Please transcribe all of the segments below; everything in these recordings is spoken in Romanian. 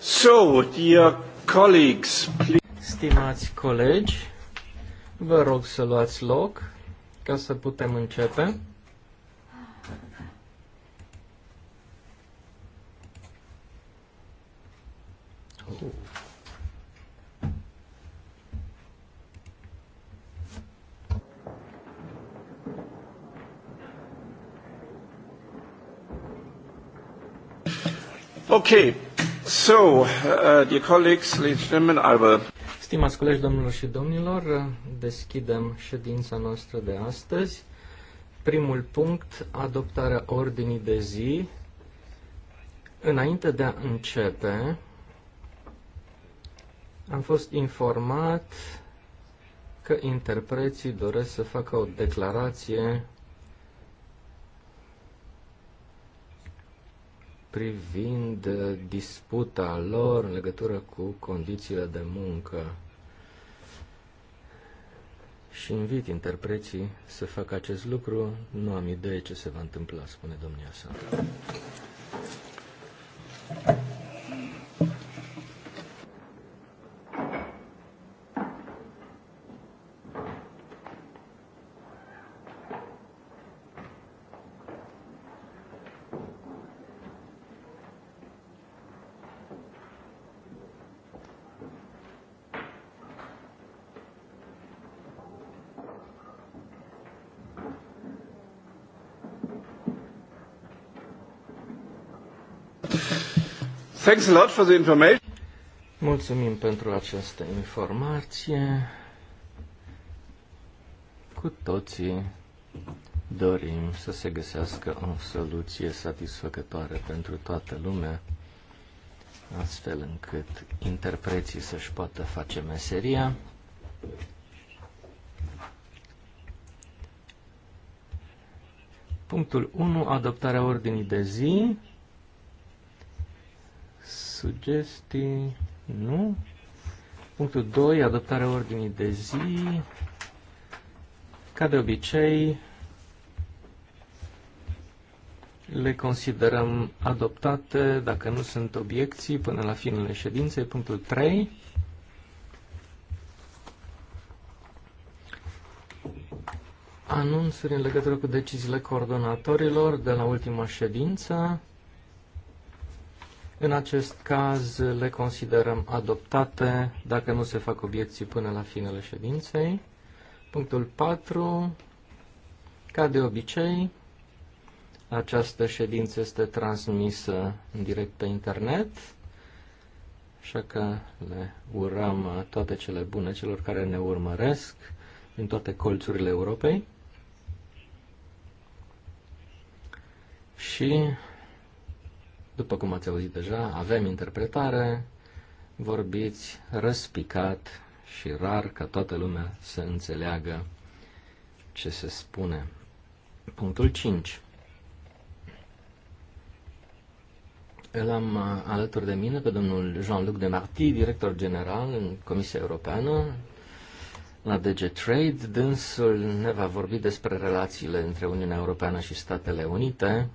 So, dear colleagues, please... Stimați colegi, vă rog să luați loc ca să putem începe. Okay, so, uh, dear colleagues, ladies and gentlemen, I will... Stimați colegi, domnilor și domnilor, deschidem ședința noastră de astăzi. Primul punct, adoptarea ordinii de zi. Înainte de a începe, am fost informat că interpreții doresc să facă o declarație privind uh, disputa lor în legătură cu condițiile de muncă. Și invit interpreții să facă acest lucru. Nu am idee ce se va întâmpla, spune domnia sa. Thanks a lot for the information. Mulțumim pentru această informație. Cu toții dorim să se găsească o soluție satisfăcătoare pentru toată lumea, astfel încât interpreții să-și poată face meseria. Punctul 1. Adoptarea ordinii de zi sugestii? Nu? Punctul 2, adoptarea ordinii de zi. Ca de obicei, le considerăm adoptate dacă nu sunt obiecții până la finele ședinței. Punctul 3. Anunțuri în legătură cu deciziile coordonatorilor de la ultima ședință. În acest caz le considerăm adoptate dacă nu se fac obiecții până la finele ședinței. Punctul 4. Ca de obicei, această ședință este transmisă în direct pe internet, așa că le urăm toate cele bune celor care ne urmăresc din toate colțurile Europei. Și după cum ați auzit deja, avem interpretare, vorbiți răspicat și rar ca toată lumea să înțeleagă ce se spune. Punctul 5. Îl am uh, alături de mine pe domnul Jean-Luc Demarty, director general în Comisia Europeană la DG Trade. Dânsul ne va vorbi despre relațiile între Uniunea Europeană și Statele Unite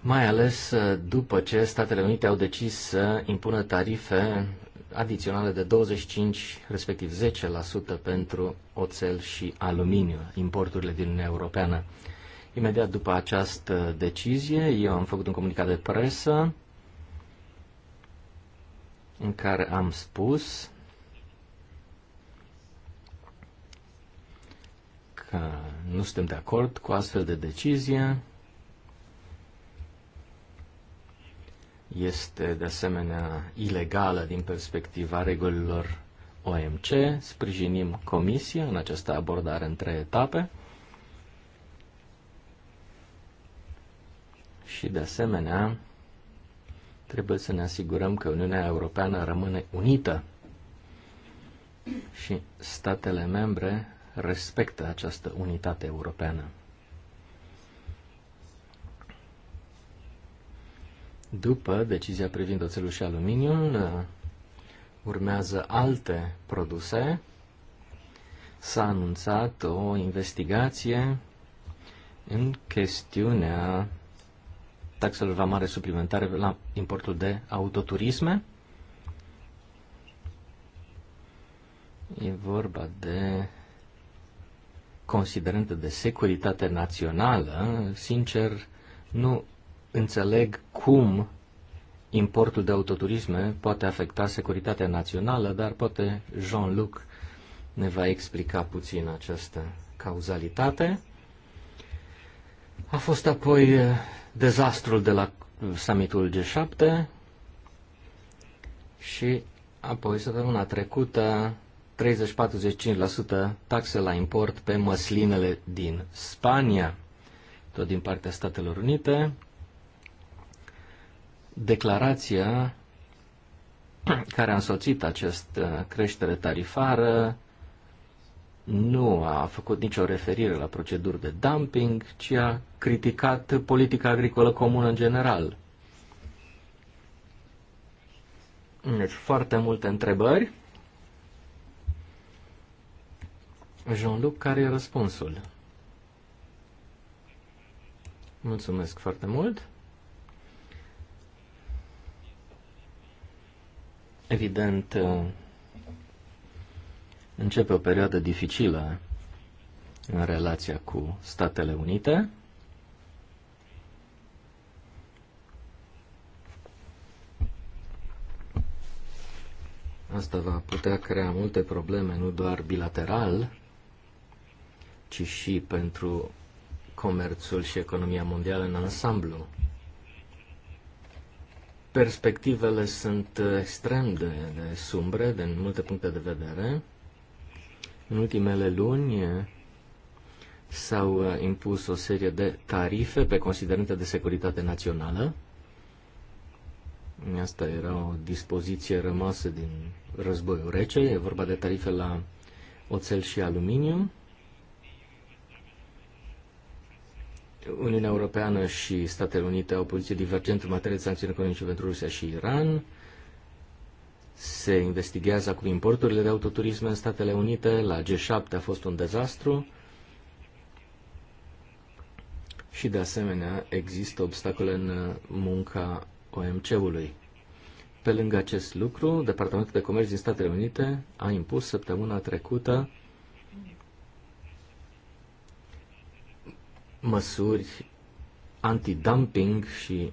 mai ales uh, după ce Statele Unite au decis să impună tarife adiționale de 25, respectiv 10% pentru oțel și aluminiu, importurile din Uniunea Europeană. Imediat după această decizie, eu am făcut un comunicat de presă în care am spus că nu suntem de acord cu astfel de decizie, este de asemenea ilegală din perspectiva regulilor OMC. Sprijinim Comisia în această abordare în trei etape. Și de asemenea, trebuie să ne asigurăm că Uniunea Europeană rămâne unită și statele membre respectă această unitate europeană. După decizia privind oțelul și aluminiul, urmează alte produse. S-a anunțat o investigație în chestiunea taxelor vamare suplimentare la importul de autoturisme. E vorba de considerente de securitate națională. Sincer, nu înțeleg cum importul de autoturisme poate afecta securitatea națională, dar poate Jean-Luc ne va explica puțin această cauzalitate. A fost apoi eh, dezastrul de la summitul G7 și apoi săptămâna trecută 30-45% taxe la import pe măslinele din Spania, tot din partea Statelor Unite declarația care a însoțit această uh, creștere tarifară nu a făcut nicio referire la proceduri de dumping, ci a criticat politica agricolă comună în general. Deci foarte multe întrebări. Jean-Luc, care e răspunsul? Mulțumesc foarte mult. Evident, uh, începe o perioadă dificilă în relația cu Statele Unite. Asta va putea crea multe probleme, nu doar bilateral, ci și pentru comerțul și economia mondială în ansamblu. Perspectivele sunt extrem de, de sumbre din multe puncte de vedere. În ultimele luni s-au impus o serie de tarife pe considerente de securitate națională. Asta era o dispoziție rămasă din războiul rece. E vorba de tarife la oțel și aluminiu. Uniunea Europeană și Statele Unite au poziție divergentă în materie de sancțiuni economice pentru Rusia și Iran. Se investigează acum importurile de autoturisme în Statele Unite. La G7 a fost un dezastru. Și de asemenea există obstacole în munca OMC-ului. Pe lângă acest lucru, Departamentul de Comerț din Statele Unite a impus săptămâna trecută măsuri antidumping și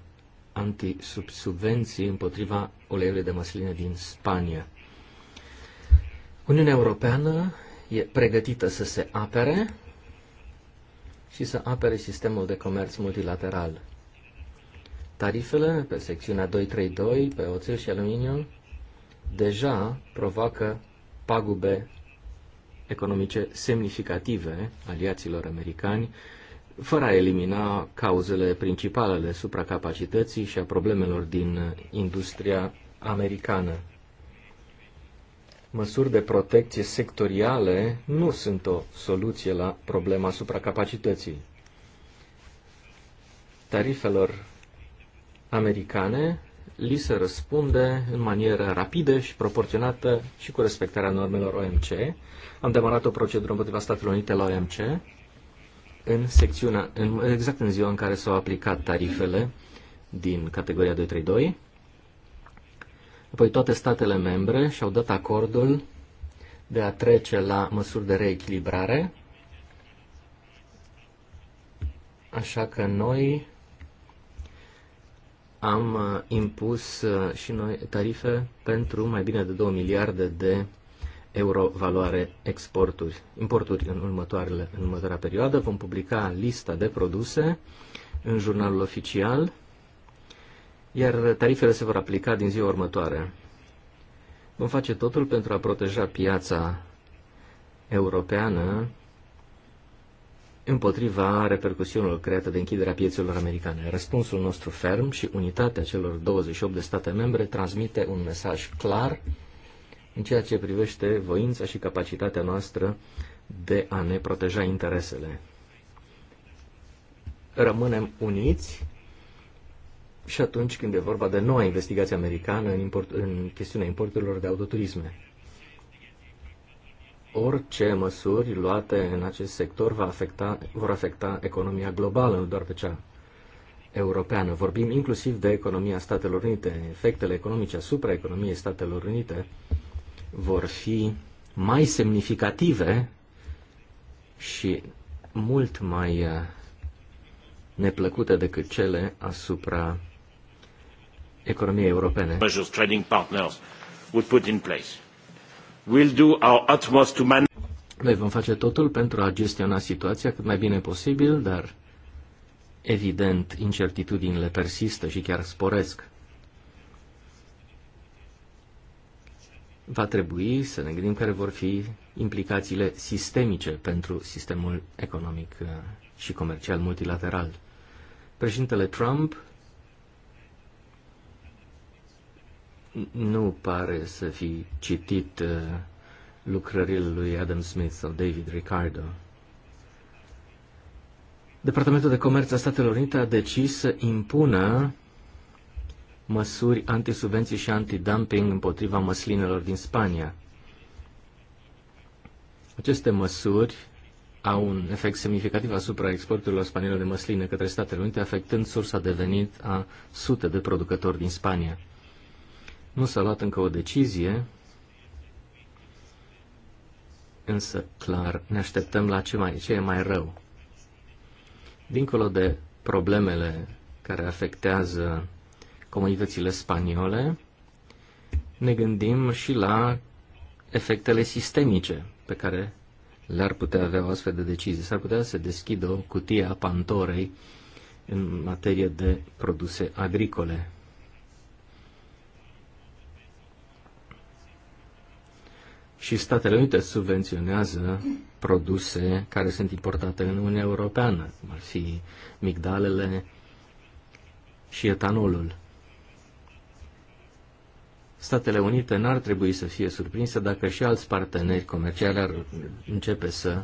antisubvenții împotriva uleiului de măsline din Spania. Uniunea Europeană e pregătită să se apere și să apere sistemul de comerț multilateral. Tarifele pe secțiunea 232 pe oțel și aluminiu deja provoacă pagube economice semnificative aliaților americani, fără a elimina cauzele principale ale supracapacității și a problemelor din industria americană. Măsuri de protecție sectoriale nu sunt o soluție la problema supracapacității. Tarifelor americane li se răspunde în manieră rapidă și proporționată și cu respectarea normelor OMC. Am demarat o procedură împotriva Statelor Unite la OMC în secțiunea, în, exact în ziua în care s-au aplicat tarifele din categoria 232. Apoi toate statele membre și-au dat acordul de a trece la măsuri de reechilibrare. Așa că noi am uh, impus uh, și noi tarife pentru mai bine de 2 miliarde de euro valoare exporturi, importuri în, următoarele, în următoarea perioadă. Vom publica lista de produse în jurnalul oficial, iar tarifele se vor aplica din ziua următoare. Vom face totul pentru a proteja piața europeană împotriva repercusiunilor create de închiderea piețelor americane. Răspunsul nostru ferm și unitatea celor 28 de state membre transmite un mesaj clar în ceea ce privește voința și capacitatea noastră de a ne proteja interesele. Rămânem uniți și atunci când e vorba de noua investigație americană în, import, în chestiunea importurilor de autoturisme. Orice măsuri luate în acest sector va afecta, vor afecta economia globală, nu doar pe cea europeană. Vorbim inclusiv de economia Statelor Unite, efectele economice asupra economiei Statelor Unite vor fi mai semnificative și mult mai uh, neplăcute decât cele asupra economiei europene. Noi vom face totul pentru a gestiona situația cât mai bine posibil, dar evident incertitudinile persistă și chiar sporesc. va trebui să ne gândim care vor fi implicațiile sistemice pentru sistemul economic uh, și comercial multilateral. Președintele Trump nu pare să fi citit uh, lucrările lui Adam Smith sau David Ricardo. Departamentul de Comerț a Statelor Unite a decis să impună măsuri antisubvenții și antidumping împotriva măslinelor din Spania. Aceste măsuri au un efect semnificativ asupra exporturilor spaniole de măsline către Statele Unite, afectând sursa de venit a sute de producători din Spania. Nu s-a luat încă o decizie, însă clar ne așteptăm la ce, mai, ce e mai rău. Dincolo de problemele care afectează comunitățile spaniole, ne gândim și la efectele sistemice pe care le-ar putea avea o astfel de decizie. S-ar putea să deschidă o cutie a Pantorei în materie de produse agricole. Și Statele Unite subvenționează produse care sunt importate în Uniunea Europeană, cum ar fi migdalele și etanolul. Statele Unite n-ar trebui să fie surprinse dacă și alți parteneri comerciali ar începe să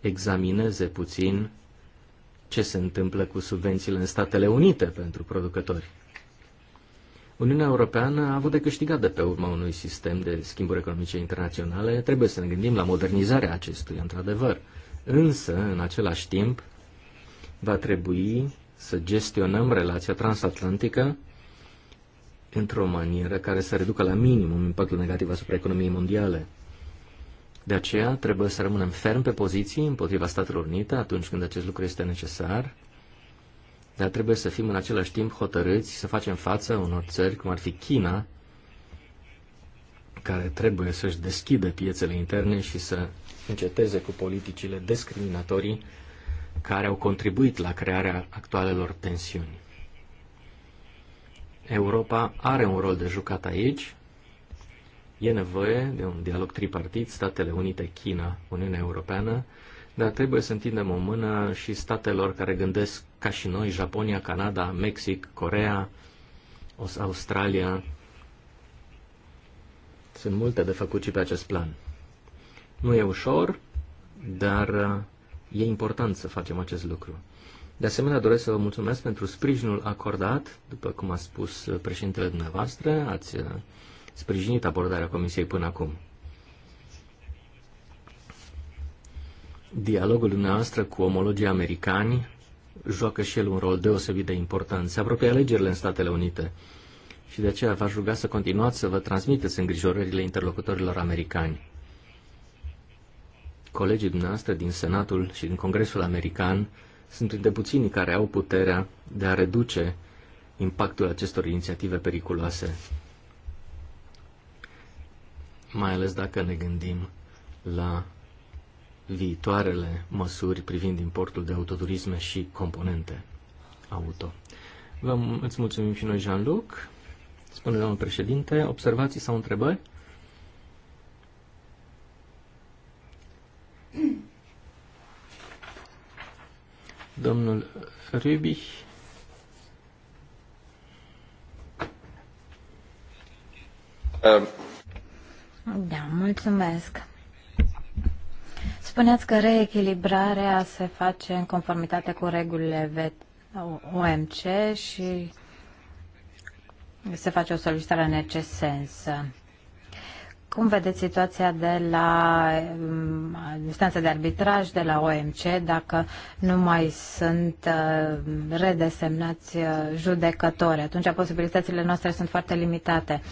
examineze puțin ce se întâmplă cu subvențiile în Statele Unite pentru producători. Uniunea Europeană a avut de câștigat de pe urma unui sistem de schimburi economice internaționale. Trebuie să ne gândim la modernizarea acestuia, într-adevăr. Însă, în același timp, va trebui să gestionăm relația transatlantică într-o manieră care să reducă la minimum impactul negativ asupra economiei mondiale. De aceea trebuie să rămânem ferm pe poziții împotriva Statelor Unite atunci când acest lucru este necesar, dar trebuie să fim în același timp hotărâți să facem față unor țări cum ar fi China, care trebuie să-și deschidă piețele interne și să înceteze cu politicile discriminatorii care au contribuit la crearea actualelor tensiuni. Europa are un rol de jucat aici. E nevoie de un dialog tripartit, Statele Unite, China, Uniunea Europeană, dar trebuie să întindem o mână și statelor care gândesc ca și noi, Japonia, Canada, Mexic, Corea, Australia. Sunt multe de făcut și pe acest plan. Nu e ușor, dar uh, e important să facem acest lucru. De asemenea, doresc să vă mulțumesc pentru sprijinul acordat, după cum a spus președintele dumneavoastră, ați uh, sprijinit abordarea Comisiei până acum. Dialogul dumneavoastră cu omologii americani joacă și el un rol deosebit de important. Se apropie alegerile în Statele Unite și de aceea v-aș ruga să continuați să vă transmiteți îngrijorările interlocutorilor americani. Colegii dumneavoastră din Senatul și din Congresul American sunt printre puținii care au puterea de a reduce impactul acestor inițiative periculoase, mai ales dacă ne gândim la viitoarele măsuri privind importul de autoturisme și componente auto. Vă mulțumim și noi, Jean-Luc. Spune, domnul președinte, observații sau întrebări? domnul Rübich. Um. Da, mulțumesc. Spuneați că reechilibrarea se face în conformitate cu regulile OMC și se face o solicitare în acest sens. Cum vedeți situația de la um, instanța de arbitraj, de la OMC, dacă nu mai sunt uh, redesemnați uh, judecători? Atunci posibilitățile noastre sunt foarte limitate.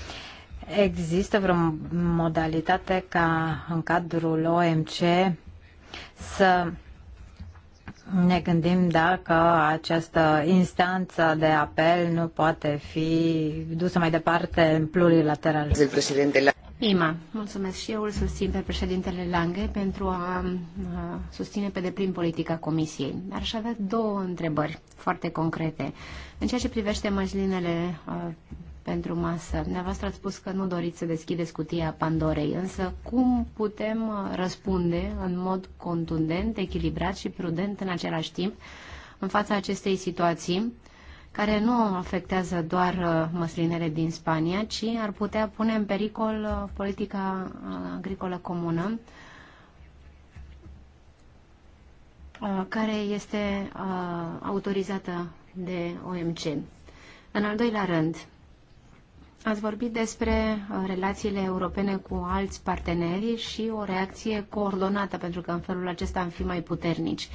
Există vreo modalitate ca în cadrul OMC să ne gândim dacă această instanță de apel nu poate fi dusă mai departe în plurilateral. IMA. Mulțumesc și eu îl susțin pe președintele Lange pentru a, susține pe deplin politica Comisiei. Dar aș avea două întrebări foarte concrete. În ceea ce privește măjlinele pentru masă, dumneavoastră ați spus că nu doriți să deschideți cutia Pandorei, însă cum putem răspunde în mod contundent, echilibrat și prudent în același timp în fața acestei situații care nu afectează doar uh, măslinele din Spania, ci ar putea pune în pericol uh, politica uh, agricolă comună, care este autorizată de OMC. În al doilea rând, ați vorbit despre relațiile europene cu alți parteneri și o reacție coordonată, pentru că în felul acesta am fi mai puternici.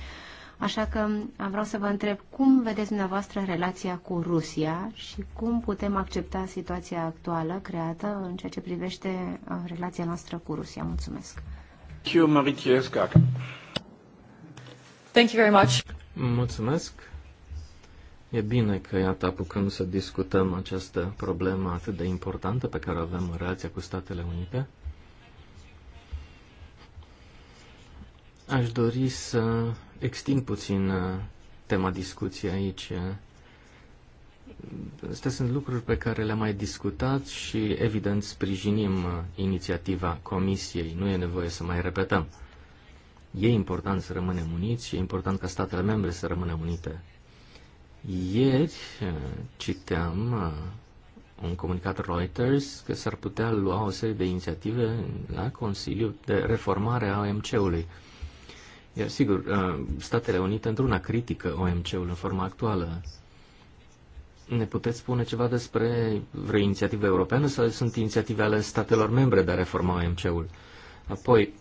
Așa că vreau să vă întreb cum vedeți dumneavoastră relația cu Rusia și cum putem accepta situația actuală creată în ceea ce privește uh, relația noastră cu Rusia. Mulțumesc. Thank you very much. Mulțumesc. E bine că, iată, apucăm să discutăm această problemă atât de importantă pe care o avem în relația cu Statele Unite. Aș dori să extind puțin uh, tema discuției aici. Astea sunt lucruri pe care le-am mai discutat și, evident, sprijinim uh, inițiativa Comisiei. Nu e nevoie să mai repetăm. E important să rămânem uniți și e important ca statele membre să rămână unite. Ieri uh, citeam un comunicat Reuters că s-ar putea lua o serie de inițiative la Consiliu de reformare a OMC-ului. Iar sigur, uh, Statele Unite într-una critică OMC-ul în forma actuală. Ne puteți spune ceva despre vreo inițiativă europeană sau sunt inițiative ale statelor membre de a reforma OMC-ul? Apoi,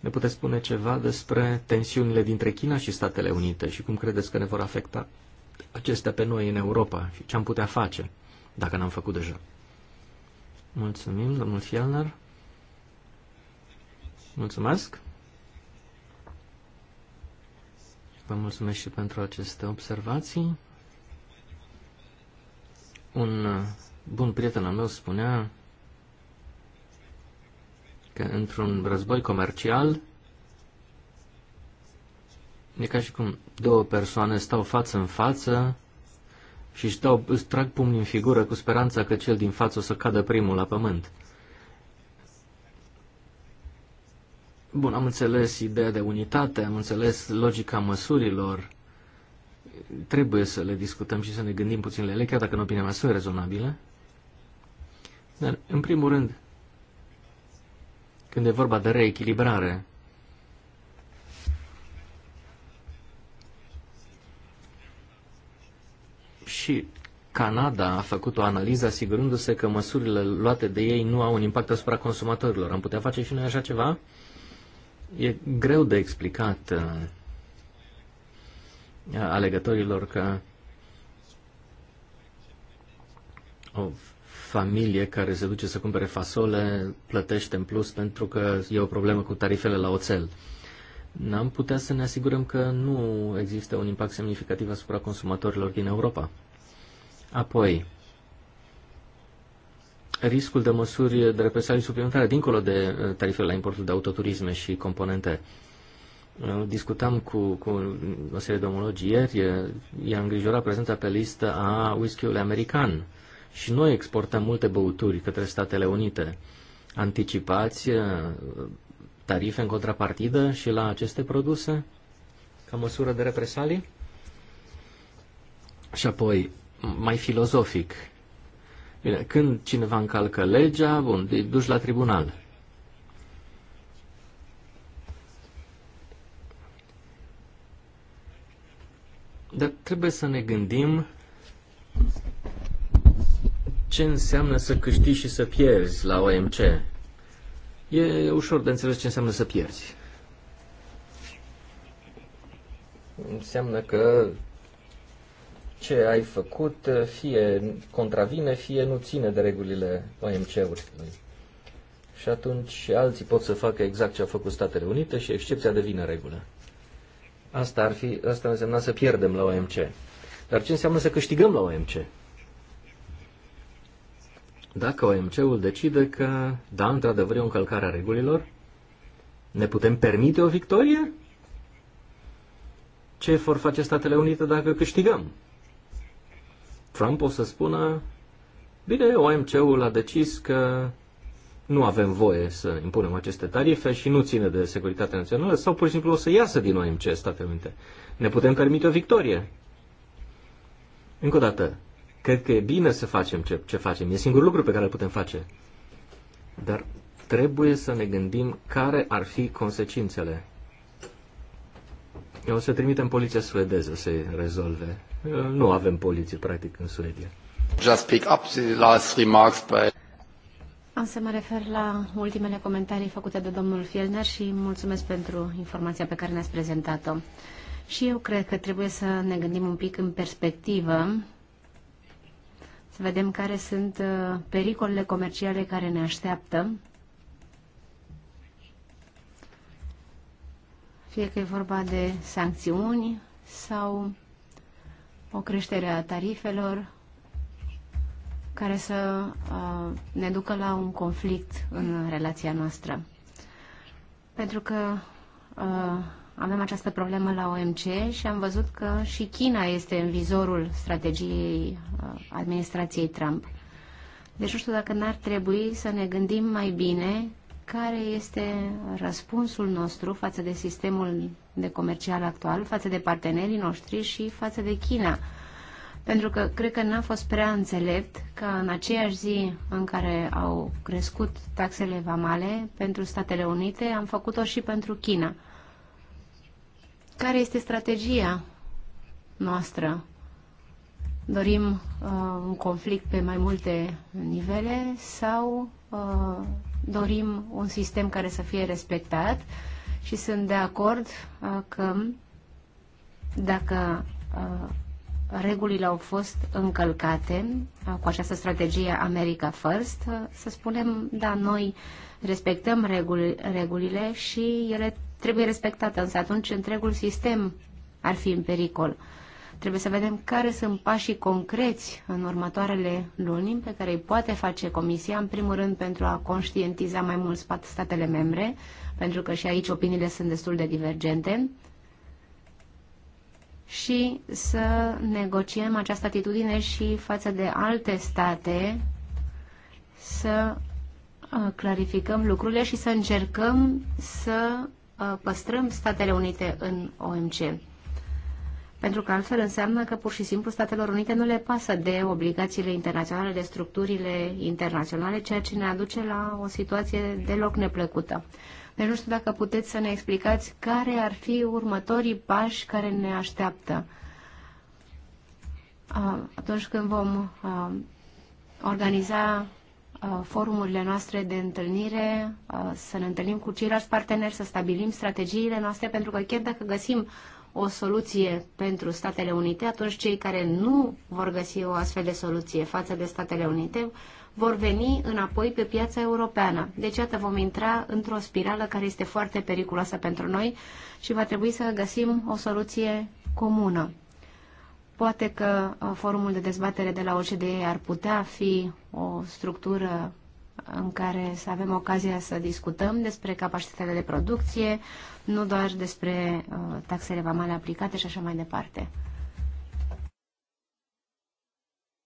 ne puteți spune ceva despre tensiunile dintre China și Statele Unite și cum credeți că ne vor afecta acestea pe noi în Europa și ce am putea face dacă n-am făcut deja? Mulțumim, domnul Fielner. Mulțumesc. Vă mulțumesc și pentru aceste observații. Un uh, bun prieten al meu spunea că într-un război comercial e ca și cum două persoane stau față în față și își, dau, își trag pumnii în figură cu speranța că cel din față o să cadă primul la pământ. Bun, am înțeles ideea de unitate, am înțeles logica măsurilor. Trebuie să le discutăm și să ne gândim puțin la ele, chiar dacă în opinia mea sunt rezonabile. Dar, în primul rând, când e vorba de reechilibrare, și Canada a făcut o analiză asigurându-se că măsurile luate de ei nu au un impact asupra consumatorilor. Am putea face și noi așa ceva? e greu de explicat uh, alegătorilor că o familie care se duce să cumpere fasole plătește în plus pentru că e o problemă cu tarifele la oțel. N-am putea să ne asigurăm că nu există un impact semnificativ asupra consumatorilor din Europa. Apoi, riscul de măsuri de represalii suplimentare, dincolo de uh, tarifele la importul de autoturisme și componente. Uh, discutam cu, cu o serie de omologi ieri, uh, i-a îngrijorat prezența pe listă a whisky-ului american. Și noi exportăm multe băuturi către Statele Unite. Anticipați tarife în contrapartidă și la aceste produse ca măsură de represalii? Și apoi, mai filozofic, Bine, când cineva încalcă legea, bun, îi duci la tribunal. Dar trebuie să ne gândim ce înseamnă să câștigi și să pierzi la OMC. E ușor de înțeles ce înseamnă să pierzi. Înseamnă că ce ai făcut fie contravine, fie nu ține de regulile OMC-ului. Și atunci alții pot să facă exact ce a făcut Statele Unite și excepția devine regulă. Asta ar fi, asta însemna să pierdem la OMC. Dar ce înseamnă să câștigăm la OMC? Dacă OMC-ul decide că, da, într-adevăr e o încălcare a regulilor, ne putem permite o victorie? Ce vor face Statele Unite dacă câștigăm? Trump o să spună, bine, OMC-ul a decis că nu avem voie să impunem aceste tarife și nu ține de securitatea națională sau pur și simplu o să iasă din OMC Statele Unite. Ne putem permite o victorie. Încă o dată, cred că e bine să facem ce, ce facem. E singurul lucru pe care îl putem face. Dar trebuie să ne gândim care ar fi consecințele. O să trimitem poliția suedeză să se rezolve. Nu avem poliție, practic, în Suedia. Just pick up the last remarks by... Am să mă refer la ultimele comentarii făcute de domnul Fielner și mulțumesc pentru informația pe care ne-ați prezentat-o. Și eu cred că trebuie să ne gândim un pic în perspectivă, să vedem care sunt uh, pericolele comerciale care ne așteaptă fie că e vorba de sancțiuni sau o creștere a tarifelor care să uh, ne ducă la un conflict în relația noastră. Pentru că uh, avem această problemă la OMC și am văzut că și China este în vizorul strategiei uh, administrației Trump. Deci nu știu dacă n-ar trebui să ne gândim mai bine care este răspunsul nostru față de sistemul de comercial actual, față de partenerii noștri și față de China. Pentru că cred că n-a fost prea înțelept că în aceeași zi în care au crescut taxele vamale pentru Statele Unite, am făcut-o și pentru China. Care este strategia noastră dorim uh, un conflict pe mai multe nivele sau uh, dorim un sistem care să fie respectat și sunt de acord uh, că dacă uh, regulile au fost încălcate uh, cu această strategie America First, să spunem, da, noi respectăm regulile și ele trebuie respectate, însă atunci întregul sistem ar fi în pericol. Trebuie să vedem care sunt pașii concreți în următoarele luni pe care îi poate face Comisia, în primul rând pentru a conștientiza mai mult statele membre, pentru că și aici opiniile sunt destul de divergente, și să negociem această atitudine și față de alte state, să uh, clarificăm lucrurile și să încercăm să uh, păstrăm Statele Unite în OMC. Pentru că altfel înseamnă că pur și simplu Statelor Unite nu le pasă de obligațiile internaționale, de structurile internaționale, ceea ce ne aduce la o situație deloc neplăcută. Deci nu știu dacă puteți să ne explicați care ar fi următorii pași care ne așteaptă atunci când vom organiza forumurile noastre de întâlnire, să ne întâlnim cu ceilalți parteneri, să stabilim strategiile noastre, pentru că chiar dacă găsim o soluție pentru Statele Unite, atunci cei care nu vor găsi o astfel de soluție față de Statele Unite vor veni înapoi pe piața europeană. Deci, iată, vom intra într-o spirală care este foarte periculoasă pentru noi și va trebui să găsim o soluție comună. Poate că uh, forumul de dezbatere de la OCDE ar putea fi o structură în care să avem ocazia să discutăm despre capacitățile de producție, nu doar despre uh, taxele vamale aplicate și așa mai departe.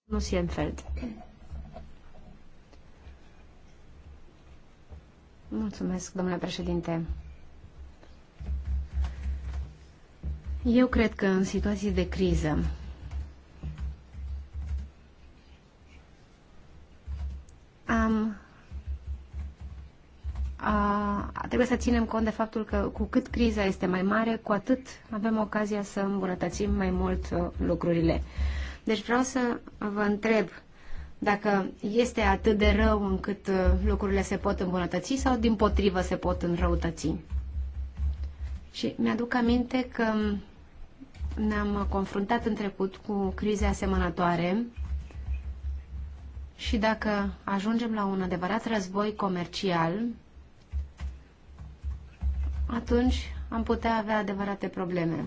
Nu Sienfeld. Mulțumesc, domnule președinte. Eu cred că în situații de criză am a, trebuie să ținem cont de faptul că cu cât criza este mai mare, cu atât avem ocazia să îmbunătățim mai mult uh, lucrurile. Deci vreau să vă întreb dacă este atât de rău încât uh, lucrurile se pot îmbunătăți sau din potrivă se pot înrăutăți. Și mi-aduc aminte că ne-am confruntat în trecut cu crize asemănătoare și dacă ajungem la un adevărat război comercial, atunci am putea avea adevărate probleme.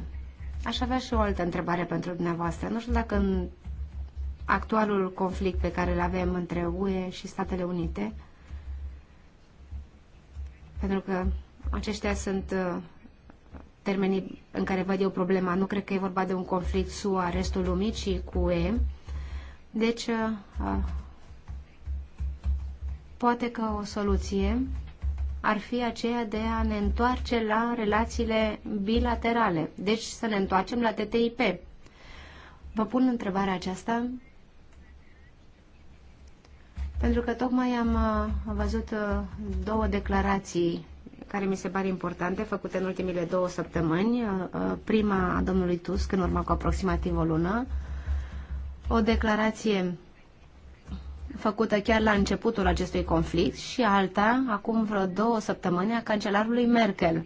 Aș avea și o altă întrebare pentru dumneavoastră. Nu știu dacă în actualul conflict pe care îl avem între UE și Statele Unite, pentru că aceștia sunt uh, termenii în care văd eu problema. Nu cred că e vorba de un conflict SUA, restul lumii, ci cu UE. Deci, uh, uh, poate că o soluție ar fi aceea de a ne întoarce la relațiile bilaterale, deci să ne întoarcem la TTIP. Vă pun întrebarea aceasta pentru că tocmai am văzut uh, două declarații care mi se pare importante, făcute în ultimile două săptămâni. Uh, uh, prima a domnului Tusk, în urmă cu aproximativ o lună, o declarație făcută chiar la începutul acestui conflict și alta, acum vreo două săptămâni, a cancelarului Merkel.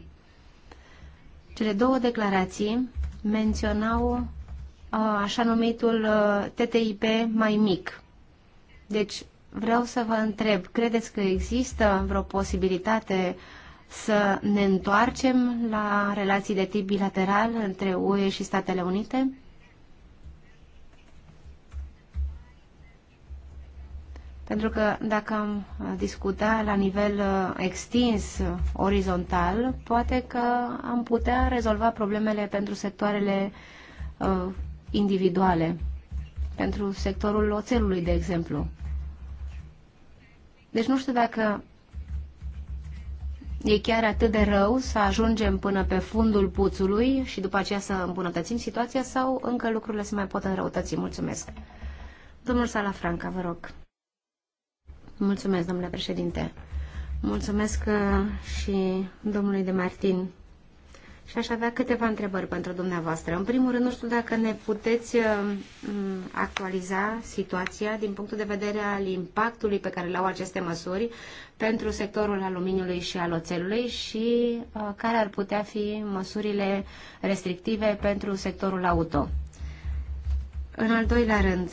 Cele două declarații menționau uh, așa numitul uh, TTIP mai mic. Deci vreau să vă întreb, credeți că există vreo posibilitate să ne întoarcem la relații de tip bilateral între UE și Statele Unite? Pentru că dacă am discuta la nivel uh, extins, uh, orizontal, poate că am putea rezolva problemele pentru sectoarele uh, individuale, pentru sectorul oțelului, de exemplu. Deci nu știu dacă e chiar atât de rău să ajungem până pe fundul puțului și după aceea să îmbunătățim situația sau încă lucrurile se mai pot înrăutăți. Mulțumesc. Domnul Franca, vă rog. Mulțumesc, domnule președinte. Mulțumesc uh, și domnului de Martin. Și aș avea câteva întrebări pentru dumneavoastră. În primul rând, nu știu dacă ne puteți uh, actualiza situația din punctul de vedere al impactului pe care l-au aceste măsuri pentru sectorul aluminiului și al oțelului și uh, care ar putea fi măsurile restrictive pentru sectorul auto. În al doilea rând,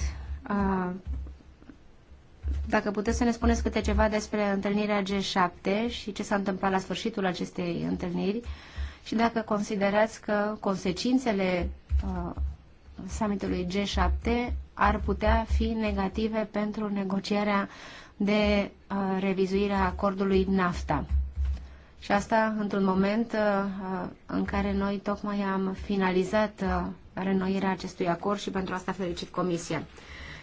dacă puteți să ne spuneți câte ceva despre întâlnirea G7 și ce s-a întâmplat la sfârșitul acestei întâlniri și dacă considerați că consecințele uh, summitului G7 ar putea fi negative pentru negocierea de uh, revizuire a acordului NAFTA. Și asta într-un moment uh, uh în care noi tocmai am finalizat uh, renoirea acestui acord și pentru asta felicit Comisia.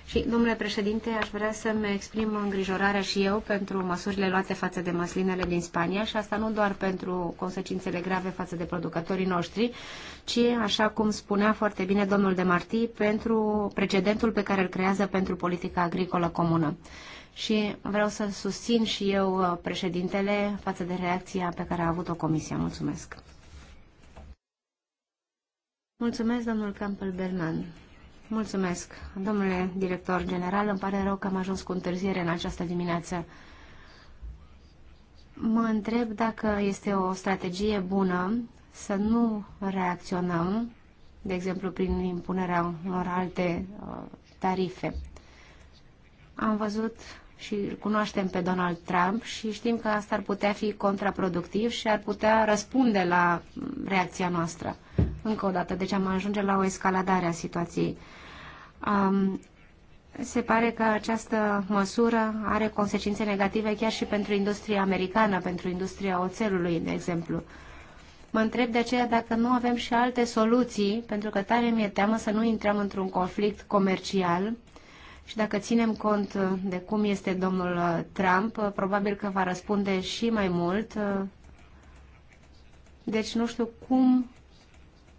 Și, domnule președinte, aș vrea să-mi exprim îngrijorarea și eu pentru măsurile luate față de măslinele din Spania și asta nu doar pentru consecințele grave față de producătorii noștri, ci, așa cum spunea foarte bine domnul de Marti, pentru precedentul pe care îl creează pentru politica agricolă comună. Și vreau să susțin și eu uh, președintele față de reacția pe care a avut-o Comisia. Mulțumesc! Mulțumesc, domnul Campbell Bernan. Mulțumesc, domnule director general. Îmi pare rău că am ajuns cu întârziere în această dimineață. Mă întreb dacă este o strategie bună să nu reacționăm, de exemplu, prin impunerea unor alte uh, tarife. Am văzut și cunoaștem pe Donald Trump și știm că asta ar putea fi contraproductiv și ar putea răspunde la reacția noastră. Încă o dată, deci am ajunge la o escaladare a situației. Um, se pare că această măsură are consecințe negative chiar și pentru industria americană, pentru industria oțelului, de exemplu. Mă întreb de aceea dacă nu avem și alte soluții, pentru că tare mi-e teamă să nu intrăm într-un conflict comercial și dacă ținem cont de cum este domnul Trump, probabil că va răspunde și mai mult. Deci nu știu cum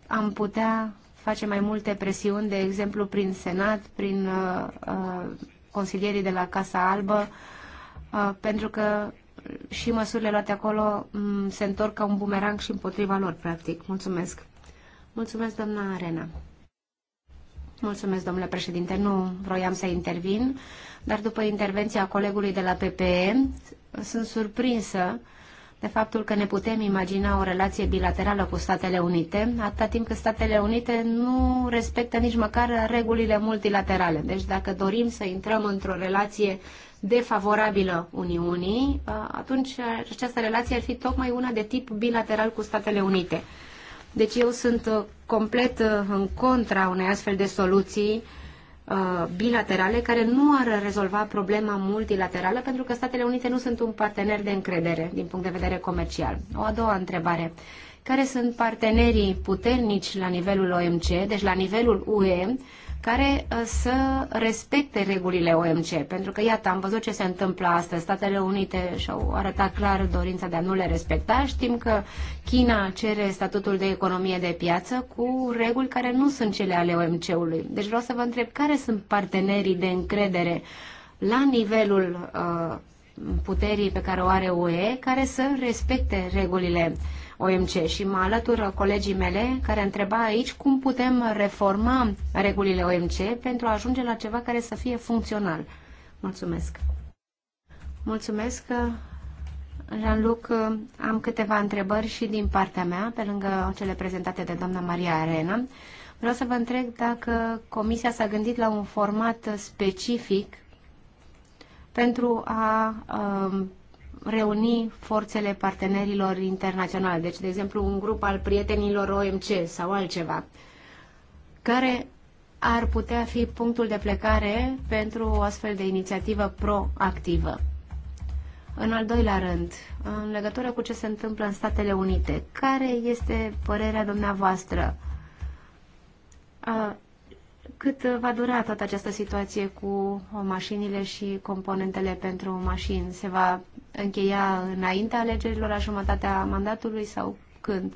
am putea face mai multe presiuni, de exemplu, prin Senat, prin uh, uh, consilierii de la Casa Albă, uh, pentru că și măsurile luate acolo um, se întorc ca un bumerang și împotriva lor, practic. Mulțumesc. Mulțumesc, doamna Arena. Mulțumesc, domnule președinte. Nu vroiam să intervin, dar după intervenția colegului de la PPE, sunt surprinsă uh, de faptul că ne putem imagina o relație bilaterală cu Statele Unite, atâta timp cât Statele Unite nu respectă nici măcar regulile multilaterale. Deci dacă dorim să intrăm într-o relație defavorabilă Uniunii, atunci această relație ar fi tocmai una de tip bilateral cu Statele Unite. Deci eu sunt uh, complet uh, în contra unei astfel de soluții Uh, bilaterale care nu ar rezolva problema multilaterală pentru că Statele Unite nu sunt un partener de încredere din punct de vedere comercial. O a doua întrebare. Care sunt partenerii puternici la nivelul OMC, deci la nivelul UE, care uh, să respecte regulile OMC. Pentru că, iată, am văzut ce se întâmplă astăzi. Statele Unite și-au arătat clar dorința de a nu le respecta. Știm că China cere statutul de economie de piață cu reguli care nu sunt cele ale OMC-ului. Deci vreau să vă întreb care sunt partenerii de încredere la nivelul uh, puterii pe care o are UE care să respecte regulile uh, OMC și mă alătură colegii mele care întreba aici cum putem reforma regulile OMC pentru a ajunge la ceva care să fie funcțional. Mulțumesc! Mulțumesc, Jean-Luc. Am câteva întrebări și din partea mea, pe lângă cele prezentate de doamna Maria Arena. Vreau să vă întreb dacă Comisia s-a gândit la un format specific pentru a um, reuni forțele partenerilor internaționali, deci, de exemplu, un grup al prietenilor OMC sau altceva, care ar putea fi punctul de plecare pentru o astfel de inițiativă proactivă. În al doilea rând, în legătură cu ce se întâmplă în Statele Unite, care este părerea dumneavoastră? Cât uh, va dura toată această situație cu mașinile și componentele pentru mașini? Se va încheia înaintea alegerilor, la jumătatea mandatului sau când?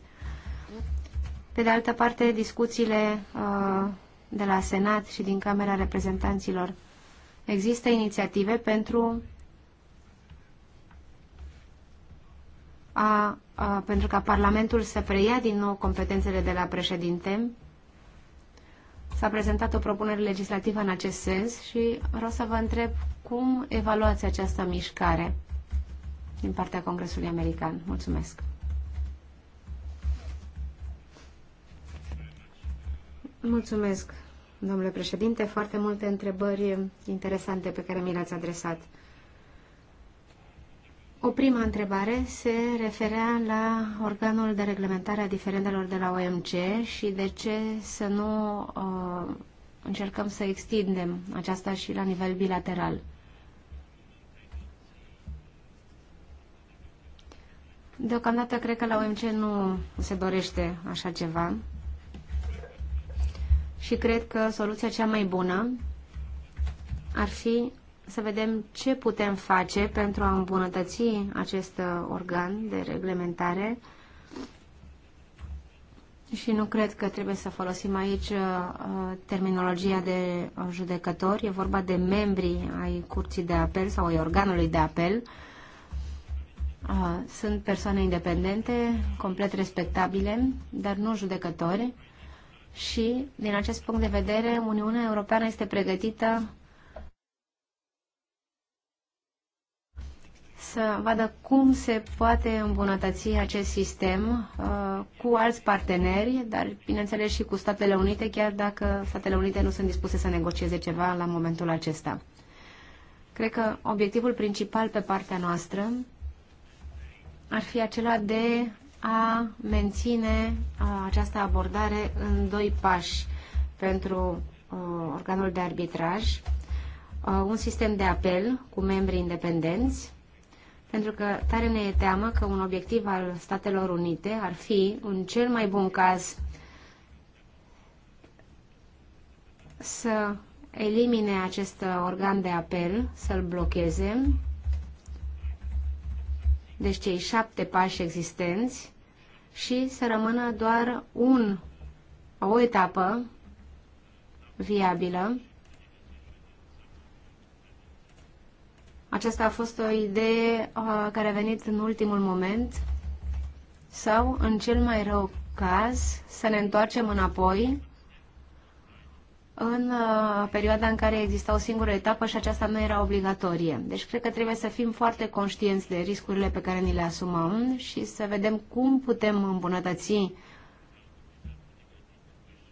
Pe de altă parte, discuțiile uh, de la Senat și din Camera Reprezentanților. Există inițiative pentru a, a, pentru ca Parlamentul să preia din nou competențele de la președinte S-a prezentat o propunere legislativă în acest sens și vreau să vă întreb cum evaluați această mișcare din partea Congresului American. Mulțumesc! Mulțumesc, domnule președinte. Foarte multe întrebări interesante pe care mi le-ați adresat. O prima întrebare se referea la organul de reglementare a diferendelor de la OMC și de ce să nu uh, încercăm să extindem aceasta și la nivel bilateral. Deocamdată cred că la OMC nu se dorește așa ceva și cred că soluția cea mai bună ar fi să vedem ce putem face pentru a îmbunătăți acest organ de reglementare și nu cred că trebuie să folosim aici uh, terminologia de judecători, e vorba de membrii ai curții de apel sau ai organului de apel. Uh, sunt persoane independente, complet respectabile, dar nu judecători și, din acest punct de vedere, Uniunea Europeană este pregătită să vadă cum se poate îmbunătăți acest sistem uh, cu alți parteneri, dar bineînțeles și cu Statele Unite, chiar dacă Statele Unite nu sunt dispuse să negocieze ceva la momentul acesta. Cred că obiectivul principal pe partea noastră ar fi acela de a menține uh, această abordare în doi pași pentru uh, organul de arbitraj, uh, un sistem de apel cu membri independenți pentru că tare ne e teamă că un obiectiv al Statelor Unite ar fi, în cel mai bun caz, să elimine acest organ de apel, să-l blocheze, deci cei șapte pași existenți, și să rămână doar un, o etapă viabilă Aceasta a fost o idee uh, care a venit în ultimul moment sau, în cel mai rău caz, să ne întoarcem înapoi în uh, perioada în care exista o singură etapă și aceasta nu era obligatorie. Deci cred că trebuie să fim foarte conștienți de riscurile pe care ni le asumăm și să vedem cum putem îmbunătăți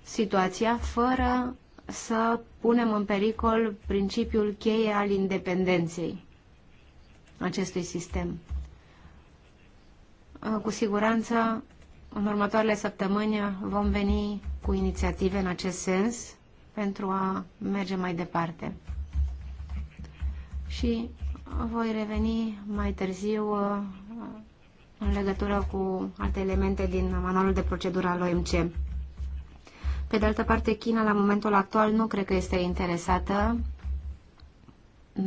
situația fără să punem în pericol principiul cheie al independenței acestui sistem. Cu siguranță, în următoarele săptămâni vom veni cu inițiative în acest sens pentru a merge mai departe. Și voi reveni mai târziu în legătură cu alte elemente din manualul de procedură al OMC. Pe de altă parte, China la momentul actual nu cred că este interesată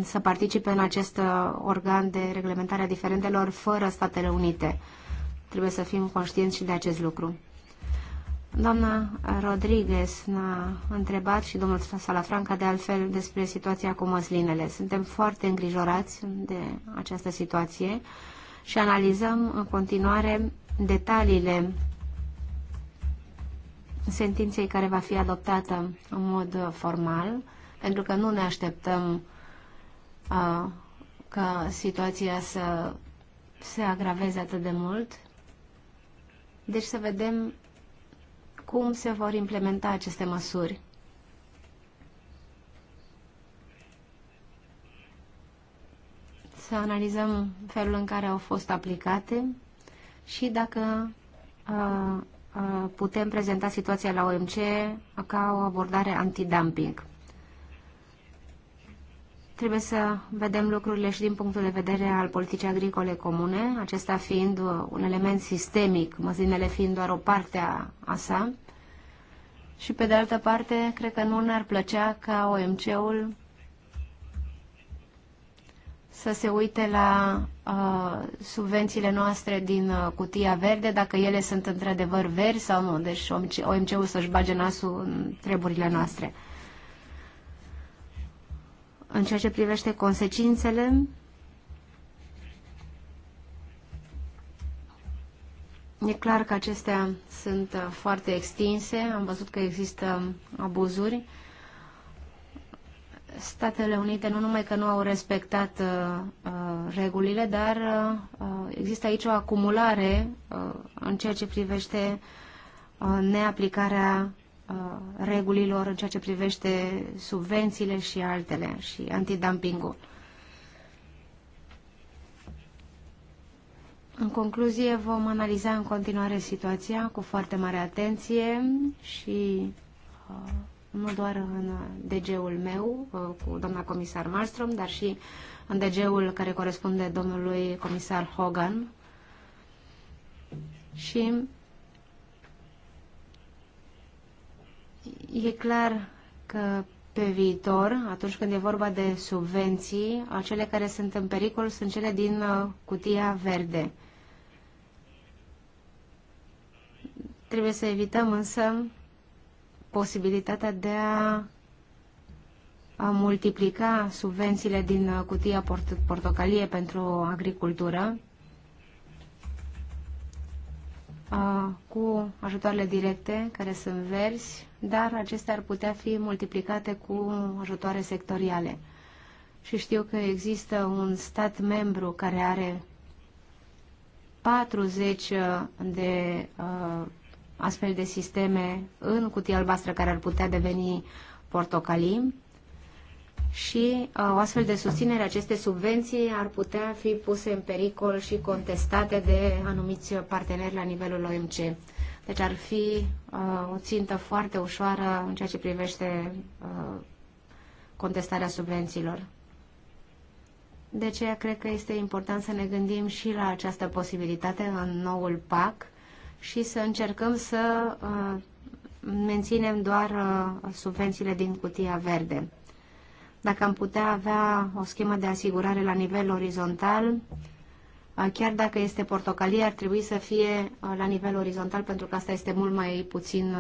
să participe în acest uh, organ de reglementare a diferendelor fără Statele Unite. Trebuie să fim conștienți și de acest lucru. Doamna Rodriguez ne-a întrebat și domnul Salafranca de altfel despre situația cu măslinele. Suntem foarte îngrijorați de această situație și analizăm în continuare detaliile sentinței care va fi adoptată în mod formal, pentru că nu ne așteptăm ca situația să se agraveze atât de mult. Deci să vedem cum se vor implementa aceste măsuri. Să analizăm felul în care au fost aplicate și dacă a, a, putem prezenta situația la OMC ca o abordare antidumping. Trebuie să vedem lucrurile și din punctul de vedere al politicii agricole comune, acesta fiind uh, un element sistemic, măzinele fiind doar o parte a, a sa. Și pe de altă parte, cred că nu ne-ar plăcea ca OMC-ul să se uite la uh, subvențiile noastre din uh, cutia verde, dacă ele sunt într-adevăr verzi sau nu. Deci OMC-ul să-și bage nasul în treburile noastre în ceea ce privește consecințele E clar că acestea sunt uh, foarte extinse. Am văzut că există abuzuri. Statele Unite nu numai că nu au respectat uh, uh regulile, dar uh, uh, există aici o acumulare uh, în ceea ce privește uh, neaplicarea Uh, regulilor în ceea ce privește subvențiile și altele și antidumpingul. În concluzie, vom analiza în continuare situația cu foarte mare atenție și uh, nu doar în DG-ul meu uh, cu doamna comisar Malmström, dar și în DG-ul care corespunde domnului comisar Hogan. Și E clar că pe viitor, atunci când e vorba de subvenții, acele care sunt în pericol sunt cele din uh, cutia verde. Trebuie să evităm însă posibilitatea de a a multiplica subvențiile din uh, cutia portocalie pentru agricultură cu ajutoarele directe, care sunt verzi, dar acestea ar putea fi multiplicate cu ajutoare sectoriale. Și știu că există un stat membru care are 40 de uh, astfel de sisteme în cutia albastră care ar putea deveni portocalii și uh, o astfel de susținere, aceste subvenții ar putea fi puse în pericol și contestate de anumiți parteneri la nivelul OMC. Deci ar fi uh, o țintă foarte ușoară în ceea ce privește uh, contestarea subvențiilor. De aceea cred că este important să ne gândim și la această posibilitate în noul PAC și să încercăm să menținem doar subvențiile din cutia verde. Dacă am putea avea o schemă de asigurare la nivel orizontal, chiar dacă este portocalie, ar trebui să fie la nivel orizontal, pentru că asta este mult mai puțin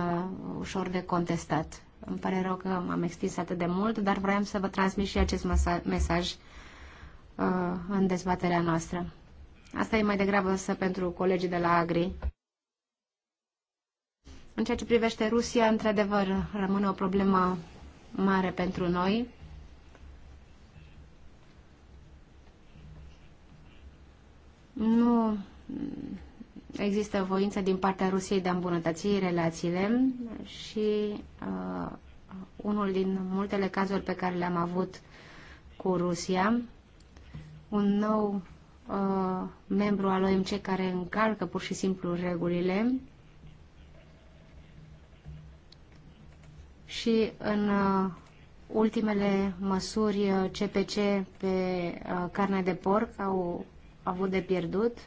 ușor de contestat. Îmi pare rău că m-am extins atât de mult, dar vreau să vă transmit și acest mesaj în dezbaterea noastră. Asta e mai degrabă însă pentru colegii de la Agri. În ceea ce privește Rusia, într-adevăr, rămâne o problemă mare pentru noi. nu există voință din partea Rusiei de a îmbunătăți relațiile și uh, unul din multele cazuri pe care le-am avut cu Rusia, un nou uh, membru al OMC care încalcă pur și simplu regulile și în uh, ultimele măsuri CPC uh, pe uh, carne de porc au avut de pierdut.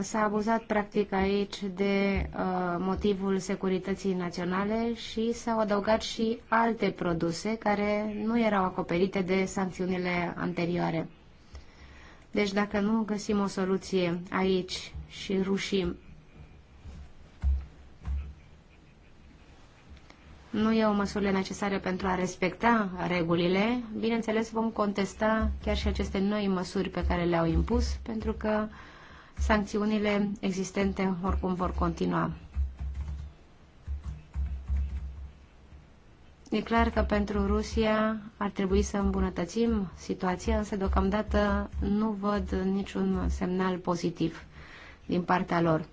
S-a abuzat practic aici de uh, motivul securității naționale și s-au adăugat și alte produse care nu erau acoperite de sancțiunile anterioare. Deci dacă nu găsim o soluție aici și rușim nu e o măsură necesară pentru a respecta regulile, bineînțeles vom contesta chiar și aceste noi măsuri pe care le-au impus, pentru că sancțiunile existente oricum vor continua. E clar că pentru Rusia ar trebui să îmbunătățim situația, însă deocamdată nu văd niciun semnal pozitiv din partea lor.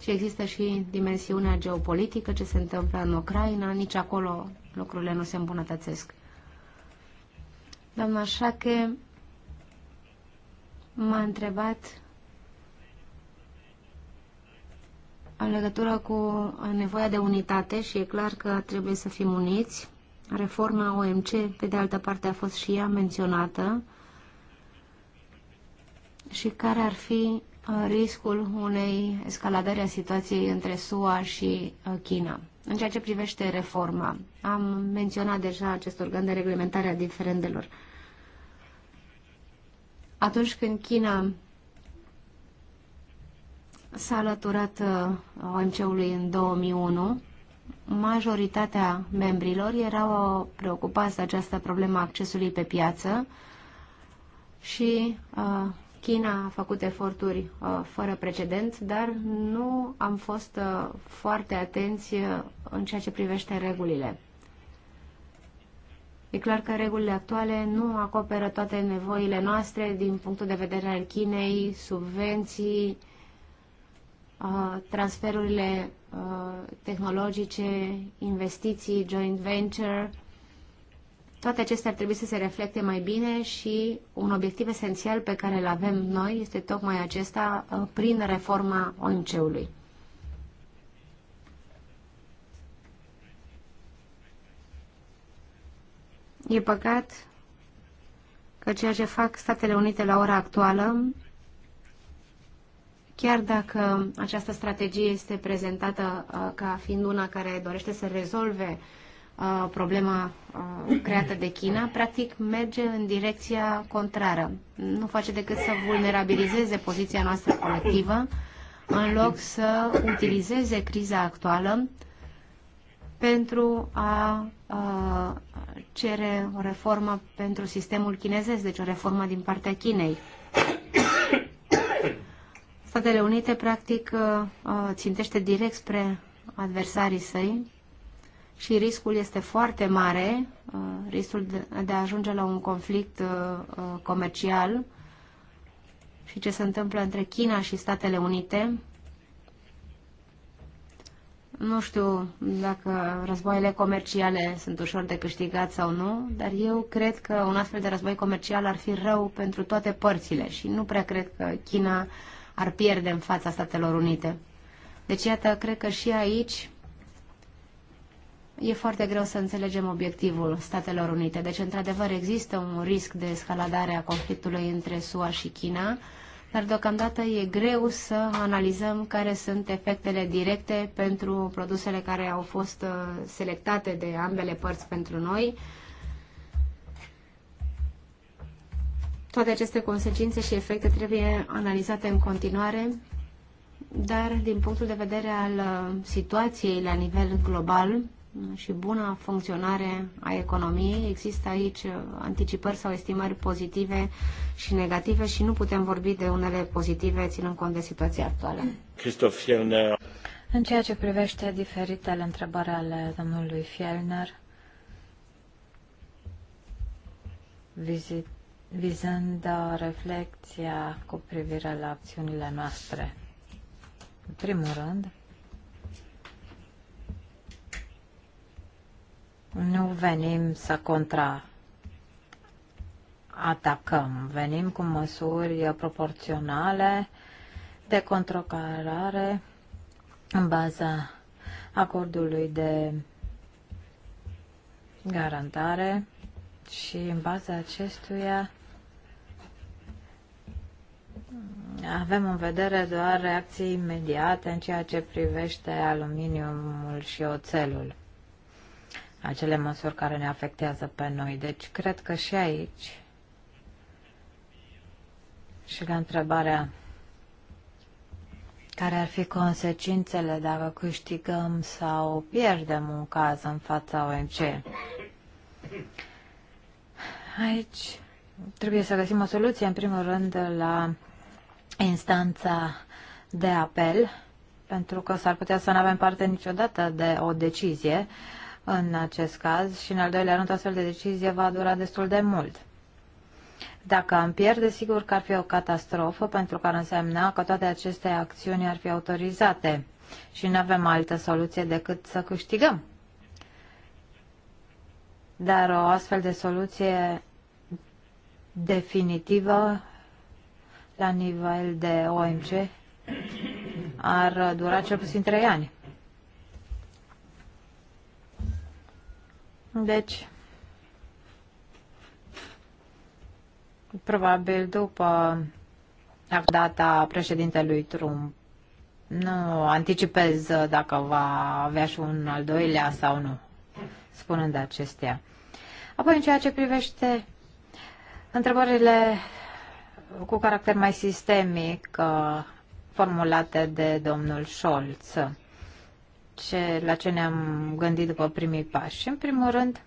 Și există și dimensiunea geopolitică, ce se întâmplă în Ucraina, nici acolo lucrurile nu se îmbunătățesc. Doamna Șache m-a întrebat în legătură cu nevoia de unitate și e clar că trebuie să fim uniți. Reforma OMC, pe de altă parte, a fost și ea menționată și care ar fi Uh, riscul unei escaladări a situației între SUA și uh, China. În ceea ce privește reforma, am menționat deja acest organ de reglementare a diferendelor. Atunci când China s-a alăturat uh, OMC-ului în 2001, majoritatea membrilor erau preocupați de această problemă a accesului pe piață și uh, China a făcut eforturi uh, fără precedent, dar nu am fost uh, foarte atenți uh, în ceea ce privește regulile. E clar că regulile actuale nu acoperă toate nevoile noastre din punctul de vedere al Chinei, subvenții, transferurile tehnologice, investiții, joint venture, toate acestea ar trebui să se reflecte mai bine și un obiectiv esențial pe care îl avem noi este tocmai acesta uh, prin reforma OMC-ului. E păcat că ceea ce fac Statele Unite la ora actuală, chiar dacă această strategie este prezentată uh, ca fiind una care dorește să rezolve uh, problema creată de China, practic merge în direcția contrară. Nu face decât să vulnerabilizeze poziția noastră colectivă, în loc să utilizeze criza actuală pentru a, a cere o reformă pentru sistemul chinezesc, deci o reformă din partea Chinei. Statele Unite, practic, țintește direct spre adversarii săi și riscul este foarte mare, uh, riscul de a ajunge la un conflict uh, uh, comercial și ce se întâmplă între China și Statele Unite. Nu știu dacă războaiele comerciale sunt ușor de câștigat sau nu, dar eu cred că un astfel de război comercial ar fi rău pentru toate părțile și nu prea cred că China ar pierde în fața Statelor Unite. Deci, iată, cred că și aici e foarte greu să înțelegem obiectivul Statelor Unite. Deci, într-adevăr, există un risc de escaladare a conflictului între SUA și China, dar deocamdată e greu să analizăm care sunt efectele directe pentru produsele care au fost uh, selectate de ambele părți pentru noi. Toate aceste consecințe și efecte trebuie analizate în continuare, dar din punctul de vedere al uh, situației la nivel global, Mm, și bună funcționare a economiei. Există aici anticipări sau estimări pozitive și negative și nu putem vorbi de unele pozitive ținând cont de situația actuală. În ceea ce privește diferitele întrebări ale domnului Fielner, vizând uh, reflecția cu privire la acțiunile noastre. În primul rând, Nu venim să contra atacăm, venim cu măsuri proporționale de controcarare în baza acordului de garantare și în baza acestuia avem în vedere doar reacții imediate în ceea ce privește aluminiumul și oțelul acele măsuri care ne afectează pe noi. Deci cred că și aici și la întrebarea care ar fi consecințele dacă câștigăm sau pierdem un caz în fața OMC. Aici trebuie să găsim o soluție, în primul rând, la instanța de apel, pentru că s-ar putea să nu avem parte niciodată de o decizie în acest caz și, în al doilea rând, o astfel de decizie va dura destul de mult. Dacă am pierde, sigur că ar fi o catastrofă, pentru că ar însemna că toate aceste acțiuni ar fi autorizate și nu avem altă soluție decât să câștigăm. Dar o astfel de soluție definitivă la nivel de OMC ar dura cel puțin trei ani. Deci, probabil după data președintelui Trump, nu anticipez dacă va avea și un al doilea sau nu, spunând acestea. Apoi, în ceea ce privește întrebările cu caracter mai sistemic uh, formulate de domnul Scholz, ce, la ce ne-am gândit după primii pași. În primul rând,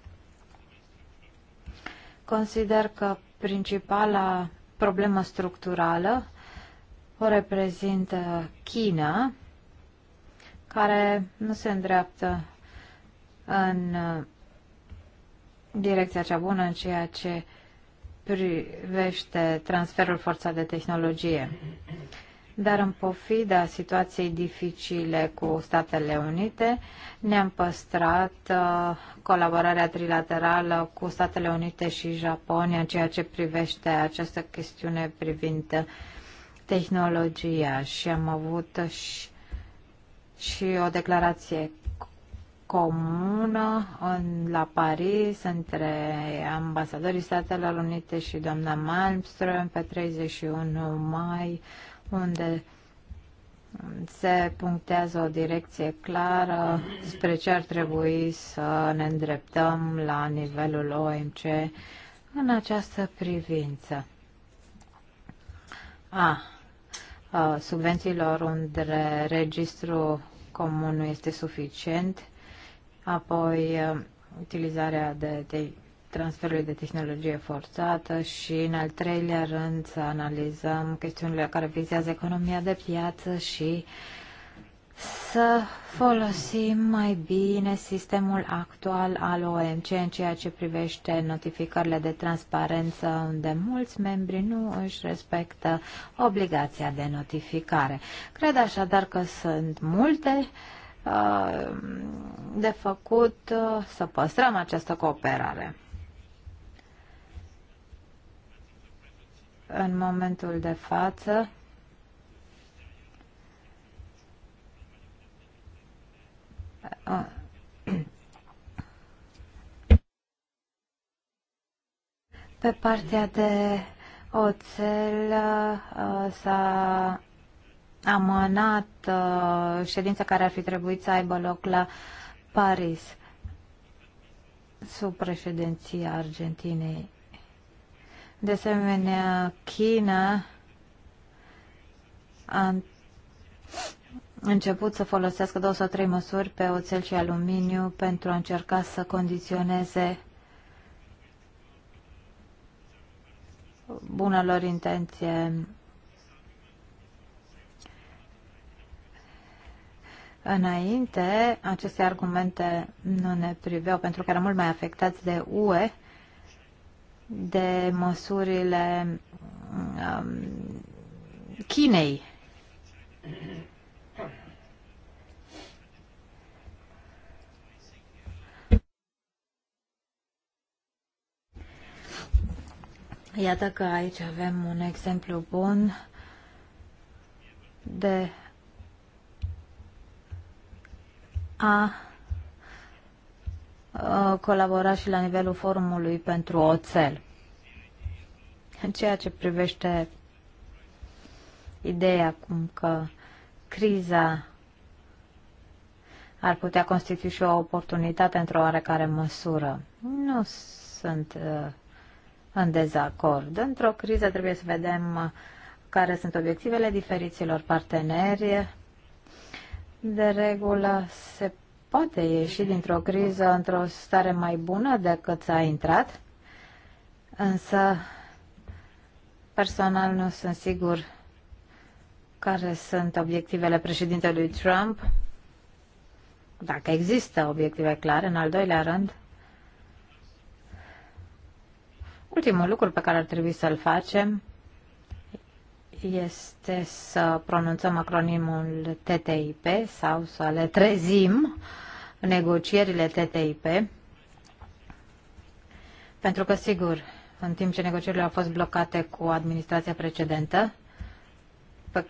consider că principala problemă structurală o reprezintă China, care nu se îndreaptă în uh, direcția cea bună în ceea ce privește transferul forțat de tehnologie dar în pofida situației dificile cu Statele Unite, ne-am păstrat uh, colaborarea trilaterală cu Statele Unite și Japonia în ceea ce privește această chestiune privind tehnologia și am avut și, și o declarație comună în, la Paris între ambasadorii Statelor Unite și doamna Malmström pe 31 mai unde se punctează o direcție clară spre ce ar trebui să ne îndreptăm la nivelul OMC în această privință. A. Subvențiilor unde registrul comun nu este suficient, apoi utilizarea de, de transferului de tehnologie forțată și, în al treilea rând, să analizăm chestiunile care vizează economia de piață și să folosim mai bine sistemul actual al OMC în ceea ce privește notificările de transparență, unde mulți membri nu își respectă obligația de notificare. Cred așadar că sunt multe uh, de făcut uh, să păstrăm această cooperare. în momentul de față pe partea de oțel uh, s-a amânat uh, ședința care ar fi trebuit să aibă loc la Paris sub președinția Argentinei. De asemenea, China a început să folosească două sau trei măsuri pe oțel și aluminiu pentru a încerca să condiționeze bună lor intenție Înainte, aceste argumente nu ne priveau pentru că eram mult mai afectați de UE de măsurile um, Chinei. Iată că aici avem un exemplu bun de a Uh, colabora și la nivelul forumului pentru oțel. În ceea ce privește ideea cum că criza ar putea constitui și o oportunitate într-o oarecare măsură. Nu sunt uh, în dezacord. Într-o criză trebuie să vedem uh, care sunt obiectivele diferiților parteneri. De regulă se poate ieși dintr-o criză într-o stare mai bună decât a intrat, însă personal nu sunt sigur care sunt obiectivele președintelui Trump, dacă există obiective clare, în al doilea rând, ultimul lucru pe care ar trebui să-l facem este să pronunțăm acronimul TTIP sau să le trezim uh, negocierile TTIP, pentru că, sigur, în timp ce negocierile au fost blocate cu administrația precedentă, pe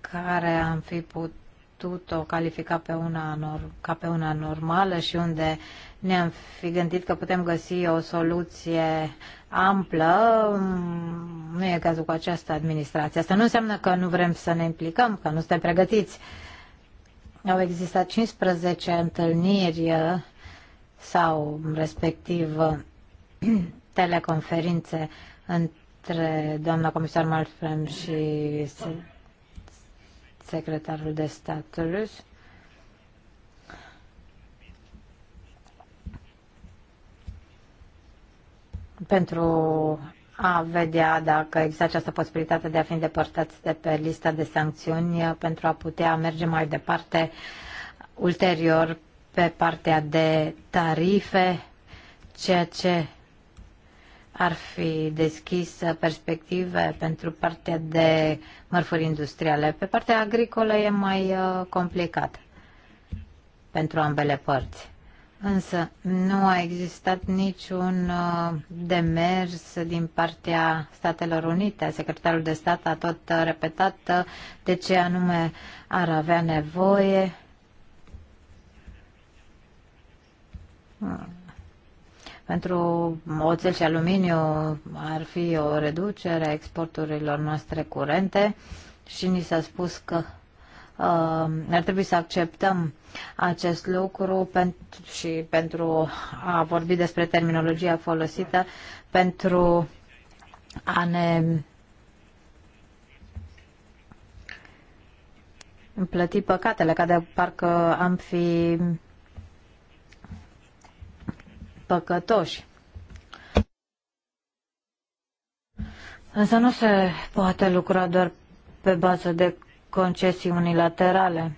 care am fi putut-o califica pe una, ca pe una normală și unde ne-am fi gândit că putem găsi o soluție amplă, nu e cazul cu această administrație. Asta nu înseamnă că nu vrem să ne implicăm, că nu suntem pregătiți. Uh, au existat 15 întâlniri uh, sau respectiv uh, teleconferințe între doamna comisar Malfrem și secretarul de stat rus. pentru a vedea dacă există această posibilitate de a fi îndepărtați de pe lista de sancțiuni uh, pentru a putea merge mai departe ulterior pe partea de tarife, ceea ce ar fi deschis uh, perspective pentru partea de mărfuri industriale. Pe partea agricolă e mai uh, complicat pentru ambele părți. Însă nu a existat niciun uh, demers din partea Statelor Unite. Secretarul de stat a tot uh, repetat uh, de ce anume ar avea nevoie. Pentru oțel și aluminiu ar fi o reducere a exporturilor noastre curente și ni s-a spus că Uh, ar trebui să acceptăm acest lucru și pentru a vorbi despre terminologia folosită pentru a ne plăti păcatele, ca de parcă am fi păcătoși. Însă nu se poate lucra doar pe bază de concesii unilaterale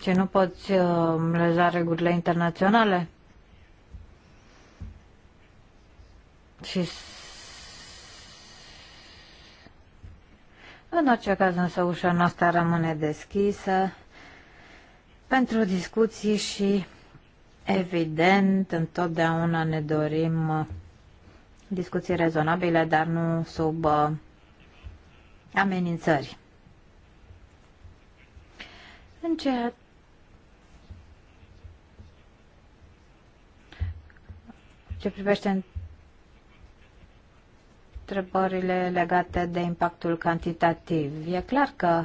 ce nu poți uh, leza regulile internaționale și în orice caz însă ușa noastră rămâne deschisă pentru discuții și evident întotdeauna ne dorim uh, discuții rezonabile, dar nu sub uh, amenințări. În ceea ce privește întrebările legate de impactul cantitativ, e clar că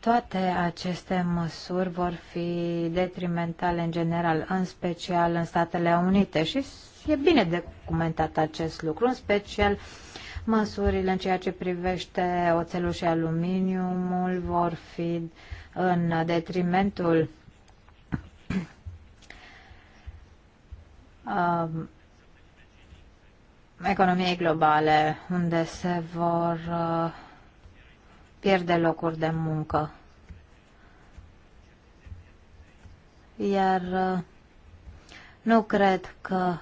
toate aceste măsuri vor fi detrimentale în general, în special în Statele Unite și e bine documentat acest lucru, în special Măsurile în ceea ce privește oțelul și aluminiumul vor fi în detrimentul um, economiei globale, unde se vor uh, pierde locuri de muncă. Iar uh, nu cred că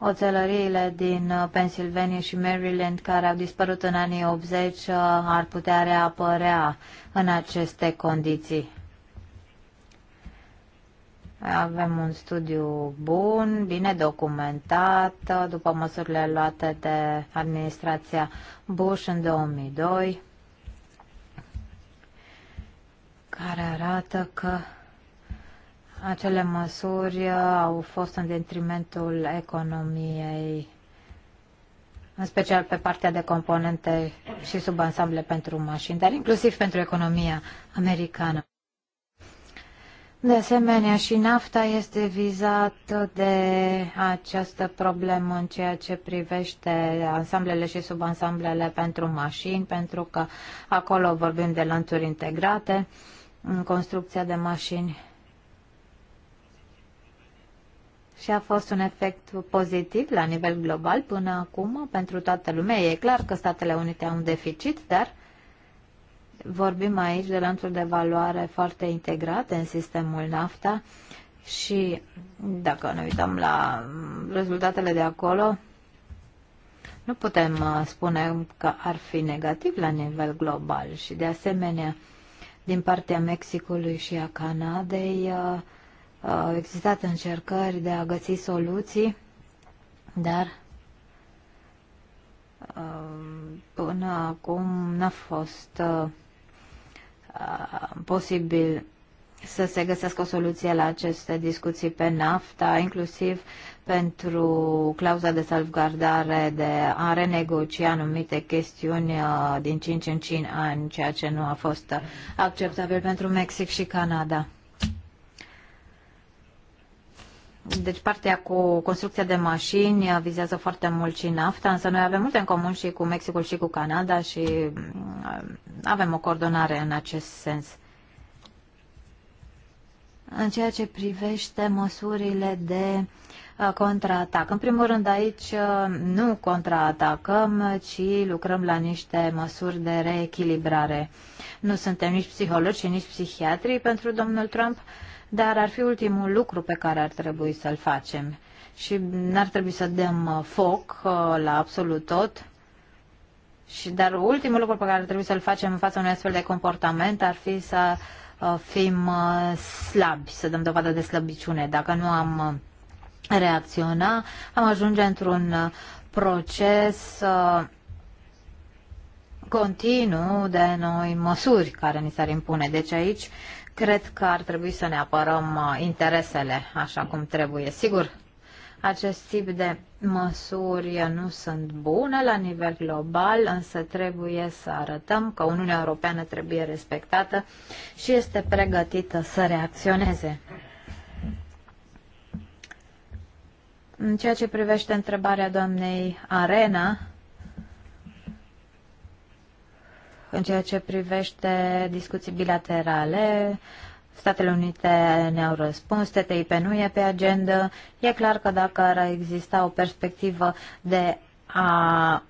Oțelăriile din uh, Pennsylvania și Maryland care au dispărut în anii 80 uh, ar putea reapărea în aceste condiții. Avem un studiu bun, bine documentat, uh, după măsurile luate de administrația Bush în 2002, care arată că acele măsuri uh, au fost în detrimentul economiei, în special pe partea de componente și subansamble pentru mașini, dar inclusiv pentru economia americană. De asemenea, și nafta este vizată de această problemă în ceea ce privește ansamblele și subansamblele pentru mașini, pentru că acolo vorbim de lanțuri integrate în construcția de mașini. și a fost un efect pozitiv la nivel global până acum pentru toată lumea. E clar că Statele Unite au un deficit, dar vorbim aici de lanțuri de valoare foarte integrate în sistemul NAFTA și dacă ne uităm la rezultatele de acolo, nu putem uh, spune că ar fi negativ la nivel global și de asemenea din partea Mexicului și a Canadei uh, au existat încercări de a găsi soluții, dar uh, până acum n-a fost uh, posibil să se găsească o soluție la aceste discuții pe NAFTA, inclusiv pentru clauza de salvgardare de a renegocia anumite chestiuni uh, din 5 în 5 ani, ceea ce nu a fost acceptabil pentru Mexic și Canada. Deci partea cu construcția de mașini vizează foarte mult și nafta, însă noi avem multe în comun și cu Mexicul și cu Canada și mm, avem o coordonare în acest sens. În ceea ce privește măsurile de uh, contraatac. În primul rând aici uh, nu contraatacăm, ci lucrăm la niște măsuri de reechilibrare. Nu suntem nici psihologi și nici psihiatri pentru domnul Trump, uh, dar ar fi ultimul lucru pe care ar trebui să-l facem. Și n-ar trebui să dăm uh, foc uh, la absolut tot. Și, dar ultimul lucru pe care ar trebui să-l facem în fața unui astfel de comportament ar fi să uh, fim slabi, să dăm dovadă de slăbiciune. Dacă nu am reacționa, am ajunge într-un proces continuu de noi măsuri care ni s-ar impune. Deci aici cred că ar trebui să ne apărăm uh, interesele așa cum trebuie. Sigur, acest tip de măsuri nu sunt bune la nivel global, însă trebuie să arătăm că Uniunea Europeană trebuie respectată și este pregătită să reacționeze. În ceea ce privește întrebarea doamnei Arena, În ceea ce privește discuții bilaterale, Statele Unite ne-au răspuns, TTIP nu e pe agenda. E clar că dacă ar exista o perspectivă de a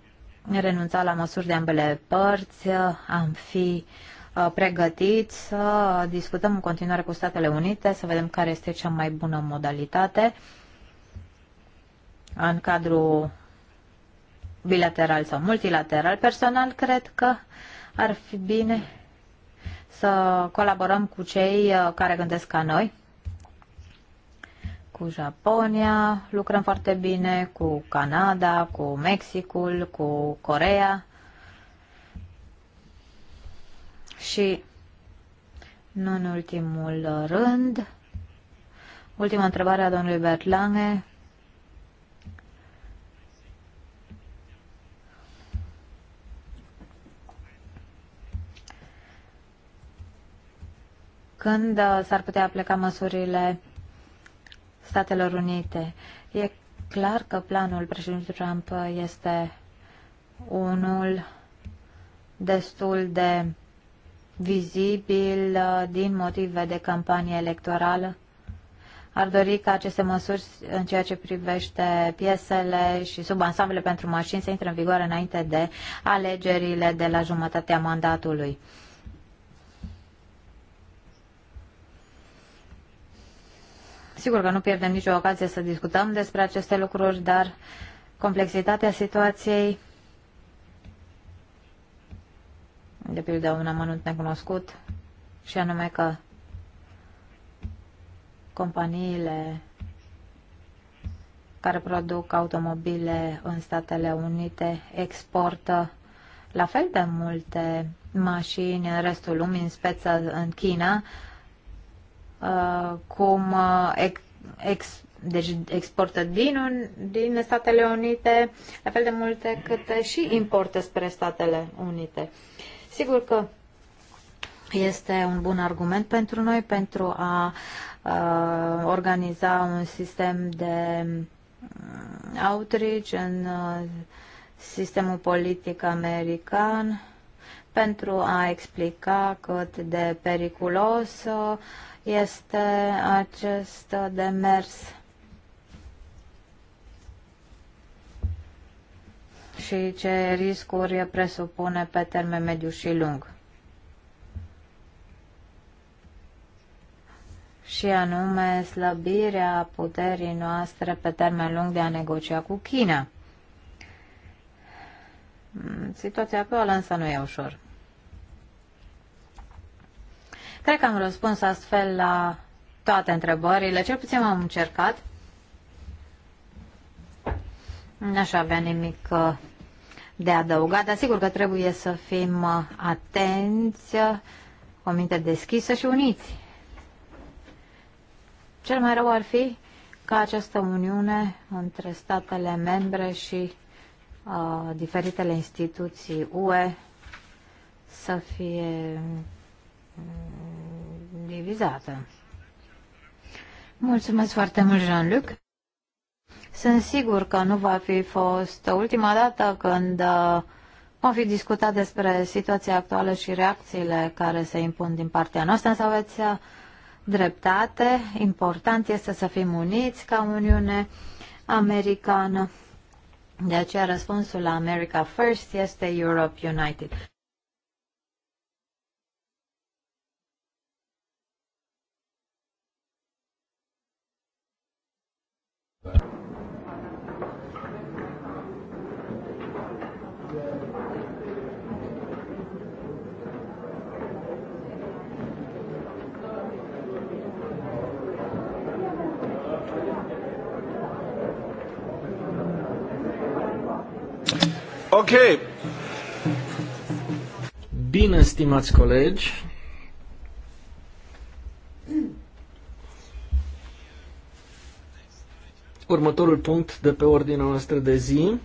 renunța la măsuri de ambele părți, am fi uh, pregătiți să discutăm în continuare cu Statele Unite, să vedem care este cea mai bună modalitate în cadrul bilateral sau multilateral. Personal, cred că uh, ar fi bine să colaborăm cu cei uh, care gândesc ca noi, cu Japonia, lucrăm foarte bine cu Canada, cu Mexicul, cu Corea și, nu în ultimul rând, ultima întrebare a domnului Bert Lange când uh, s-ar putea aplica măsurile Statelor Unite. E clar că planul președintelui Trump este unul destul de vizibil uh, din motive de campanie electorală. Ar dori ca aceste măsuri în ceea ce privește piesele și subansamblele pentru mașini să intre în vigoare înainte de alegerile de la jumătatea mandatului. Sigur că nu pierdem nicio ocazie să discutăm despre aceste lucruri, dar complexitatea situației, de pildă un amănunt necunoscut, și anume că companiile care produc automobile în Statele Unite exportă la fel de multe mașini în restul lumii, în speță în China, Uh, cum uh, ex, ex, deci exportă din, din Statele Unite la fel de multe cât și importă spre Statele Unite. Sigur că este un bun argument pentru noi pentru a uh, organiza un sistem de mm, outreach în uh, sistemul politic american pentru a explica cât de periculos uh, este acest demers și ce riscuri presupune pe termen mediu și lung. Și anume slăbirea puterii noastre pe termen lung de a negocia cu China. Mm, situația actuală însă nu e ușor. Cred că am răspuns astfel la toate întrebările, cel puțin am încercat. N-aș avea nimic uh, de adăugat, dar sigur că trebuie să fim uh, atenți, uh, o minte deschisă și uniți. Cel mai rău ar fi ca această uniune între statele membre și uh, diferitele instituții UE să fie mm, vizată. Mulțumesc foarte mult, Jean-Luc. Sunt sigur că nu va fi fost ultima dată când uh, vom fi discutat despre situația actuală și reacțiile care se impun din partea noastră, însă aveți uh, dreptate. Important este să fim uniți ca Uniune Americană. De aceea răspunsul la America First este Europe United. Ok. Bine, stimați colegi. Următorul punct de pe ordinea noastră de zi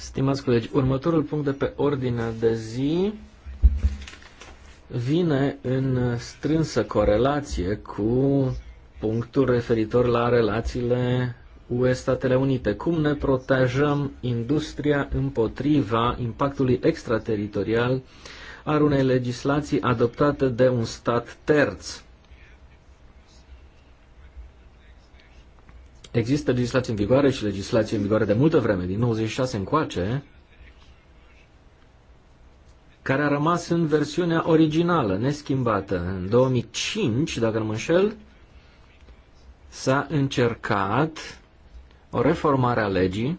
Stimați colegi, următorul punct de pe ordinea de zi vine în strânsă corelație cu punctul referitor la relațiile UE-Statele Unite. Cum ne protejăm industria împotriva impactului extrateritorial al unei legislații adoptate de un stat terț? Există legislație în vigoare și legislație în vigoare de multă vreme, din 96 încoace, care a rămas în versiunea originală, neschimbată. În 2005, dacă nu mă înșel, s-a încercat o reformare a legii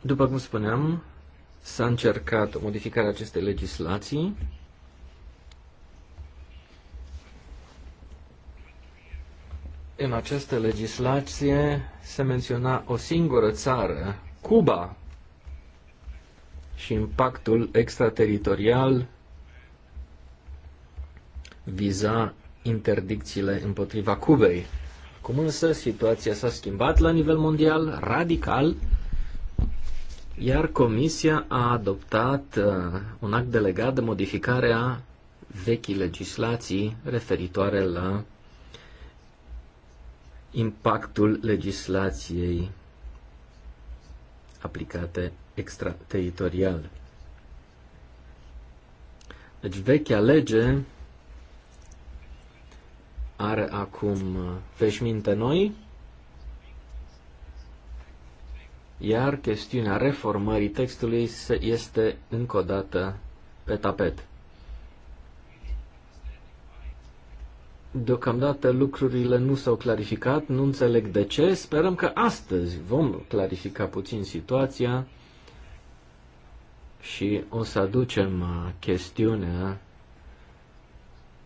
După cum spuneam, s-a încercat modificarea acestei legislații în această legislație se menționa o singură țară, Cuba, și impactul extrateritorial viza interdicțiile împotriva Cubei. Cum însă situația s-a schimbat la nivel mondial radical, iar Comisia a adoptat uh, un act delegat de modificare a vechii legislații referitoare la impactul legislației aplicate extrateritorial. Deci vechea lege are acum uh, veșminte noi, iar chestiunea reformării textului este încă o dată pe tapet. Deocamdată lucrurile nu s-au clarificat, nu înțeleg de ce. Sperăm că astăzi vom clarifica puțin situația și o să aducem uh, chestiunea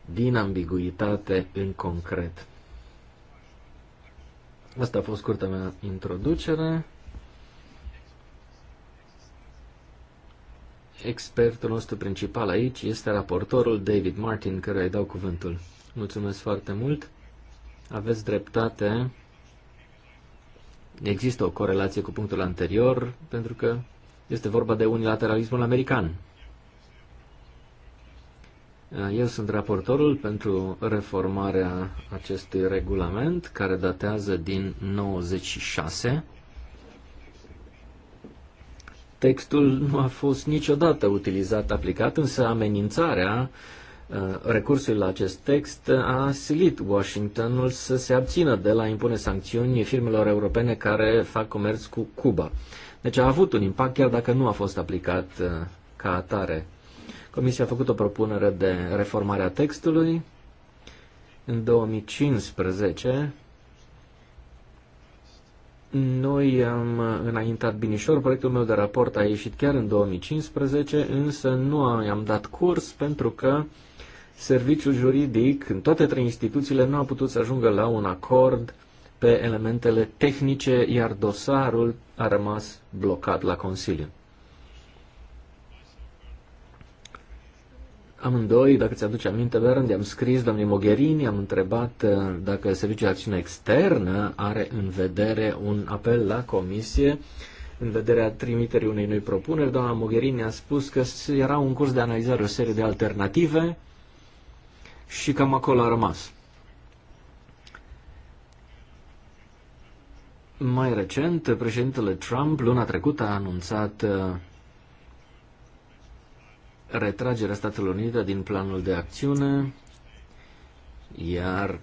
din ambiguitate în concret. Asta a fost scurta mea introducere. Expertul nostru principal aici este raportorul David Martin, care îi dau cuvântul. Mulțumesc foarte mult. Aveți dreptate. Există o corelație cu punctul anterior, pentru că este vorba de unilateralismul american. Eu sunt raportorul pentru reformarea acestui regulament, care datează din 96. Textul nu a fost niciodată utilizat, aplicat, însă amenințarea uh, Uh, recursul la acest text a silit Washingtonul să se abțină de la impune sancțiuni firmelor europene care fac comerț cu Cuba. Deci a avut un impact chiar dacă nu a fost aplicat uh, ca atare. Comisia a făcut o propunere de reformare a textului în 2015. Noi am înaintat binișor, proiectul meu de raport a ieșit chiar în 2015, însă nu i-am dat curs pentru că uh, serviciul juridic în toate trei instituțiile nu a putut să ajungă la un acord pe elementele tehnice, iar dosarul a rămas blocat la Consiliu. Amândoi, dacă ți-aduce aminte, Bernd, am scris domnului Mogherini, am întrebat uh, dacă Serviciul de Acțiune Externă are în vedere un apel la Comisie în vederea trimiterii unei noi propuneri. Doamna Mogherini a spus că era un curs de analizare o serie de alternative și cam acolo a rămas. Mai recent, președintele Trump luna trecută a anunțat uh, retragerea Statelor Unite din planul de acțiune, iar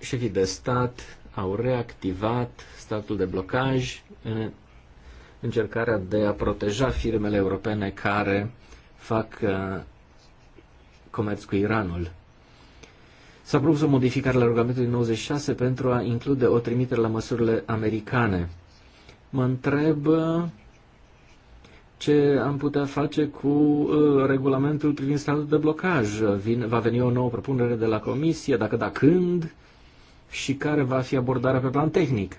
șefii de stat au reactivat statul de blocaj în încercarea de a proteja firmele europene care fac uh, comerț cu Iranul. S-a propus o modificare la din 96 pentru a include o trimitere la măsurile americane. Mă întreb uh, ce am putea face cu uh, regulamentul privind statul de blocaj. Vin, va veni o nouă propunere de la comisie, dacă da, când și care va fi abordarea pe plan tehnic.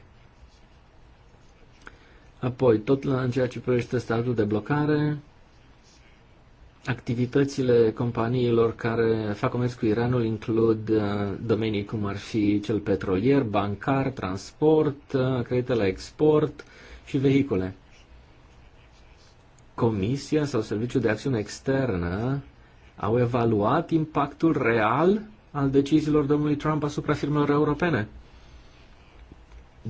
Apoi, tot la, în ceea ce privește statul de blocare, Activitățile companiilor care fac comerț cu Iranul includ uh, domenii cum ar fi cel petrolier, bancar, transport, uh, credite la export și vehicule. Comisia sau Serviciul de Acțiune Externă au evaluat impactul real al deciziilor domnului Trump asupra firmelor europene.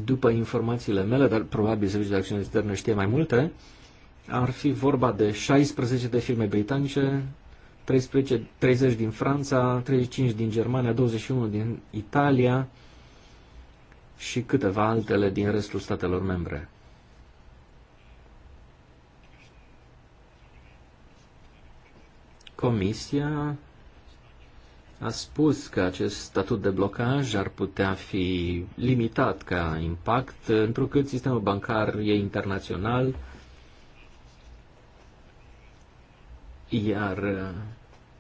După informațiile mele, dar probabil Serviciul de Acțiune Externă știe mai multe, ar fi vorba de 16 de firme britanice, 13, 30 din Franța, 35 din Germania, 21 din Italia și câteva altele din restul statelor membre. Comisia a spus că acest statut de blocaj ar putea fi limitat ca impact, întrucât sistemul bancar e internațional iar uh,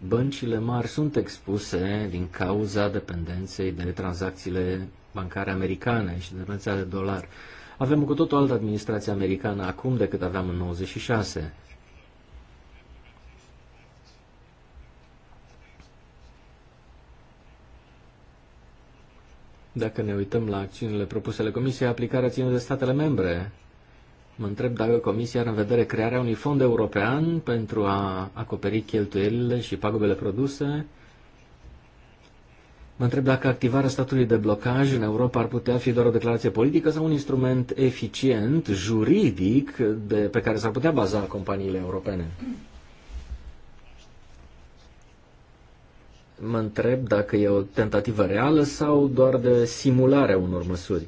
băncile mari sunt expuse din cauza dependenței de tranzacțiile bancare americane și dependența de dolar. Avem cu totul altă administrație americană acum decât aveam în 96. Dacă ne uităm la acțiunile propuse de Comisie aplicarea ține de statele membre Mă întreb dacă Comisia are în vedere crearea unui fond european pentru a acoperi cheltuielile și pagubele produse. Mă întreb dacă activarea statului de blocaj în Europa ar putea fi doar o declarație politică sau un instrument eficient, juridic, de, pe care s-ar putea baza companiile europene. Mă întreb dacă e o tentativă reală sau doar de simularea unor măsuri.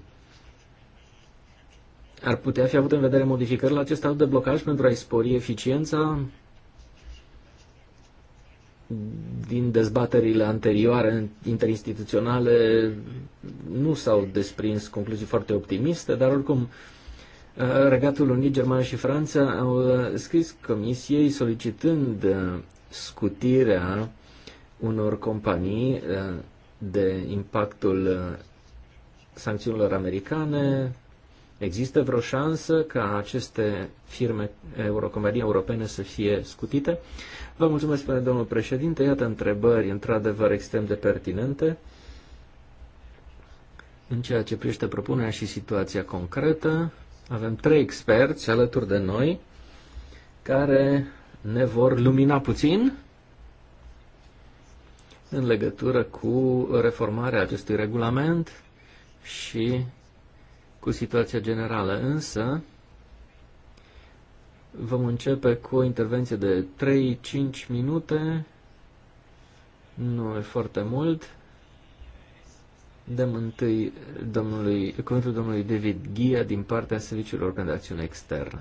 Ar putea fi avut în vedere modificări la acest stat de blocaj pentru a-i spori eficiența? Din dezbaterile anterioare interinstituționale nu s-au desprins concluzii foarte optimiste, dar oricum Regatul Unit, Germania și Franța au uh, scris comisiei solicitând uh, scutirea unor companii uh, de impactul sancțiunilor americane Există vreo șansă ca aceste firme, companii europene să fie scutite? Vă mulțumesc, până domnul președinte. Iată întrebări, într-adevăr, extrem de pertinente în ceea ce privește propunerea și situația concretă. Avem trei experți alături de noi care ne vor lumina puțin în legătură cu reformarea acestui regulament și cu situația generală, însă vom începe cu o intervenție de 3-5 minute, nu e foarte mult. Dăm întâi domnului, cuvântul domnului David Ghia din partea Serviciului Organ de Acțiune Externă.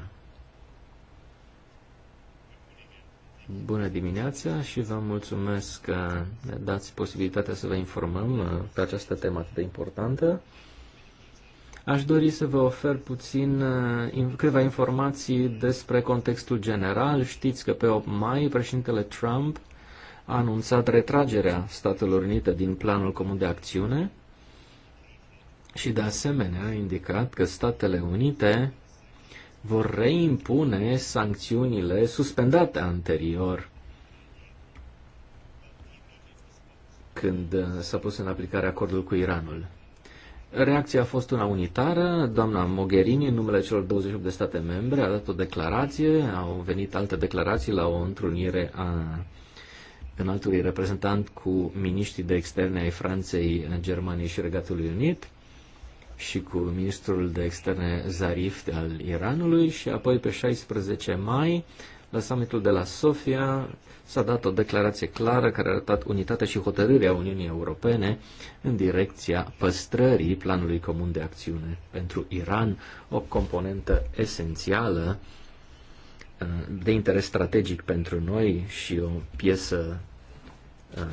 Bună dimineața și vă mulțumesc că ne dați posibilitatea să vă informăm uh, pe această temă atât de importantă. Aș dori să vă ofer puțin uh, câteva informații despre contextul general. Știți că pe 8 mai președintele Trump a anunțat retragerea Statelor Unite din Planul Comun de Acțiune și de asemenea a indicat că Statele Unite vor reimpune sancțiunile suspendate anterior când uh, s-a pus în aplicare acordul cu Iranul. Reacția a fost una unitară. Doamna Mogherini, în numele celor 28 de state membre, a dat o declarație. Au venit alte declarații la o întrunire a înaltului reprezentant cu miniștrii de externe ai Franței, Germaniei și Regatului Unit și cu ministrul de externe Zarif al Iranului și apoi pe 16 mai la summitul de la Sofia s-a dat o declarație clară care a arătat unitatea și hotărârea Uniunii Europene în direcția păstrării planului comun de acțiune pentru Iran, o componentă esențială uh, de interes strategic pentru noi și o piesă uh,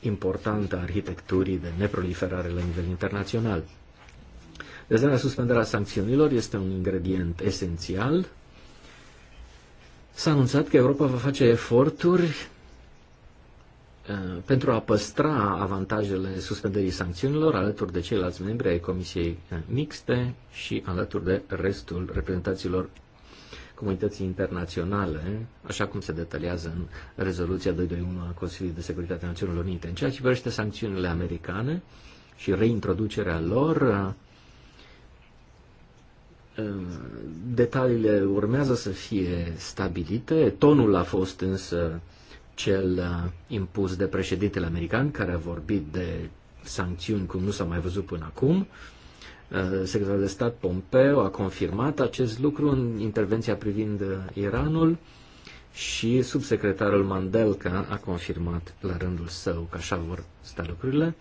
importantă a arhitecturii de neproliferare la nivel internațional. De asemenea, suspendarea sancțiunilor este un ingredient esențial S-a anunțat că Europa va face eforturi uh, pentru a păstra avantajele suspendării sancțiunilor alături de ceilalți membri ai Comisiei uh, Mixte și alături de restul reprezentanților comunității internaționale, așa cum se detaliază în rezoluția 221 a Consiliului de Securitate a Națiunilor Unite. În ceea ce privește sancțiunile americane și reintroducerea lor, uh, Ehm, detaliile urmează să fie stabilite. Tonul a fost însă cel eh, impus de președintele american, care a vorbit de sancțiuni cum nu s-a mai văzut până acum. Eh, secretarul de stat Pompeo a confirmat acest lucru în intervenția privind eh, Iranul și subsecretarul Mandelka a confirmat la rândul său că așa vor sta lucrurile.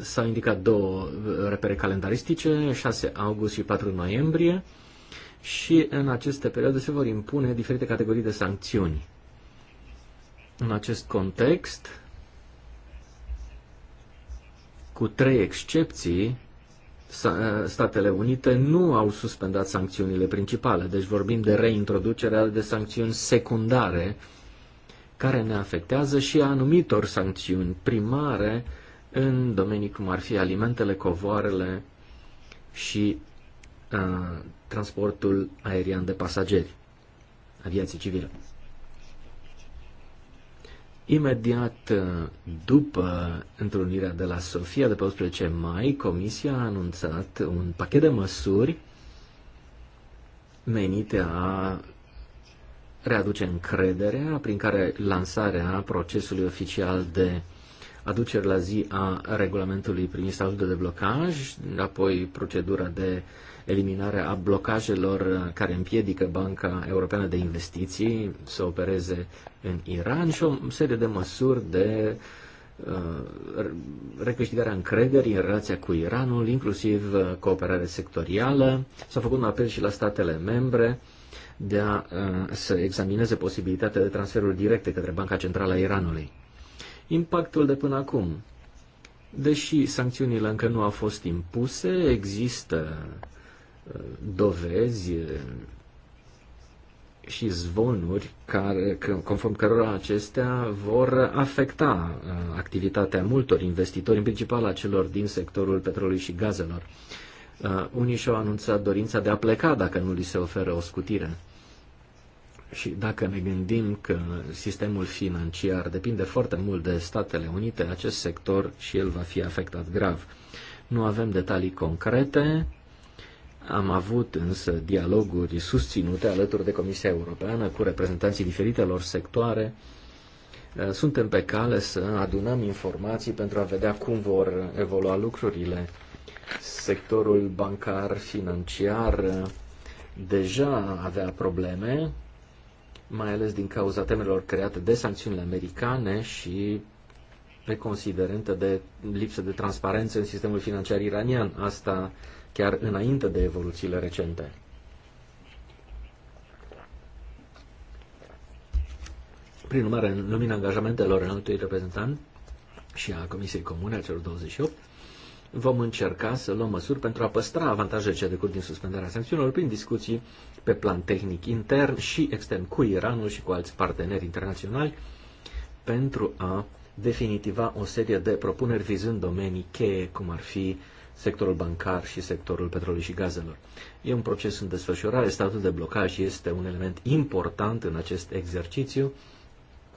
S-au indicat două uh, repere calendaristice, 6 august și 4 noiembrie, și în aceste perioade se vor impune diferite categorii de sancțiuni. În acest context, cu trei excepții, uh, Statele Unite nu au suspendat sancțiunile principale, deci vorbim de reintroducerea de sancțiuni secundare care ne afectează și a anumitor sancțiuni primare în domenii cum ar fi alimentele, covoarele și a, uh, transportul aerian de pasageri, aviație civilă. Imediat uh, după întrunirea de la Sofia, de pe 18 mai, Comisia a anunțat un pachet de măsuri menite a readuce încrederea, prin care lansarea procesului oficial de aduceri la zi a regulamentului prin statutul de blocaj, apoi procedura de eliminare a blocajelor care împiedică Banca Europeană de Investiții să opereze în Iran și o serie de măsuri de uh, recâștigarea încrederii în relația cu Iranul, inclusiv uh, cooperare sectorială. S-a făcut un apel și la statele membre de a uh, să examineze posibilitatea de transferuri directe către Banca Centrală a Iranului. Impactul de până acum. Deși sancțiunile încă nu au fost impuse, există uh, dovezi uh, și zvonuri care, conform cărora acestea vor afecta uh, activitatea multor investitori, în principal a celor din sectorul petrolului și gazelor. Unii și-au anunțat dorința de a pleca dacă nu li se oferă o scutire. Și dacă ne gândim că sistemul financiar depinde foarte mult de Statele Unite, acest sector și el va fi afectat grav. Nu avem detalii concrete, am avut însă dialoguri susținute alături de Comisia Europeană cu reprezentanții diferitelor sectoare. Uh, suntem pe cale să adunăm informații pentru a vedea cum vor evolua lucrurile. Sectorul bancar, financiar, uh, deja avea probleme mai ales din cauza temelor create de sancțiunile americane și reconsiderente de lipsă de transparență în sistemul financiar iranian, asta chiar înainte de evoluțiile recente. Prin urmare, în lumina angajamentelor altui reprezentant și a Comisiei Comune a celor 28, vom încerca să luăm măsuri pentru a păstra avantajele ce decurg din suspendarea sancțiunilor prin discuții pe plan tehnic intern și extern cu Iranul și cu alți parteneri internaționali pentru a definitiva o serie de propuneri vizând domenii cheie, cum ar fi sectorul bancar și sectorul petrolului și gazelor. E un proces în desfășurare, statul de blocaj este un element important în acest exercițiu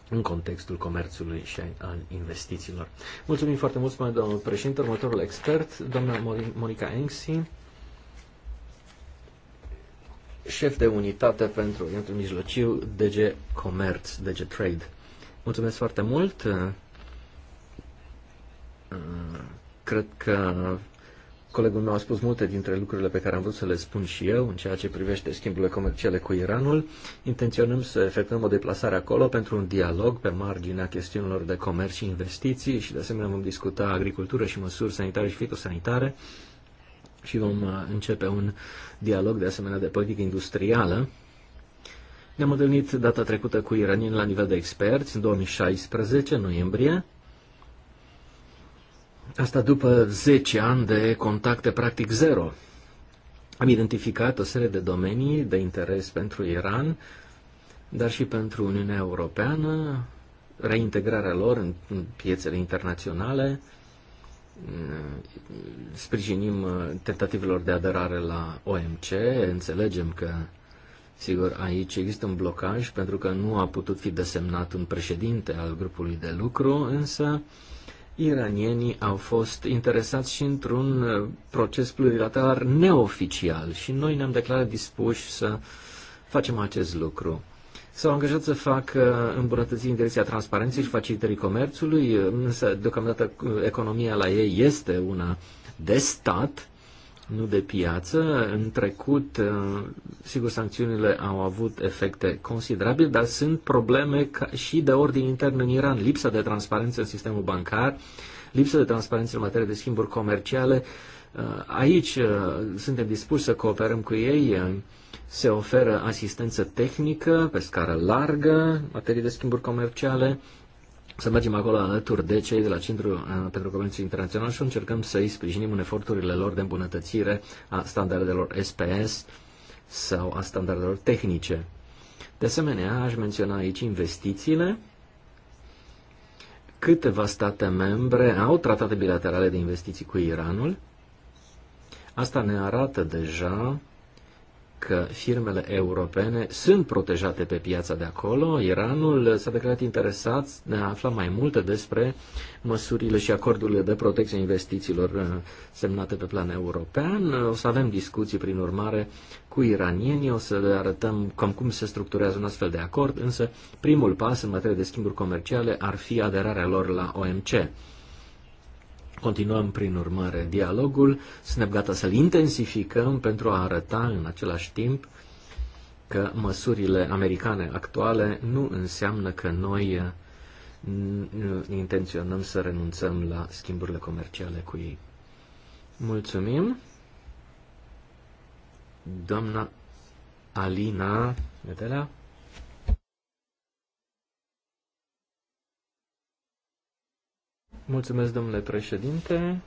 în contextul comerțului și al investițiilor. Mulțumim foarte mult, spune domnul președinte, următorul expert, doamna Monica Engsi, șef de unitate pentru Orientul Mijlociu, DG Comerț, DG Trade. Mulțumesc foarte mult! Cred că Colegul meu a spus multe dintre lucrurile pe care am vrut să le spun și eu în ceea ce privește schimburile comerciale cu Iranul. Intenționăm să efectuăm o deplasare acolo pentru un dialog pe marginea chestiunilor de comerț și investiții și de asemenea vom discuta agricultură și măsuri sanitare și fitosanitare și vom uh, începe un dialog de asemenea de politică industrială. Ne-am întâlnit data trecută cu iranieni la nivel de experți în 2016, în noiembrie, Asta după 10 ani de contacte practic zero. Am identificat o serie de domenii de interes pentru Iran, dar și pentru Uniunea Europeană, reintegrarea lor în piețele internaționale, sprijinim uh, tentativelor de aderare la OMC, înțelegem că, sigur, aici există un blocaj pentru că nu a putut fi desemnat un președinte al grupului de lucru, însă iranienii au fost interesați și într-un uh, proces plurilateral neoficial și noi ne-am declarat dispuși să facem acest lucru. S-au angajat să facă îmbunătățiri în direcția transparenței și facilitării comerțului, însă deocamdată economia la ei este una de stat nu de piață. În trecut, uh, sigur, sancțiunile au avut efecte considerabile, dar sunt probleme și de ordin intern în Iran. Lipsa de transparență în sistemul bancar, lipsa de transparență în materie de schimburi comerciale. Uh, aici uh, suntem dispuși să cooperăm cu ei. Se oferă asistență tehnică pe scară largă, materie de schimburi comerciale să mergem acolo alături de cei de la Centrul eh, pentru Comerțul Internațional și încercăm să îi sprijinim în eforturile lor de îmbunătățire a standardelor SPS sau a standardelor tehnice. De asemenea, aș menționa aici investițiile. Câteva state membre au tratate bilaterale de investiții cu Iranul. Asta ne arată deja că firmele europene sunt protejate pe piața de acolo. Iranul s-a declarat interesat de a afla mai multe despre măsurile și acordurile de protecție a investițiilor uh, semnate pe plan european. O să avem discuții, prin urmare, cu iranienii, o să le arătăm cam cum se structurează un astfel de acord, însă primul pas în materie de schimburi comerciale ar fi aderarea lor la OMC. Continuăm, prin urmare, dialogul, suntem gata să-l intensificăm pentru a arăta în același timp că măsurile americane actuale nu înseamnă că noi eh, intenționăm să renunțăm la schimburile comerciale cu ei. Mulțumim. Doamna Alina Vedelea. Mulțumesc, domnule președinte.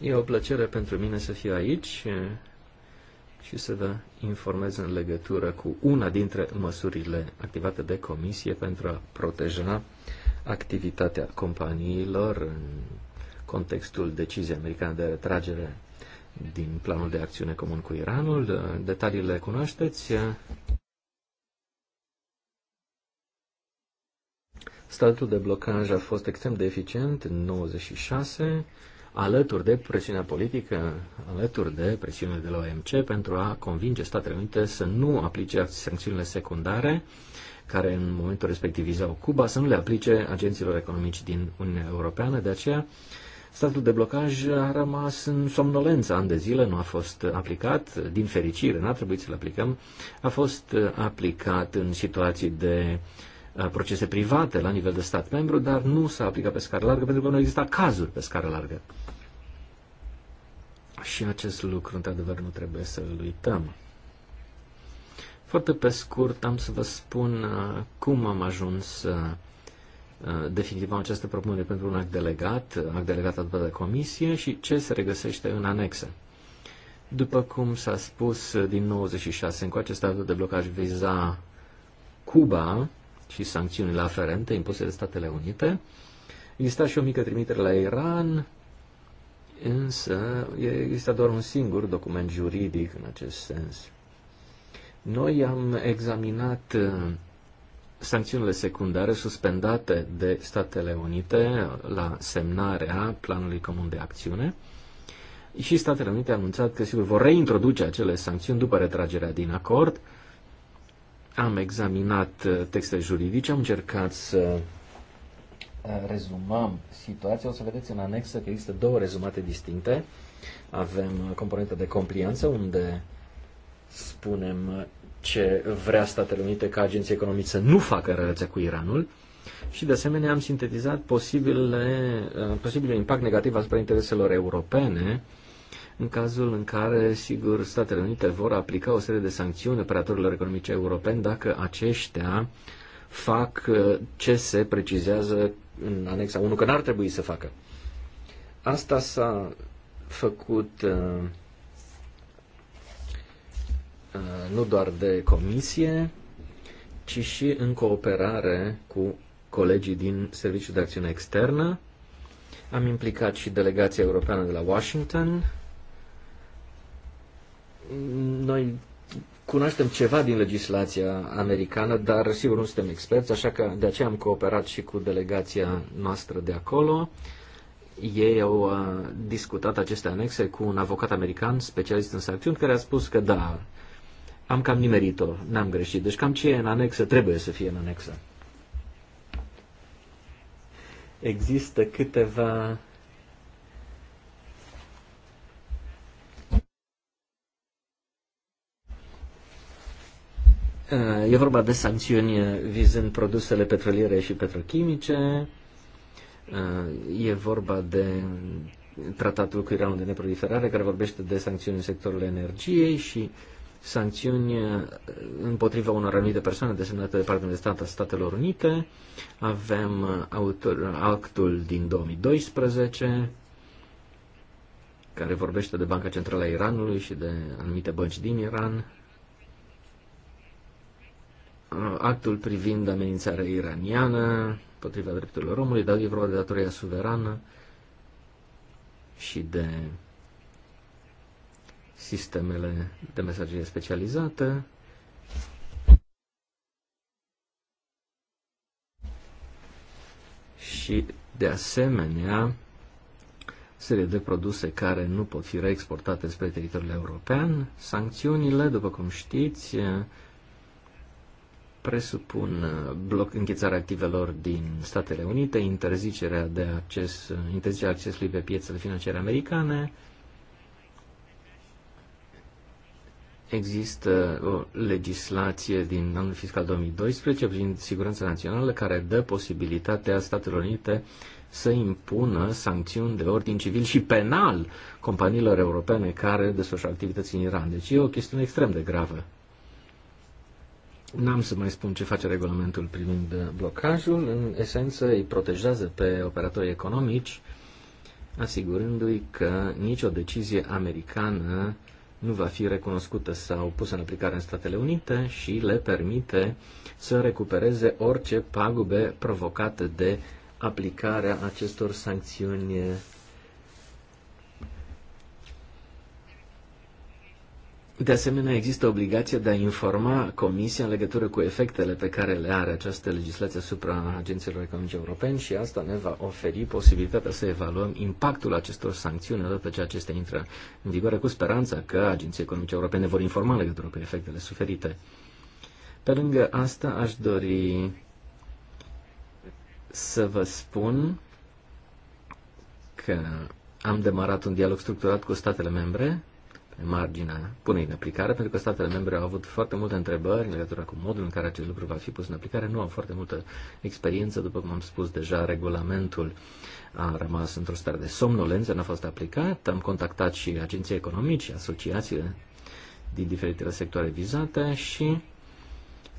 E o plăcere pentru mine să fiu aici și să vă informez în legătură cu una dintre măsurile activate de comisie pentru a proteja activitatea companiilor în contextul deciziei americane de retragere din planul de acțiune comun cu Iranul. Detaliile cunoașteți. Statul de blocaj a fost extrem de eficient în 96, alături de presiunea politică, alături de presiunea de la OMC pentru a convinge Statele Unite să nu aplice sancțiunile secundare care în momentul respectiv vizau Cuba, să nu le aplice agenților economici din Uniunea Europeană. De aceea, statul de blocaj a rămas în somnolență ani de zile, nu a fost aplicat, din fericire, n-a trebuit să-l aplicăm, a fost aplicat în situații de uh, Uh, procese private la nivel de stat membru, dar nu s-a aplicat pe scară largă pentru că nu exista cazuri pe scară largă. Și acest lucru, într-adevăr, nu trebuie să-l uităm. Foarte pe scurt am să vă spun uh, cum am ajuns uh, definitiv în această propunere pentru un act delegat, act delegat adoptat de comisie și ce se regăsește în anexă. După cum s-a spus din 96 încoace, statul de blocaj viza Cuba și sancțiunile aferente impuse de Statele Unite. Exista și o mică trimitere la Iran, însă exista doar un singur document juridic în acest sens. Noi am examinat uh, sancțiunile secundare suspendate de Statele Unite la semnarea Planului Comun de Acțiune și Statele Unite a anunțat că sigur vor reintroduce acele sancțiuni după retragerea din acord, am examinat uh, textele juridice, am încercat să uh, rezumăm situația. O să vedeți în anexă că există două rezumate distincte. Avem uh, componenta de complianță, unde spunem ce vrea Statele Unite ca agenții economici să nu facă relația cu Iranul. Și de asemenea am sintetizat posibile, posibile impact negativ asupra intereselor europene în cazul în care, sigur, Statele Unite vor aplica o serie de sancțiuni operatorilor economice europeni dacă aceștia fac uh, ce se precizează în anexa 1, că n-ar trebui să facă. Asta s-a făcut uh, uh, nu doar de comisie, ci și în cooperare cu colegii din Serviciul de Acțiune Externă. Am implicat și delegația europeană de la Washington noi cunoaștem ceva din legislația americană, dar sigur nu suntem experți, așa că de aceea am cooperat și cu delegația noastră de acolo. Ei au uh, discutat aceste anexe cu un avocat american, specialist în sancțiuni, care a spus că da, am cam nimerit-o, n-am greșit. Deci cam ce e în anexă trebuie să fie în anexă. Există câteva E vorba de sancțiuni vizând produsele petroliere și petrochimice, e vorba de tratatul cu Iranul de neproliferare care vorbește de sancțiuni în sectorul energiei și sancțiuni împotriva unor anumite persoane desemnate de partea de stat a Statelor Unite. Avem autor, actul din 2012 care vorbește de Banca Centrală a Iranului și de anumite bănci din Iran actul privind amenințarea iraniană potriva drepturilor omului, dar e vorba de datoria suverană și de sistemele de mesagerie specializată. Și, de asemenea, serie de produse care nu pot fi reexportate spre teritoriul european. Sancțiunile, după cum știți, presupun uh, bloc închețarea activelor din Statele Unite, interzicerea de acces, uh, interzicerea accesului pe piețele financiare americane. Există o legislație din anul fiscal 2012 privind siguranța națională care dă posibilitatea Statelor Unite să impună sancțiuni de ordin civil și penal companiilor europene care desfășoară activități în Iran. Deci e o chestiune extrem de gravă. N-am să mai spun ce face regulamentul privind blocajul. În esență, îi protejează pe operatorii economici, asigurându-i că nicio decizie americană nu va fi recunoscută sau pusă în aplicare în Statele Unite și le permite să recupereze orice pagube provocate de aplicarea acestor sancțiuni De asemenea, există obligația de a informa Comisia în legătură cu efectele pe care le are această legislație asupra agențiilor economice europeni și asta ne va oferi posibilitatea să evaluăm impactul acestor sancțiuni odată ce acestea intră în vigoare, cu speranța că agenții economice europene vor informa în legătură cu efectele suferite. Pe lângă asta, aș dori să vă spun că am demarat un dialog structurat cu statele membre marginea punei în aplicare, pentru că statele membre au avut foarte multe întrebări în legătură cu modul în care acest lucru va fi pus în aplicare, nu au foarte multă experiență, după cum am spus deja, regulamentul a rămas într-o stare de somnolență, n-a fost aplicat, am contactat și agenții economici, asociațiile din diferitele sectoare vizate și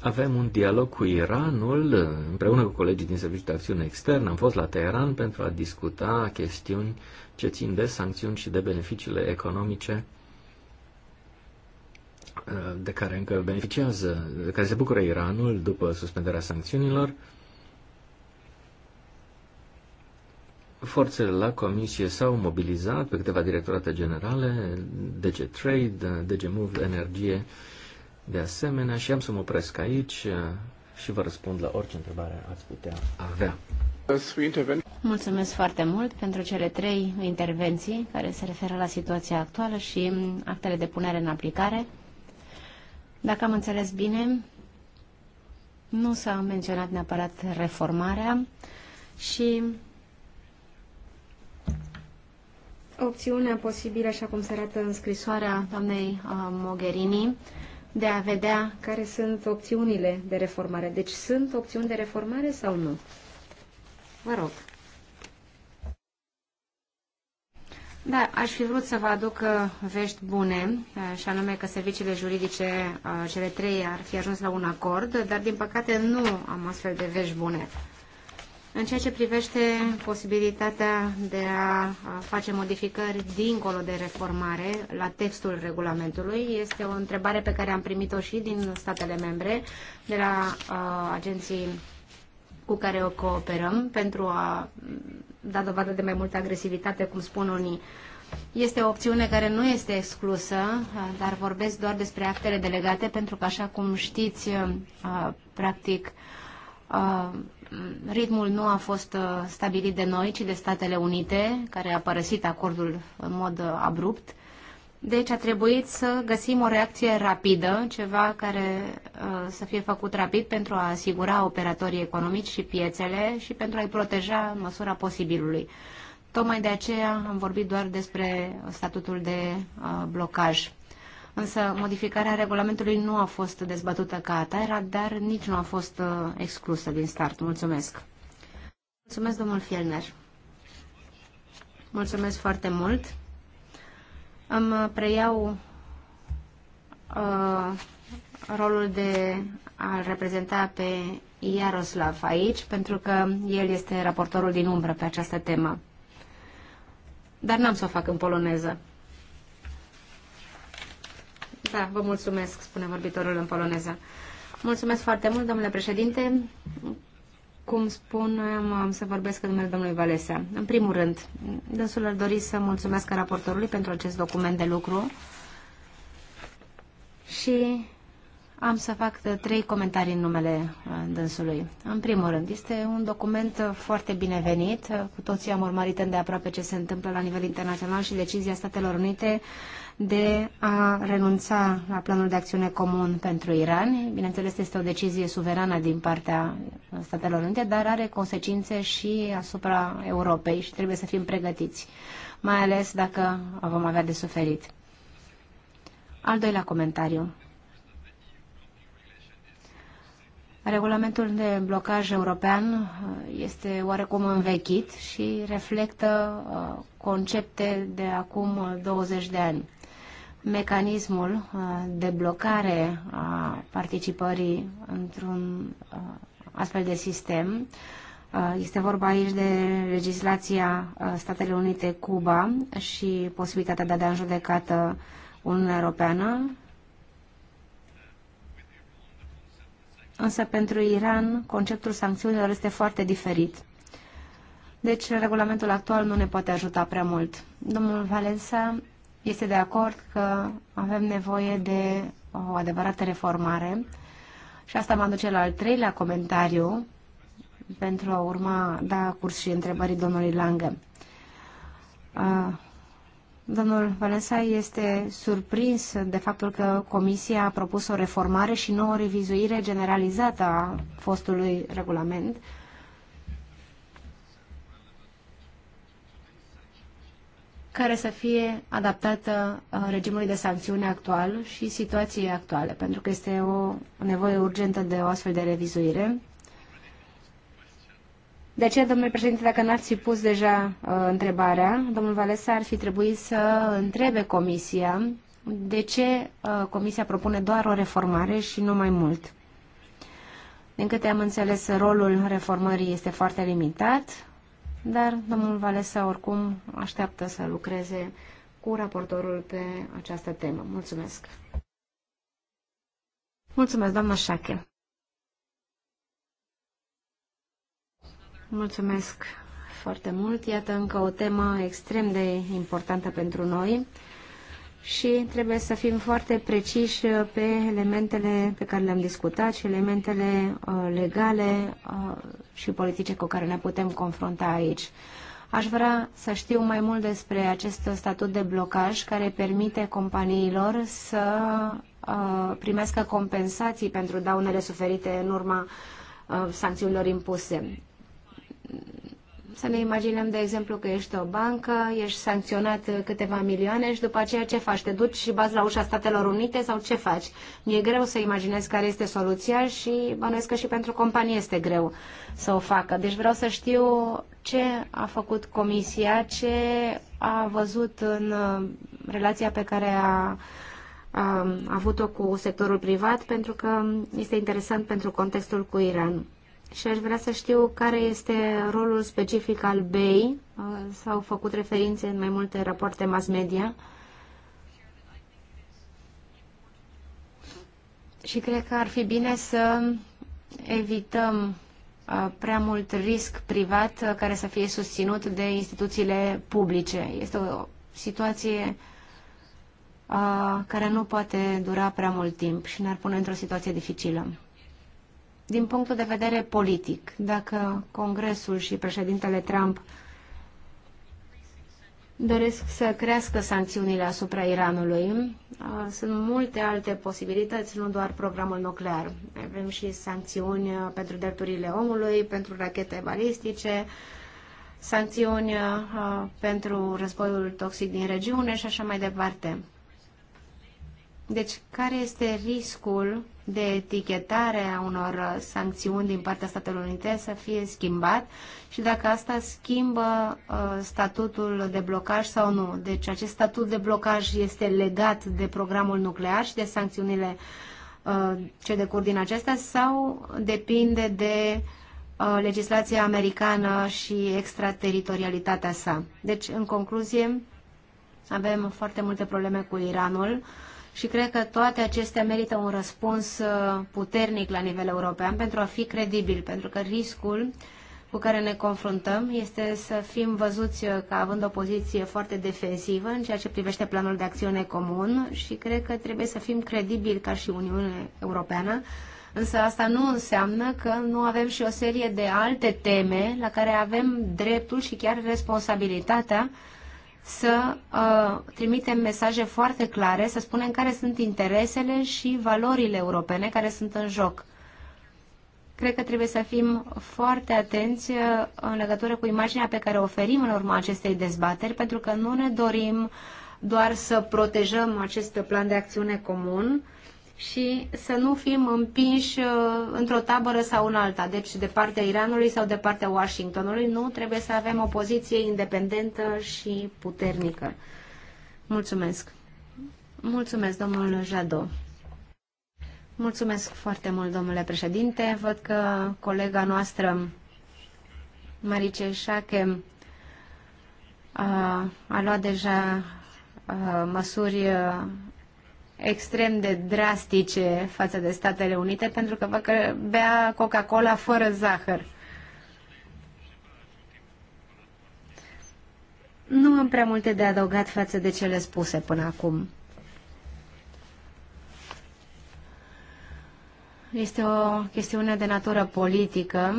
avem un dialog cu Iranul, împreună cu colegii din Serviciul de Acțiune Externă. Am fost la Teheran pentru a discuta chestiuni ce țin de sancțiuni și de beneficiile economice Eh, de care încă beneficiază, de care se bucură Iranul după suspendarea sancțiunilor, forțele la comisie s-au mobilizat pe câteva directorate generale, DG Trade, DG Move, Energie, de asemenea, și am să mă opresc aici eh, și vă răspund la orice întrebare ați putea avea. Mulțumesc foarte mult pentru cele trei intervenții care se referă la situația actuală și actele de punere în aplicare. Dacă am înțeles bine, nu s-a menționat neapărat reformarea și opțiunea posibilă, așa cum se arată în scrisoarea doamnei uh, Mogherini, de a vedea care sunt opțiunile de reformare. Deci sunt opțiuni de reformare sau nu? Vă rog. Da, aș fi vrut să vă aduc uh, vești bune, uh, și anume că serviciile juridice, uh, cele trei, ar fi ajuns la un acord, dar din păcate nu am astfel de vești bune. În ceea ce privește posibilitatea de a face modificări dincolo de reformare la textul regulamentului, este o întrebare pe care am primit-o și din statele membre, de la uh, agenții cu care o cooperăm pentru a dat dovadă de mai multă agresivitate, cum spun unii. Este o opțiune care nu este exclusă, uh, dar vorbesc doar despre actele delegate, pentru că, așa cum știți, uh, practic, uh, ritmul nu a fost stabilit de noi, ci de Statele Unite, care a părăsit acordul în mod abrupt deci a trebuit să găsim o reacție rapidă, ceva care uh, să fie făcut rapid pentru a asigura operatorii economici și piețele și pentru a-i proteja în măsura posibilului. Tocmai de aceea am vorbit doar despre statutul de uh, blocaj. Însă modificarea regulamentului nu a fost dezbătută ca atare, dar nici nu a fost uh, exclusă din start. Mulțumesc. Mulțumesc, domnul Fielner. Mulțumesc foarte mult. Îmi uh, preiau uh, rolul de a reprezenta pe Iaroslav aici, pentru că el este raportorul din umbră pe această temă. Dar n-am să o fac în poloneză. Da, vă mulțumesc, spune vorbitorul în poloneză. Mulțumesc foarte mult, domnule președinte cum spun? Am să vorbesc în numele domnului Valesea. În primul rând, dânsul ar dori să mulțumesc raportorului pentru acest document de lucru și am să fac trei comentarii în numele uh, dânsului. În primul rând, este un document foarte binevenit. Cu toții am urmărit îndeaproape ce se întâmplă la nivel internațional și decizia Statelor Unite de a renunța la planul de acțiune comun pentru Iran. Bineînțeles, este o decizie suverană din partea Statelor Unite, dar are consecințe și asupra Europei și trebuie să fim pregătiți, mai ales dacă vom avea de suferit. Al doilea comentariu. Regulamentul de blocaj european uh, este oarecum învechit și reflectă uh, concepte de acum 20 uh, de ani mecanismul uh, de blocare a participării într-un uh, astfel de sistem. Uh, este vorba aici de legislația Statele Unite-Cuba și posibilitatea de a da în judecată Uniunea Europeană. Însă pentru Iran conceptul sancțiunilor este foarte diferit. Deci regulamentul actual nu ne poate ajuta prea mult. Domnul Valensa este de acord că avem nevoie de o adevărată reformare și asta mă duce la al treilea comentariu pentru a urma da curs și întrebării domnului Langă. Domnul Valensa este surprins de faptul că Comisia a propus o reformare și nu o revizuire generalizată a fostului regulament, care să fie adaptată uh, regimului de sancțiune actual și situației actuale, pentru că este o nevoie urgentă de o astfel de revizuire. De aceea, domnule președinte, dacă n-ați fi pus deja uh, întrebarea, domnul Valesa ar fi trebuit să întrebe comisia de ce uh, comisia propune doar o reformare și nu mai mult. Din câte am înțeles, rolul reformării este foarte limitat, dar domnul Valesa oricum așteaptă să lucreze cu raportorul pe această temă. Mulțumesc! Mulțumesc, doamna Șache! Mulțumesc foarte mult! Iată încă o temă extrem de importantă pentru noi și trebuie să fim foarte preciși uh, pe elementele pe care le-am discutat și elementele uh, legale uh, și politice cu care ne putem confrunta aici. Aș vrea să știu mai mult despre acest statut de blocaj care permite companiilor să primească compensații pentru daunele suferite în urma sancțiunilor impuse să ne imaginăm, de exemplu, că ești o bancă, ești sancționat câteva milioane și după aceea ce faci? Te duci și bați la ușa Statelor Unite sau ce faci? mi E greu să imaginez care este soluția și bănuiesc că și pentru companie este greu să o facă. Deci vreau să știu ce a făcut comisia, ce a văzut în uh, relația pe care a a avut-o cu sectorul privat pentru că este interesant pentru contextul cu Iran și aș vrea să știu care este rolul specific al BEI. S-au făcut referințe în mai multe rapoarte mass media. Și cred că ar fi bine să evităm uh, prea mult risc privat uh, care să fie susținut de instituțiile publice. Este o situație uh, care nu poate dura prea mult timp și ne-ar pune într-o situație dificilă din punctul de vedere politic, dacă Congresul și președintele Trump doresc să crească sancțiunile asupra Iranului, uh, sunt multe alte posibilități, nu doar programul nuclear. Avem și sancțiuni uh, pentru drepturile omului, pentru rachete balistice, sancțiuni uh, pentru războiul toxic din regiune și așa mai departe. Deci, care este riscul de etichetare a unor uh, sancțiuni din partea Statelor Unite să fie schimbat și dacă asta schimbă uh, statutul de blocaj sau nu. Deci acest statut de blocaj este legat de programul nuclear și de sancțiunile uh, ce decur din acestea sau depinde de legislația americană și extrateritorialitatea sa. Deci, în concluzie, avem foarte multe probleme cu Iranul și cred că toate acestea merită un răspuns uh, puternic la nivel european pentru a fi credibil, pentru că riscul cu care ne confruntăm este să fim văzuți uh, ca având o poziție foarte defensivă în ceea ce privește planul de acțiune comun și cred că trebuie să fim credibili ca și Uniunea Europeană, însă asta nu înseamnă că nu avem și o serie de alte teme la care avem dreptul și chiar responsabilitatea să uh, trimitem mesaje foarte clare, să spunem care sunt interesele și valorile europene care sunt în joc. Cred că trebuie să fim foarte atenți uh, în legătură cu imaginea pe care o oferim în urma acestei dezbateri, pentru că nu ne dorim doar să protejăm acest plan de acțiune comun, uh, și să nu fim împinși uh, într-o tabără sau în alta, deci de partea Iranului sau de partea Washingtonului. Nu, trebuie să avem o poziție independentă și puternică. Mulțumesc. Mulțumesc, domnul Jadot. Mulțumesc foarte mult, domnule președinte. Văd că colega noastră, Marice Șache, a, a luat deja a, măsuri extrem de drastice față de Statele Unite pentru că vă că bea Coca-Cola fără zahăr. Nu am prea multe de adăugat față de cele spuse până acum. Este o chestiune de natură politică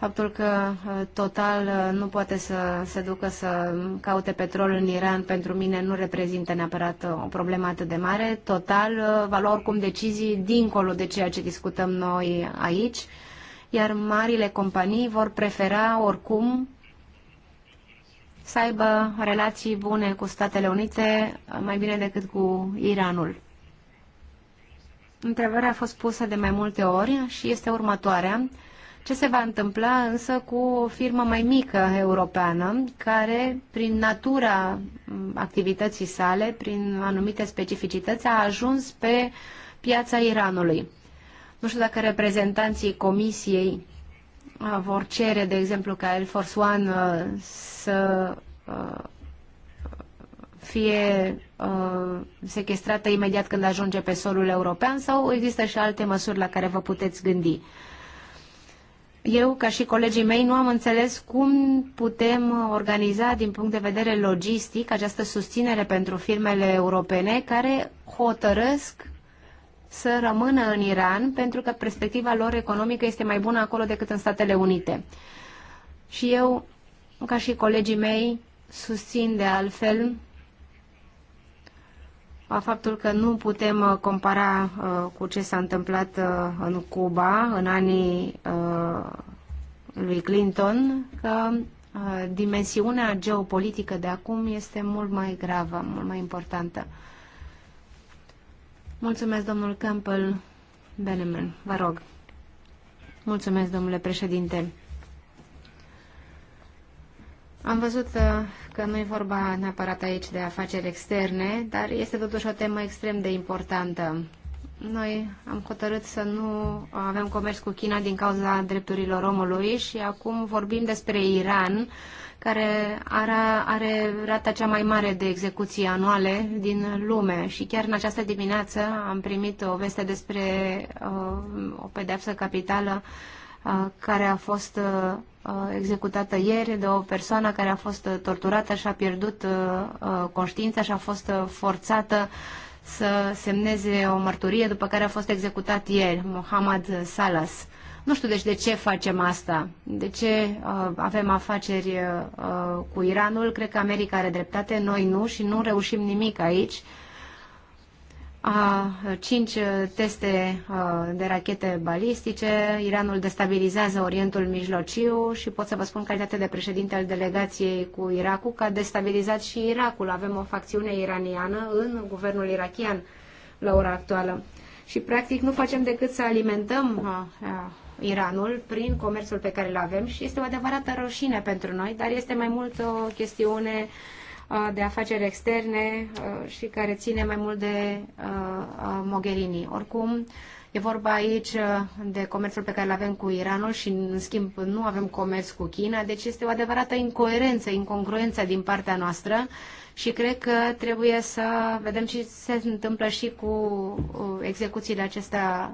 faptul că uh, Total uh, nu poate să se ducă să caute petrol în Iran pentru mine nu reprezintă neapărat uh, o problemă atât de mare. Total va lua oricum decizii dincolo de ceea ce discutăm noi aici, iar marile companii vor prefera oricum să aibă relații bune cu Statele Unite mai bine decât cu Iranul. Întrebarea a fost pusă de mai multe ori și este următoarea ce se va întâmpla însă cu o firmă mai mică europeană, care prin natura mm, activității sale, prin anumite specificități, a ajuns pe piața Iranului? Nu știu dacă reprezentanții comisiei uh, vor cere, de exemplu, ca el Force One uh, să uh, fie sequestrată imediat când ajunge pe solul european sau există și alte măsuri la care vă puteți gândi? eu, ca și colegii mei, nu am înțeles cum putem organiza din punct de vedere logistic această susținere pentru firmele europene care hotărăsc să rămână în Iran pentru că perspectiva lor economică este mai bună acolo decât în Statele Unite. Și eu, ca și colegii mei, susțin de altfel a faptul că nu putem uh, compara uh, cu ce s-a întâmplat uh, în Cuba în anii lui Clinton, că dimensiunea geopolitică de acum este mult mai gravă, mult mai importantă. Mulțumesc, domnul Campbell Beneman. Vă rog. Mulțumesc, domnule președinte. Am văzut că nu e vorba neapărat aici de afaceri externe, dar este totuși o temă extrem de importantă. Noi am hotărât să nu avem comerț cu China din cauza drepturilor omului și acum vorbim despre Iran, care are, are rata cea mai mare de execuții anuale din lume. Și chiar în această dimineață am primit o veste despre uh, o pedeapsă capitală uh, care a fost executată ieri de o persoană care a fost torturată și a pierdut conștiința și a fost forțată să semneze o mărturie după care a fost executat ieri, Mohamed Salas. Nu știu deci de ce facem asta, de ce uh, avem afaceri uh, cu Iranul. Cred că America are dreptate, noi nu și nu reușim nimic aici. Uh, a cinci uh, teste uh, de rachete balistice. Iranul destabilizează Orientul Mijlociu și pot să vă spun, calitate de președinte al delegației cu Irakul, că a destabilizat și Irakul. Avem o facțiune iraniană în guvernul irachian la ora actuală. Și, practic, nu facem decât să alimentăm uh, Iranul prin comerțul pe care îl avem și este o adevărată rușine pentru noi, dar este mai mult o chestiune uh, de afaceri externe și care ține mai mult de Mogherini. Oricum, e vorba aici de comerțul pe care îl avem cu Iranul și, în schimb, nu avem comerț cu China, deci este o adevărată incoerență, incongruență din partea noastră și cred că trebuie să vedem ce se întâmplă și cu execuțiile acestea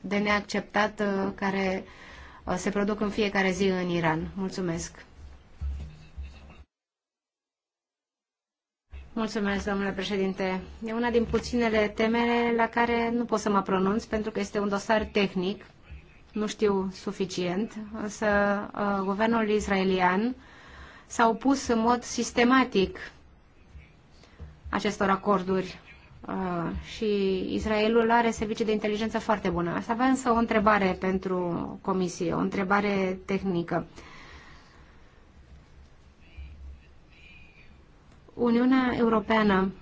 de neacceptat care se produc în fiecare zi în Iran. Mulțumesc! Mulțumesc, domnule președinte. E una din puținele teme la care nu pot să mă pronunț pentru că este un dosar tehnic, nu știu suficient, însă uh, guvernul israelian s-a opus în mod sistematic acestor acorduri uh, și Israelul are servicii de inteligență foarte bună. Asta avea însă o întrebare pentru comisie, o întrebare tehnică. Uh, Uniunea Europeană,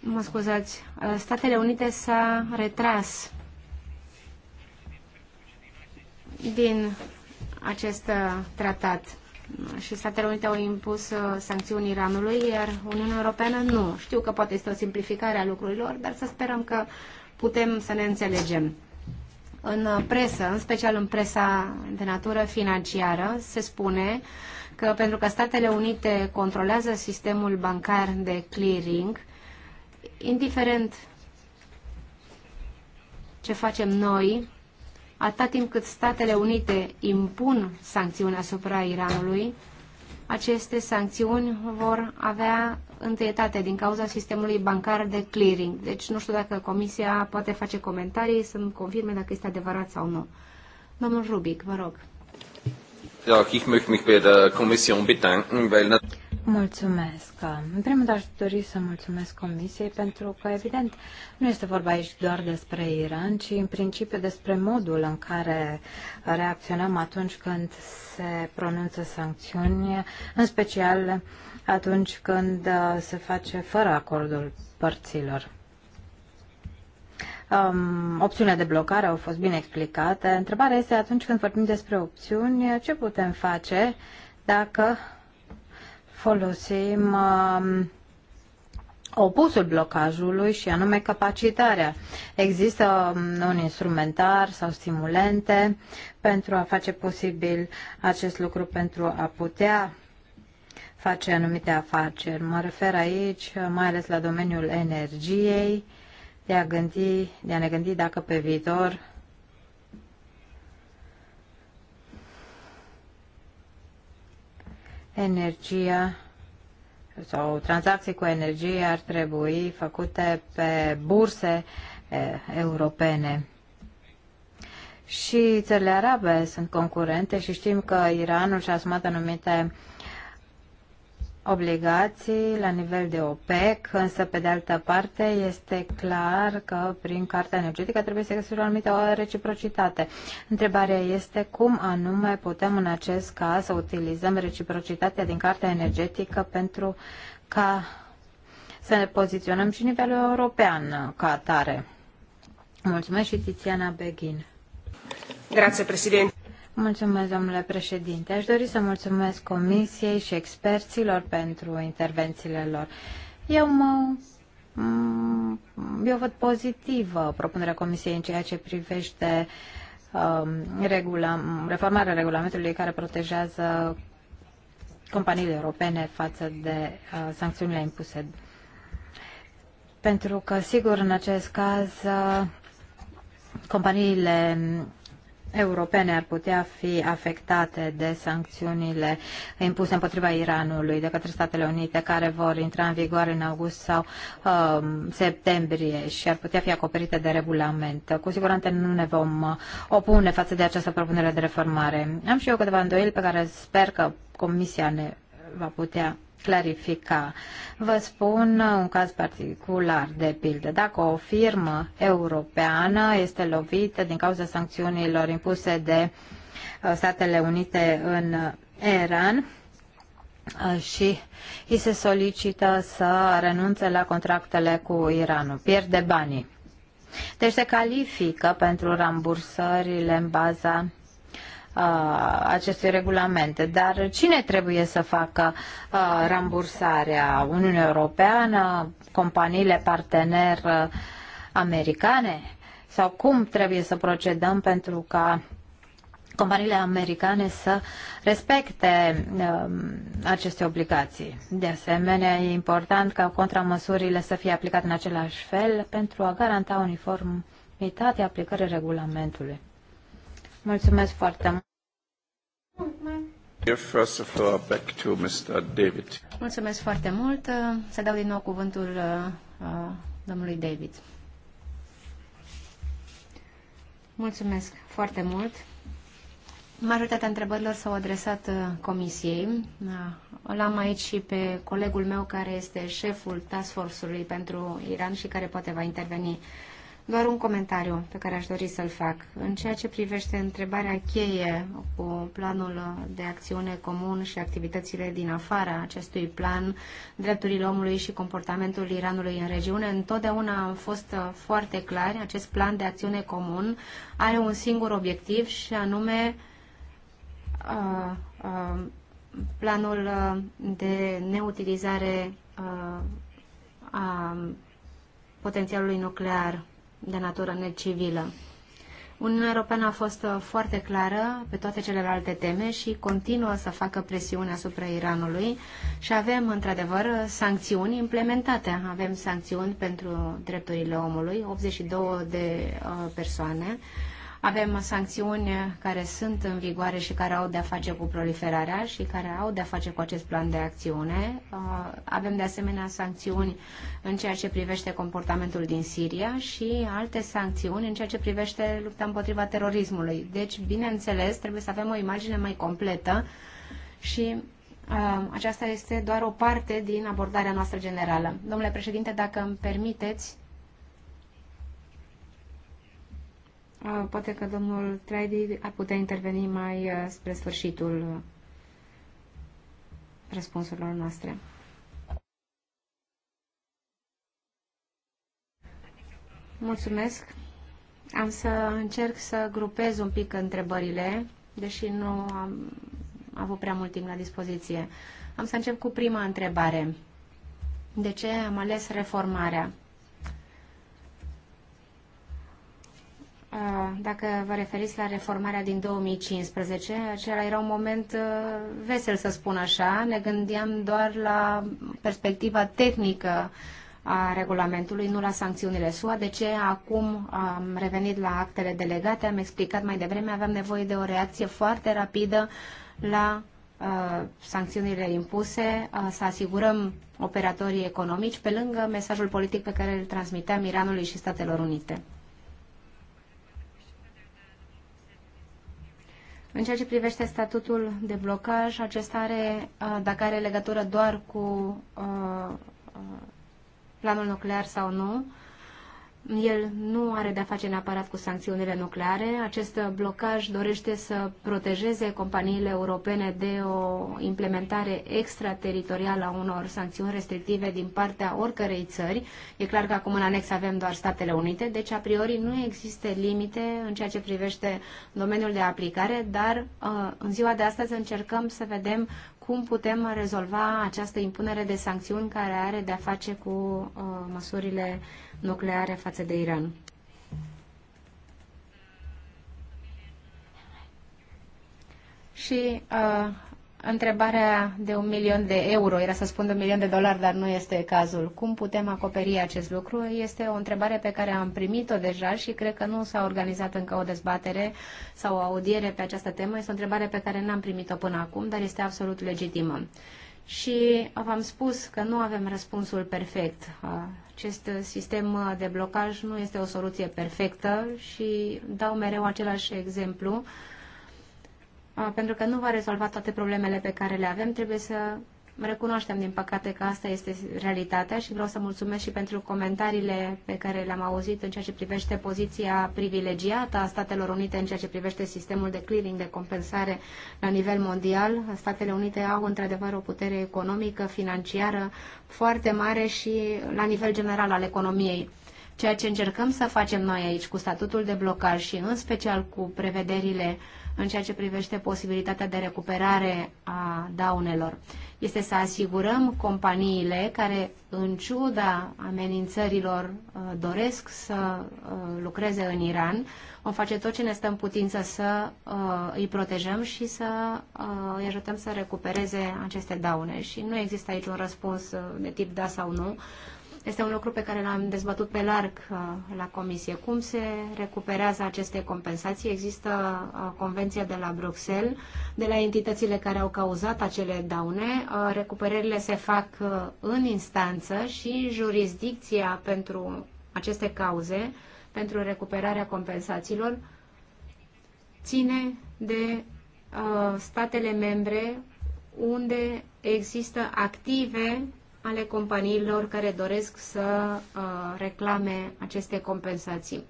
mă scuzați, uh, Statele Unite s-a retras din acest uh, tratat și Statele Unite au impus uh, sancțiuni Iranului, iar Uniunea Europeană nu. Știu că poate este o simplificare a lucrurilor, dar să sperăm că putem să ne înțelegem. În presă, în special în presa de natură financiară, se spune uh, că pentru că Statele Unite controlează sistemul bancar de clearing, indiferent ce facem noi, atât timp cât Statele Unite impun sancțiuni asupra Iranului, aceste sancțiuni vor avea întâietate din cauza sistemului bancar de clearing. Deci nu știu dacă Comisia poate face comentarii, să-mi confirme dacă este adevărat sau nu. Domnul Rubic, vă rog. Ja, ich möchte mich bei der Kommission bedanken, weil... Mulțumesc. În primul rând aș dori să mulțumesc Comisiei pentru că, evident, nu este vorba aici doar despre Iran, ci în principiu despre modul în care reacționăm atunci când se pronunță sancțiuni, în special atunci când uh, se face fără acordul părților. Um, opțiunile de blocare au fost bine explicate. Întrebarea este atunci când vorbim despre opțiuni, ce putem face dacă folosim um, opusul blocajului și anume capacitarea. Există um, un instrumentar sau stimulente pentru a face posibil acest lucru, pentru a putea face anumite afaceri. Mă refer aici uh, mai ales la domeniul energiei, de a, gândi, de a ne gândi dacă pe viitor energia sau tranzacții cu energie ar trebui făcute pe burse europene. Și țările arabe sunt concurente și știm că Iranul și-a asumat anumite uh, obligații la nivel de OPEC, însă pe de altă parte este clar că prin Cartea Energetică trebuie să existe o anumită reciprocitate. Întrebarea este cum anume putem în acest caz să utilizăm reciprocitatea din Cartea Energetică pentru ca să ne poziționăm și nivelul european ca atare. Mulțumesc și Tiziana Beghin. Grazie, președinte. Mulțumesc, domnule președinte. Aș dori să mulțumesc comisiei și experților pentru intervențiile lor. Eu mă eu văd pozitivă propunerea Comisiei în ceea ce privește um, regula, reformarea regulamentului care protejează companiile europene față de uh, sancțiunile impuse. Pentru că, sigur, în acest caz, uh, companiile europene ar putea fi afectate de sancțiunile impuse împotriva Iranului de către Statele Unite, care vor intra în vigoare în august sau uh, septembrie și ar putea fi acoperite de regulament. Cu siguranță nu ne vom uh, opune față de această propunere de reformare. Am și eu câteva îndoieli pe care sper că Comisia ne va putea clarifica. Vă spun un caz particular, de pildă. Dacă o firmă europeană este lovită din cauza sancțiunilor impuse de uh, Statele Unite în Iran, uh, și îi se solicită să renunțe la contractele cu Iranul. Pierde banii. Deci se califică pentru rambursările în baza acestui regulament. Dar cine trebuie să facă rambursarea? Uniunea Europeană? Companiile partener americane? Sau cum trebuie să procedăm pentru ca companiile americane să respecte uh, aceste obligații. De asemenea, e important ca contramăsurile să fie aplicate în același fel pentru a garanta uniformitatea aplicării regulamentului. Mulțumesc foarte mult! First of all, back to Mr. David. Mulțumesc foarte mult. Să dau din nou cuvântul uh, uh, domnului David. Mulțumesc foarte mult. Majoritatea întrebărilor s-au adresat uh, comisiei. Îl am aici și pe colegul meu care este șeful task force-ului pentru Iran și care poate va interveni doar un comentariu pe care aș dori să-l fac. În ceea ce privește întrebarea cheie cu planul de acțiune comun și activitățile din afara acestui plan, drepturile omului și comportamentul Iranului în regiune, întotdeauna am fost uh, foarte clari. Acest plan de acțiune comun are un singur obiectiv și anume uh, uh, planul uh, de neutilizare uh, a potențialului nuclear de natură necivilă. Uniunea Europeană a fost uh, foarte clară pe toate celelalte teme și continuă să facă presiune asupra Iranului și avem, într-adevăr, sancțiuni implementate. Avem sancțiuni pentru drepturile omului, 82 de uh, persoane, avem sancțiuni care sunt în vigoare și care au de-a face cu proliferarea și care au de-a face cu acest plan de acțiune. Uh, avem de asemenea sancțiuni în ceea ce privește comportamentul din Siria și alte sancțiuni în ceea ce privește lupta împotriva terorismului. Deci, bineînțeles, trebuie să avem o imagine mai completă și uh, aceasta este doar o parte din abordarea noastră generală. Domnule președinte, dacă îmi permiteți, Poate că domnul Traidy ar putea interveni mai spre sfârșitul răspunsurilor noastre. Mulțumesc. Am să încerc să grupez un pic întrebările, deși nu am avut prea mult timp la dispoziție. Am să încep cu prima întrebare. De ce am ales reformarea? Ah, dacă vă referiți la reformarea din 2015, acela era un moment ah, vesel, să spun așa. Ne gândeam doar la perspectiva tehnică a regulamentului, nu la sancțiunile SUA. De ce acum am revenit la actele delegate, am explicat mai devreme, aveam nevoie de o reacție foarte rapidă la uh, sancțiunile impuse, uh, să asigurăm operatorii economici, pe lângă mesajul politic pe care îl transmiteam Iranului și Statelor Unite. În ceea ce privește statutul de blocaj, acesta are, uh, dacă are legătură doar cu uh, uh, planul nuclear sau nu, el nu are de-a face neapărat cu sancțiunile nucleare. Acest blocaj dorește să protejeze companiile europene de o implementare extrateritorială a unor sancțiuni restrictive din partea oricărei țări. E clar că acum în anex avem doar Statele Unite, deci a priori nu există limite în ceea ce privește domeniul de aplicare, dar uh, în ziua de astăzi încercăm să vedem cum putem rezolva această impunere de sancțiuni care are de-a face cu uh, măsurile nucleare față de Iran. Și uh, Întrebarea de un milion de euro, era să spun de un milion de dolari, dar nu este cazul. Cum putem acoperi acest lucru? Este o întrebare pe care am primit-o deja și cred că nu s-a organizat încă o dezbatere sau o audiere pe această temă. Este o întrebare pe care n-am primit-o până acum, dar este absolut legitimă. Și v-am spus că nu avem răspunsul perfect. Acest sistem de blocaj nu este o soluție perfectă și dau mereu același exemplu pentru că nu va rezolva toate problemele pe care le avem. Trebuie să recunoaștem, din păcate, că asta este realitatea și vreau să mulțumesc și pentru comentariile pe care le-am auzit în ceea ce privește poziția privilegiată a Statelor Unite în ceea ce privește sistemul de clearing, de compensare la nivel mondial. Statele Unite au, într-adevăr, o putere economică, financiară foarte mare și la nivel general al economiei. Ceea ce încercăm să facem noi aici cu statutul de blocaj și în special cu prevederile uh, în ceea ce privește posibilitatea de recuperare a daunelor este să asigurăm companiile care, în ciuda amenințărilor, uh, doresc să uh, lucreze în Iran. Vom face tot ce ne stă în putință să uh, îi protejăm și să îi ajutăm să recupereze aceste daune. Și nu există aici un răspuns de tip da sau nu. Este un lucru pe care l-am dezbătut pe larg uh, la comisie. Cum se recuperează aceste compensații? Există uh, convenția de la Bruxelles, de la entitățile care au cauzat acele daune. Uh, recuperările se fac în instanță și jurisdicția pentru aceste cauze, pentru recuperarea compensațiilor, ține de statele membre unde există active ale companiilor care doresc să uh, reclame aceste compensații.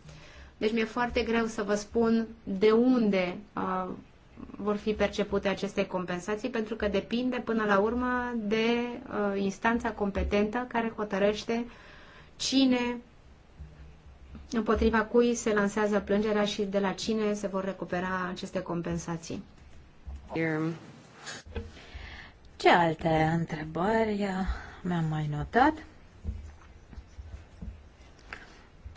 Deci mi-e foarte greu să vă spun de unde uh, vor fi percepute aceste compensații, pentru că depinde până la urmă de uh, instanța competentă care hotărăște cine, împotriva cui se lansează plângerea și de la cine se vor recupera aceste compensații. Ce alte întrebări mi-am mai notat.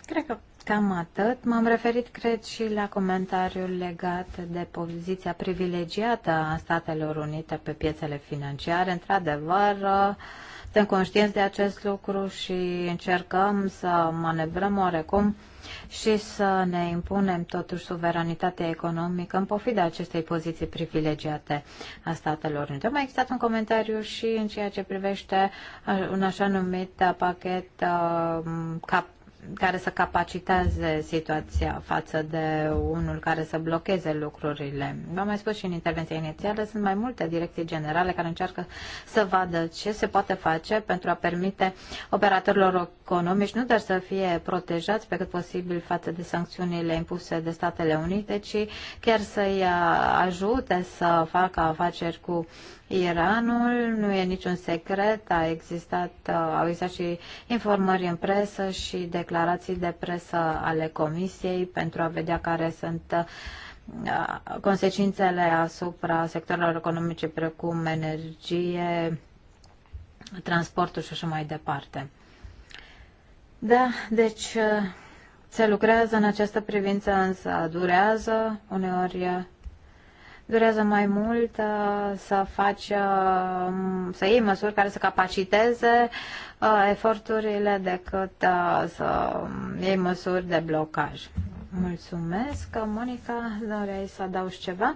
Cred că cam atât. M-am referit, cred, și la comentariul legat de poziția privilegiată a Statelor Unite pe piețele financiare. Într-adevăr, uh, suntem conștienți de acest lucru și încercăm să manevrăm oarecum și să ne impunem totuși suveranitatea economică în pofida acestei poziții privilegiate a Statelor Nu Mai existat un comentariu și în ceea ce privește uh, un așa numit uh, pachet uh, cap care să capaciteze situația față de unul care să blocheze lucrurile. V-am mai spus și în intervenția inițială, sunt mai multe direcții generale care încearcă să vadă ce se poate face pentru a permite operatorilor economici nu doar să fie protejați pe cât posibil față de sancțiunile impuse de Statele Unite, ci chiar să-i ajute să facă afaceri cu Iranul. Nu e niciun secret, a existat, uh, au existat și informări în presă și declarații de presă ale Comisiei pentru a vedea care sunt uh, consecințele asupra sectorilor economice precum energie, transportul și așa mai departe. Da, deci uh, se lucrează în această privință, însă durează, uneori durează mai mult uh, să faci, uh, să iei măsuri care să capaciteze uh, eforturile decât să iei măsuri de blocaj. Mulțumesc. Monica, doreai să adaugi ceva?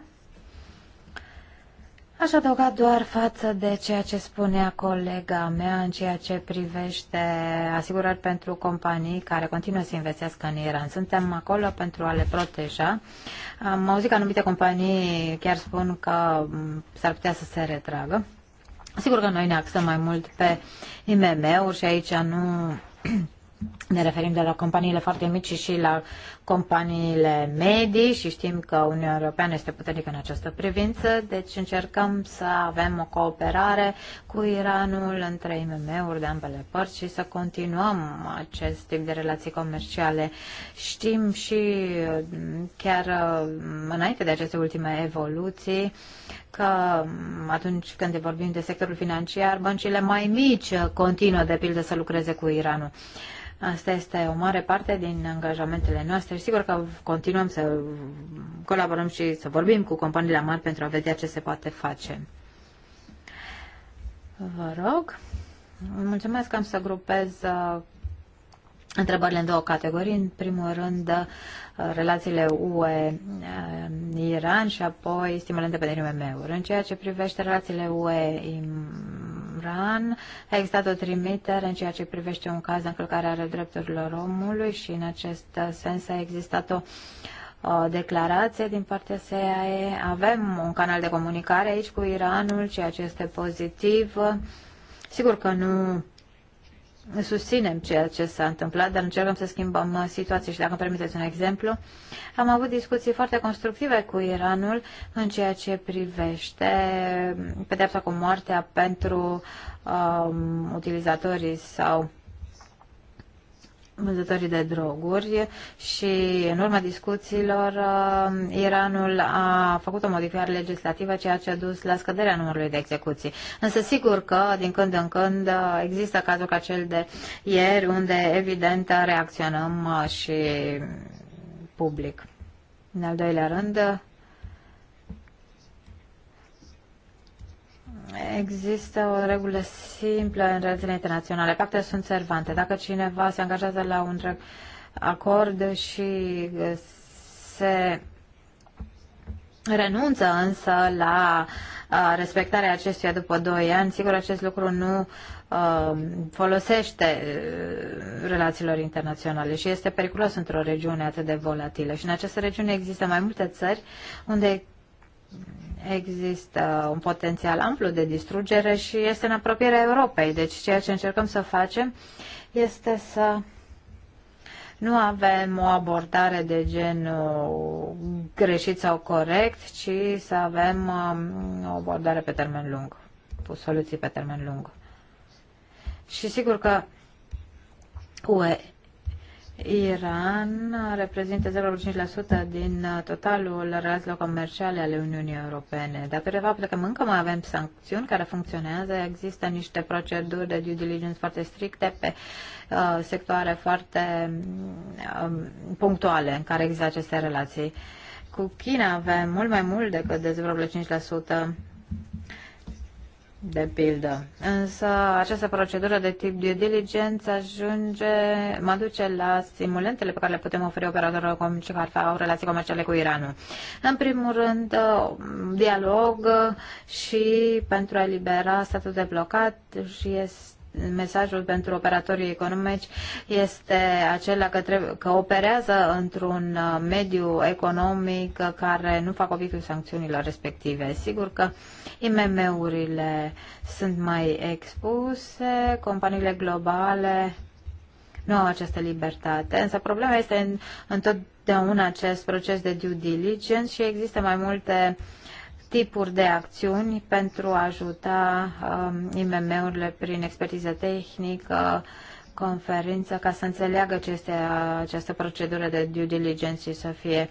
Aș adăuga doar față de ceea ce spunea colega mea în ceea ce privește asigurări pentru companii care continuă să investească în Iran. Suntem acolo pentru a le proteja. Am auzit că anumite companii chiar spun că s-ar putea să se retragă. Sigur că noi ne axăm mai mult pe IMM-uri și aici nu ne referim de la companiile foarte mici și la companiile medii și știm că Uniunea Europeană este puternică în această privință, deci încercăm să avem o cooperare cu Iranul între IMM-uri de ambele părți și să continuăm acest tip de relații comerciale. Știm și uh, chiar uh, înainte de aceste ultime evoluții că mm, atunci când vorbim de sectorul financiar, băncile mai mici uh, continuă, de pildă, să lucreze cu Iranul. Asta este o mare parte din angajamentele noastre. Sigur că continuăm să colaborăm și să vorbim cu companiile mari pentru a vedea ce se poate face. Vă rog. Mulțumesc că am să grupez uh, întrebările în două categorii. În primul rând, uh, relațiile UE-Iran uh, și apoi stimulând pentru IMM-uri. În ceea ce privește relațiile UE-Iran, a existat o trimitere în ceea ce privește un caz de încălcare ale drepturilor omului și în acest uh, sens a existat o o declarație din partea SAE. Avem un canal de comunicare aici cu Iranul, ceea ce este pozitiv. Sigur că nu susținem ceea ce s-a întâmplat, dar încercăm să schimbăm uh, situația și dacă îmi permiteți un exemplu, am avut discuții foarte constructive cu Iranul în ceea ce privește um, pedepsa cu moartea pentru um, utilizatorii sau vânzătorii de droguri și în urma discuțiilor uh, Iranul a făcut o modificare legislativă ceea ce a dus la scăderea numărului de execuții. Însă sigur că din când în când uh, există cazul ca cel de ieri unde evident reacționăm uh, și public. În al doilea rând, Există o regulă simplă în relațiile internaționale. Pactele sunt servante. Dacă cineva se angajează la un acord și uh, se renunță însă la uh, respectarea acestuia după 2 ani, sigur acest lucru nu uh, folosește relațiilor internaționale și este periculos într-o regiune atât de volatilă. Și în această regiune există mai multe țări unde există un potențial amplu de distrugere și este în apropierea Europei. Deci ceea ce încercăm să facem este să nu avem o abordare de gen greșit sau corect, ci să avem um, o abordare pe termen lung, cu soluții pe termen lung. Și sigur că UE Iran reprezintă 0,5% din uh, totalul relațiilor comerciale ale Uniunii Europene. Datorită faptului că încă mai avem sancțiuni care funcționează, există niște proceduri de due diligence foarte stricte pe uh, sectoare foarte uh, punctuale în care există aceste relații. Cu China avem mult mai mult decât de 0,5% de pildă. Însă această procedură de tip due diligence ajunge, mă duce la stimulentele pe care le putem oferi operatorilor comerciali care au relații comerciale cu Iranul. În primul rând, dialog și pentru a elibera statul de blocat și este mesajul pentru operatorii economici este acela că, trebuie, că operează într-un uh, mediu economic care nu fac obiectul sancțiunilor respective. Sigur că IMM-urile sunt mai expuse, companiile globale nu au această libertate, însă problema este în, întotdeauna acest proces de due diligence și există mai multe uh, tipuri de acțiuni pentru a ajuta uh, IMM-urile prin expertiză tehnică, conferință, ca să înțeleagă ce este uh, această procedură de due diligence și să fie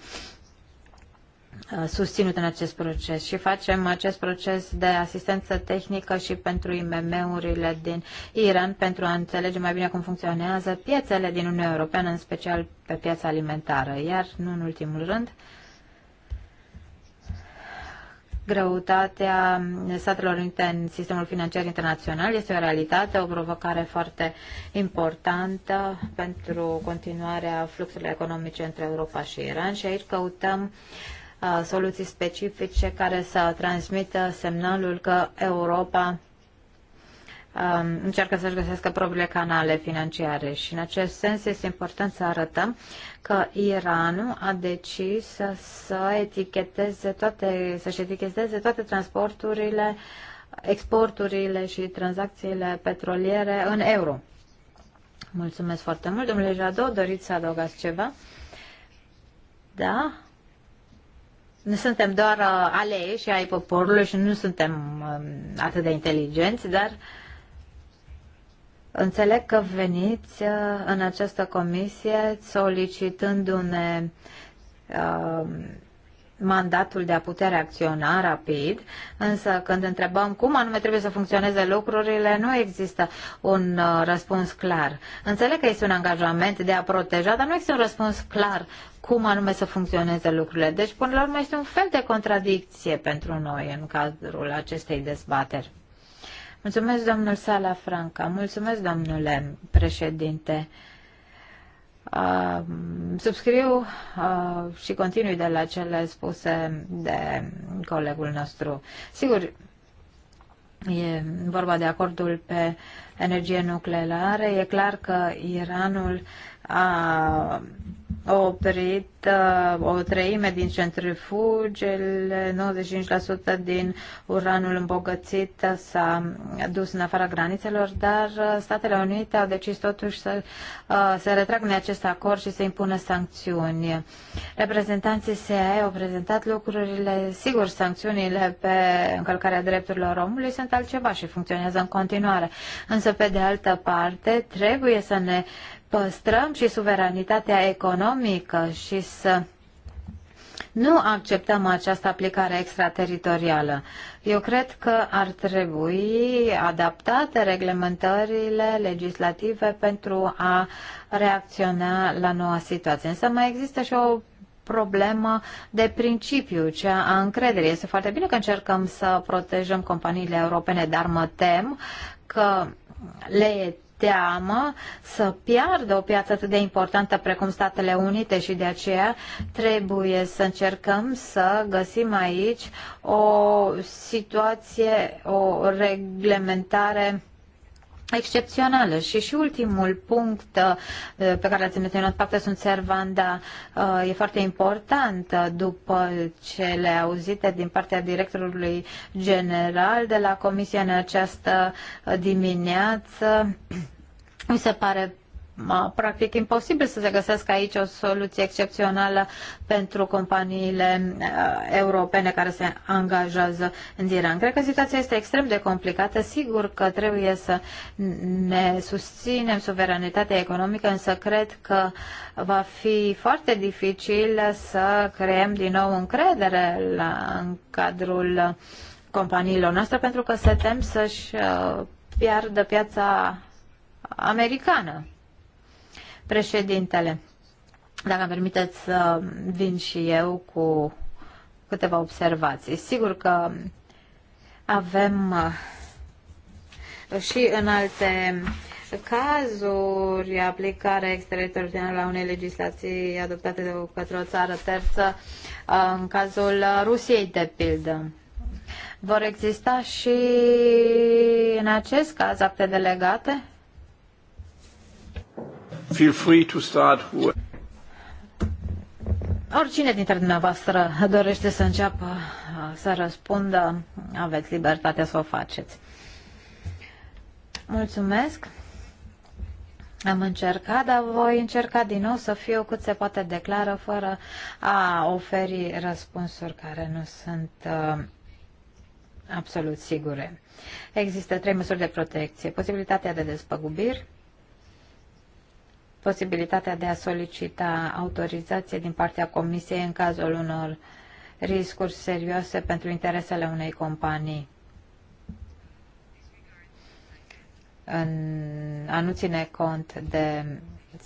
uh, susținut în acest proces și facem acest proces de asistență tehnică și pentru IMM-urile din Iran pentru a înțelege mai bine cum funcționează piețele din Uniunea Europeană, în special pe piața alimentară. Iar, nu în ultimul rând, greutatea Statelor Unite în sistemul financiar internațional este o realitate, o provocare foarte importantă pentru continuarea fluxurilor economice între Europa și Iran și aici căutăm uh, soluții specifice care să transmită semnalul că Europa Um, încearcă să-și găsească propriile canale financiare și în acest sens este important să arătăm că Iranul a decis să, să eticheteze toate, să-și eticheteze toate transporturile, exporturile și tranzacțiile petroliere în euro. Mulțumesc foarte mult. Domnule Jado, doriți să adăugați ceva? Da? Nu suntem doar uh, aleși ai poporului și nu suntem um, atât de inteligenți, dar uh, Înțeleg că veniți uh, în această comisie solicitându-ne uh, mandatul de a putea acționa rapid, însă când întrebăm cum anume trebuie să funcționeze lucrurile, nu există un uh, răspuns clar. Înțeleg că este un angajament de a proteja, dar nu există un răspuns clar cum anume să funcționeze lucrurile. Deci, până la urmă, este un fel de contradicție pentru noi în cadrul acestei dezbateri. Mulțumesc, domnul Sala Franca. Mulțumesc, domnule președinte. Uh, subscriu uh, și continui de la cele spuse de colegul nostru. Sigur, e vorba de acordul pe energie nucleară. E clar că Iranul a oprit uh, o treime din centrifugele, 95% din uranul îmbogățit s-a dus în afara granițelor, dar uh, Statele Unite au decis totuși să uh, se retragă din acest acord și să impună sancțiuni. Reprezentanții SEA au prezentat lucrurile, sigur, sancțiunile pe încălcarea drepturilor omului sunt altceva și funcționează în continuare. Însă, pe de altă parte, trebuie să ne păstrăm și suveranitatea economică și să nu acceptăm această aplicare extrateritorială. Eu cred că ar trebui adaptate reglementările legislative pentru a reacționa la noua situație. Însă mai există și o problemă de principiu, cea a încrederii. Este foarte bine că încercăm să protejăm companiile europene, dar mă tem că le e teamă să piardă o piață atât de importantă precum Statele Unite și de aceea trebuie să încercăm să găsim aici o situație, o reglementare excepțională. Și și ultimul punct uh, pe care l-ați menționat, pacta sunt servanda, uh, e foarte important după cele auzite din partea directorului general de la Comisia în această uh, dimineață. Mi se pare practic imposibil să se găsească aici o soluție excepțională pentru companiile uh, europene care se angajează în Iran. Cred că situația este extrem de complicată. Sigur că trebuie să ne susținem suveranitatea economică, însă cred că va fi foarte dificil să creăm din nou încredere la, în cadrul companiilor noastre pentru că se tem să-și uh, piardă piața americană. Președintele, dacă îmi permiteți să vin și eu cu câteva observații. Sigur că avem uh, și în alte cazuri aplicare extraterritorială a unei legislații adoptate de către o țară terță, uh, în cazul Rusiei, de pildă. Vor exista și în acest caz acte delegate? Feel free to start. Oricine dintre dumneavoastră dorește să înceapă să răspundă, aveți libertatea să o faceți. Mulțumesc. Am încercat, dar voi încerca din nou să fiu cât se poate declară fără a oferi răspunsuri care nu sunt uh, absolut sigure. Există trei măsuri de protecție. Posibilitatea de despăgubiri, posibilitatea de a solicita autorizație din partea Comisiei în cazul unor riscuri serioase pentru interesele unei companii. În a nu ține cont de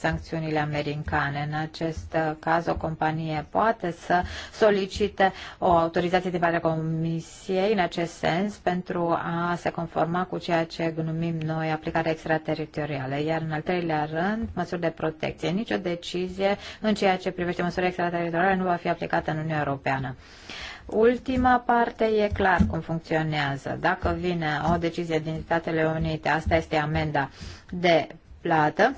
sancțiunile americane. În acest uh, caz, o companie poate să solicite o autorizație din partea Comisiei în acest sens pentru a se conforma cu ceea ce numim noi aplicarea extrateritorială. Iar în al treilea rând, măsuri de protecție. Nicio decizie în ceea ce privește măsuri extrateritoriale nu va fi aplicată în Uniunea Europeană. Ultima parte e clar cum funcționează. Dacă vine o decizie din Statele Unite, asta este amenda de plată,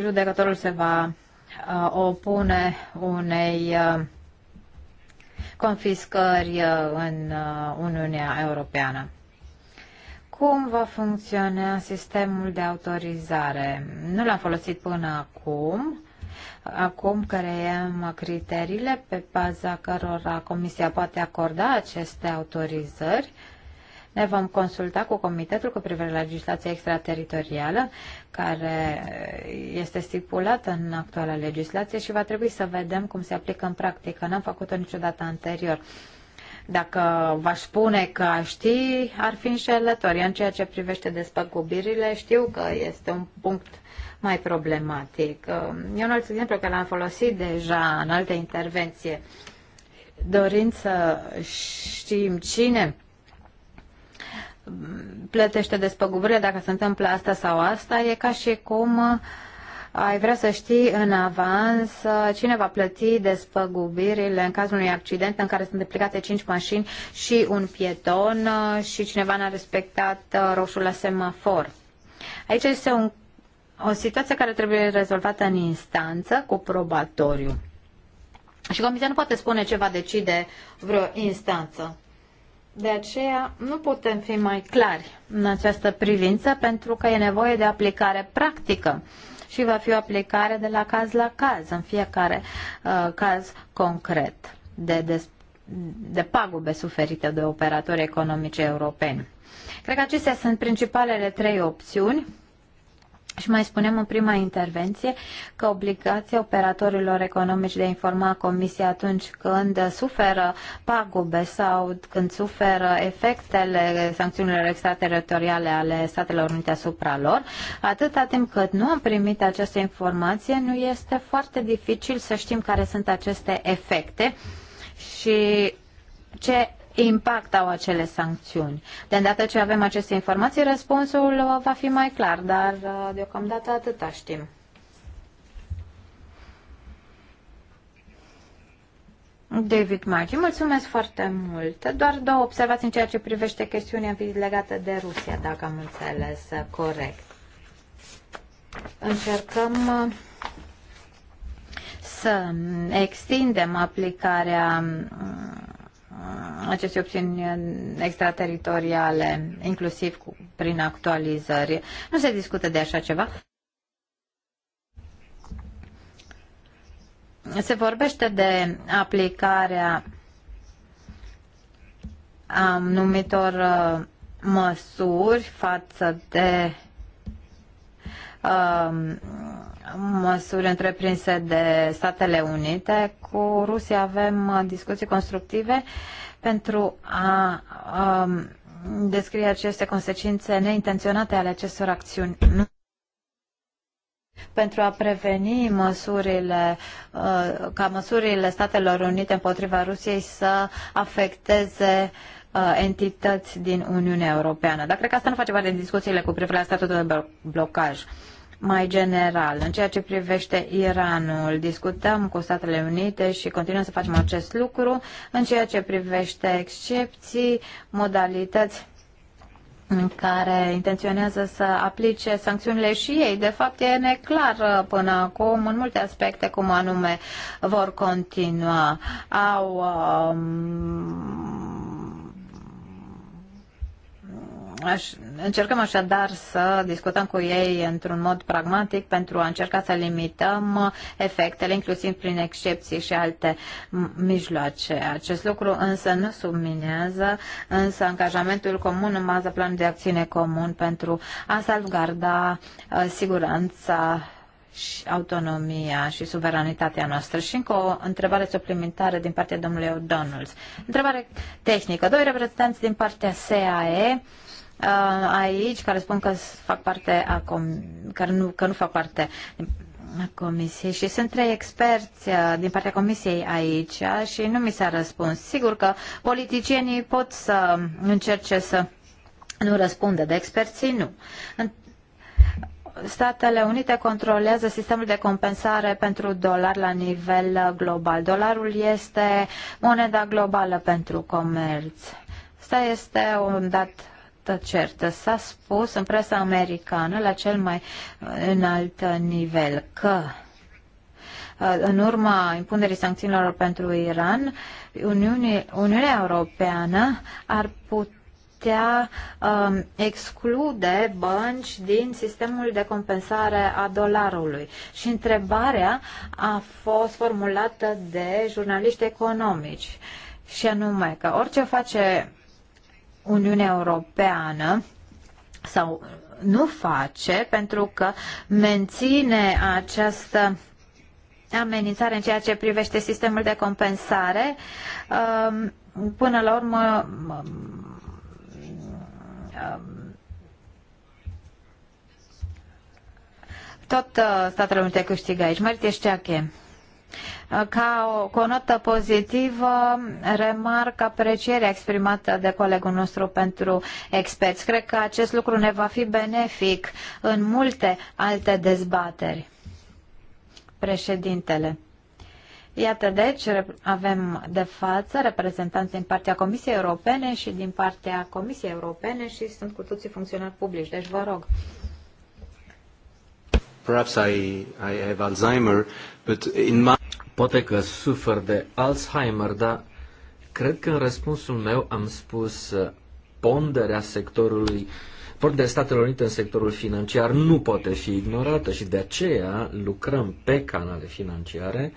judecătorul se va uh, opune unei uh, confiscări uh, în Uniunea Europeană. Cum va funcționa sistemul de autorizare? Nu l-am folosit până acum. Acum creăm criteriile pe baza cărora Comisia poate acorda aceste autorizări. Uh, ne vom consulta cu Comitetul cu privire la legislația extrateritorială, care este stipulată în actuala legislație și va trebui să vedem cum se aplică în practică. N-am făcut-o niciodată anterior. Dacă v-aș spune că aș ști, ar fi înșelător. În ceea ce privește despăgubirile, știu că este un punct mai problematic. E un alt exemplu care l-am folosit deja în alte intervenții, dorind să știm cine plătește despăgubire dacă se întâmplă asta sau asta, e ca și cum ai vrea să știi în avans cine va plăti despăgubirile în cazul unui accident în care sunt implicate 5 mașini și un pieton și cineva n-a respectat uh, roșul la semafor. Aici este un, o situație care trebuie rezolvată în instanță cu probatoriu. Și comisia nu poate spune ce va decide vreo instanță. De aceea nu putem fi mai clari în această privință pentru că e nevoie de aplicare practică și va fi o aplicare de la caz la caz, în fiecare uh, caz concret de, de, de pagube suferite de operatori economice europeni. Cred că acestea sunt principalele trei opțiuni și mai spuneam în prima intervenție că obligația operatorilor economici de a informa Comisia atunci când suferă pagube sau când suferă efectele sancțiunilor extrateritoriale ale Statelor Unite asupra lor, atâta timp cât nu am primit această informație, nu este foarte dificil să știm care sunt aceste efecte și ce impact au acele sancțiuni. De îndată ce avem aceste informații, răspunsul uh, va fi mai clar, dar uh, deocamdată atâta știm. David Maggi, mulțumesc foarte mult. Doar două observații în ceea ce privește chestiunea legată de Rusia, dacă am înțeles uh, corect. Încercăm să extindem aplicarea mm, aceste opțiuni extrateritoriale, inclusiv cu, prin actualizări. Nu se discută de așa ceva. Se vorbește de aplicarea a numitor uh, măsuri față de uh, măsuri întreprinse de Statele Unite. Cu Rusia avem uh, discuții constructive pentru a um, descrie aceste consecințe neintenționate ale acestor acțiuni. Pentru a preveni măsurile, uh, ca măsurile Statelor Unite împotriva Rusiei să afecteze uh, entități din Uniunea Europeană. Dar cred că asta nu face parte din discuțiile cu privire la statutul de blocaj mai general, în ceea ce privește Iranul, discutăm cu Statele Unite și continuăm să facem acest lucru. În ceea ce privește excepții, modalități în care intenționează să aplice sancțiunile și ei. De fapt, e neclar uh, până acum în multe aspecte cum anume vor continua. Au um, Aș, încercăm așadar să discutăm cu ei într-un mod pragmatic pentru a încerca să limităm efectele, inclusiv prin excepții și alte mijloace. Acest lucru însă nu subminează însă angajamentul comun în baza planului de acțiune comun pentru a salvgarda uh, siguranța și autonomia și suveranitatea noastră. Și încă o întrebare suplimentară din partea domnului O'Donnell. Întrebare tehnică. Doi reprezentanți din partea SAE uh, Uh, aici, care spun că fac parte a com- care nu, că nu fac parte a comisiei și sunt trei experți uh, din partea comisiei aici și nu mi s-a răspuns. Sigur că politicienii pot să încerce să nu răspundă, de experții nu. Statele Unite controlează sistemul de compensare pentru dolar la nivel uh, global. Dolarul este moneda globală pentru comerț. Asta este un dat certă. S-a spus în presa americană, la cel mai înalt nivel, că uh, în urma impunerii sancțiunilor pentru Iran, Uniunea, Uniunea Europeană ar putea um, exclude bănci din sistemul de compensare a dolarului. Și întrebarea a fost formulată de jurnaliști economici. Și anume că orice face Uniunea Europeană sau nu face pentru că menține această amenințare în ceea ce privește sistemul de compensare. Um, până la urmă, um, um, tot uh, Statele Unite câștigă aici. Mărit că? Ca o, cu o notă pozitivă, remarc aprecierea exprimată de colegul nostru pentru experți. Cred că acest lucru ne va fi benefic în multe alte dezbateri. Președintele. Iată deci, avem de față reprezentanți din partea Comisiei Europene și din partea Comisiei Europene și sunt cu toții funcționari publici, deci vă rog. Perhaps I, I have But in my... Poate că sufer de Alzheimer, dar cred că în răspunsul meu am spus uh, ponderea sectorului de Statelor Unite în sectorul financiar nu poate fi ignorată și de aceea lucrăm pe canale financiare.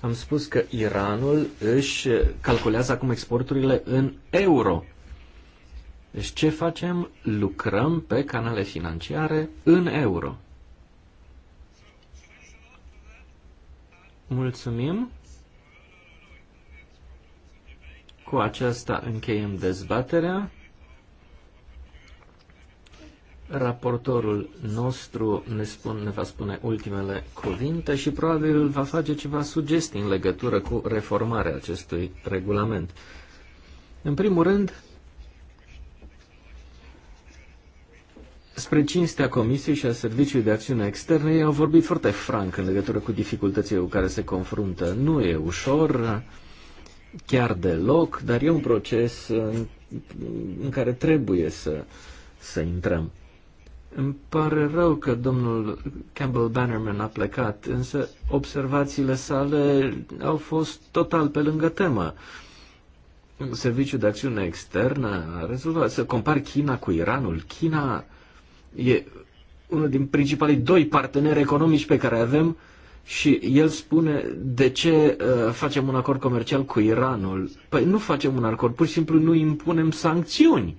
Am spus că Iranul își calculează acum exporturile în euro. Deci ce facem? Lucrăm pe canale financiare în euro. Mulțumim. Cu aceasta încheiem dezbaterea. Raportorul nostru ne, spun, ne va spune ultimele cuvinte și probabil va face ceva sugestii în legătură cu reformarea acestui regulament. În primul rând, Spre cinstea Comisiei și a Serviciului de Acțiune Externă, ei au vorbit foarte franc în legătură cu dificultățile cu care se confruntă. Nu e ușor, chiar deloc, dar e un proces în, în care trebuie să, să intrăm. Îmi pare rău că domnul Campbell Bannerman a plecat, însă observațiile sale au fost total pe lângă temă. Serviciul de acțiune externă a rezolvat să compar China cu Iranul. China e unul din principalii doi parteneri economici pe care avem și el spune de ce uh, facem un acord comercial cu Iranul. Păi nu facem un acord, pur și simplu nu impunem sancțiuni.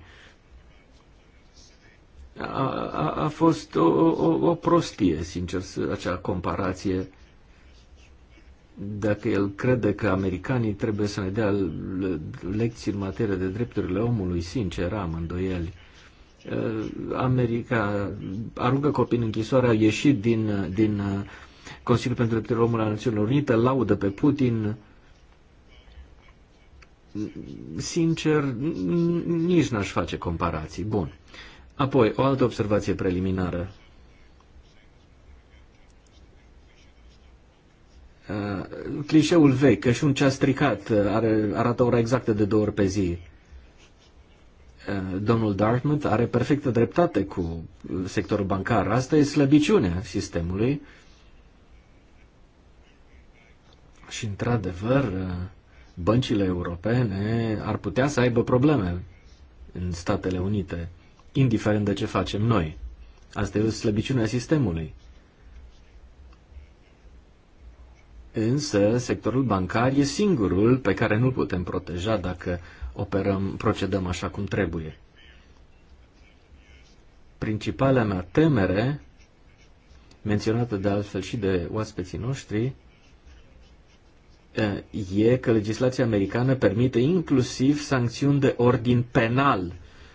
A, a, a fost o, o, o prostie, sincer, acea comparație. Dacă el crede că americanii trebuie să ne dea lecții în materie de drepturile omului, sincer, am îndoieli. Uh, Eh, America aruncă copii în închisoare, a ieșit din, din eh, Consiliul pentru Drepturile Omului al Națiunilor Unite, laudă pe Putin. Sincer, nici n-aș face comparații. Bun. Apoi, o altă observație preliminară. Eh, clișeul vechi, că și un ceas stricat are, arată ora exactă de două ori pe zi. Eh, domnul Dartmouth are perfectă dreptate cu eh, sectorul bancar. Asta e slăbiciunea sistemului. Și, într-adevăr, eh, băncile europene ar putea să aibă probleme în Statele Unite, indiferent de ce facem noi. Asta e o slăbiciune a sistemului. Însă, sectorul bancar e singurul pe care nu-l putem proteja dacă uh, operăm, procedăm așa cum trebuie. Principala mea temere, menționată de altfel și de oaspeții noștri, e că legislația americană permite inclusiv sancțiuni de ordin penal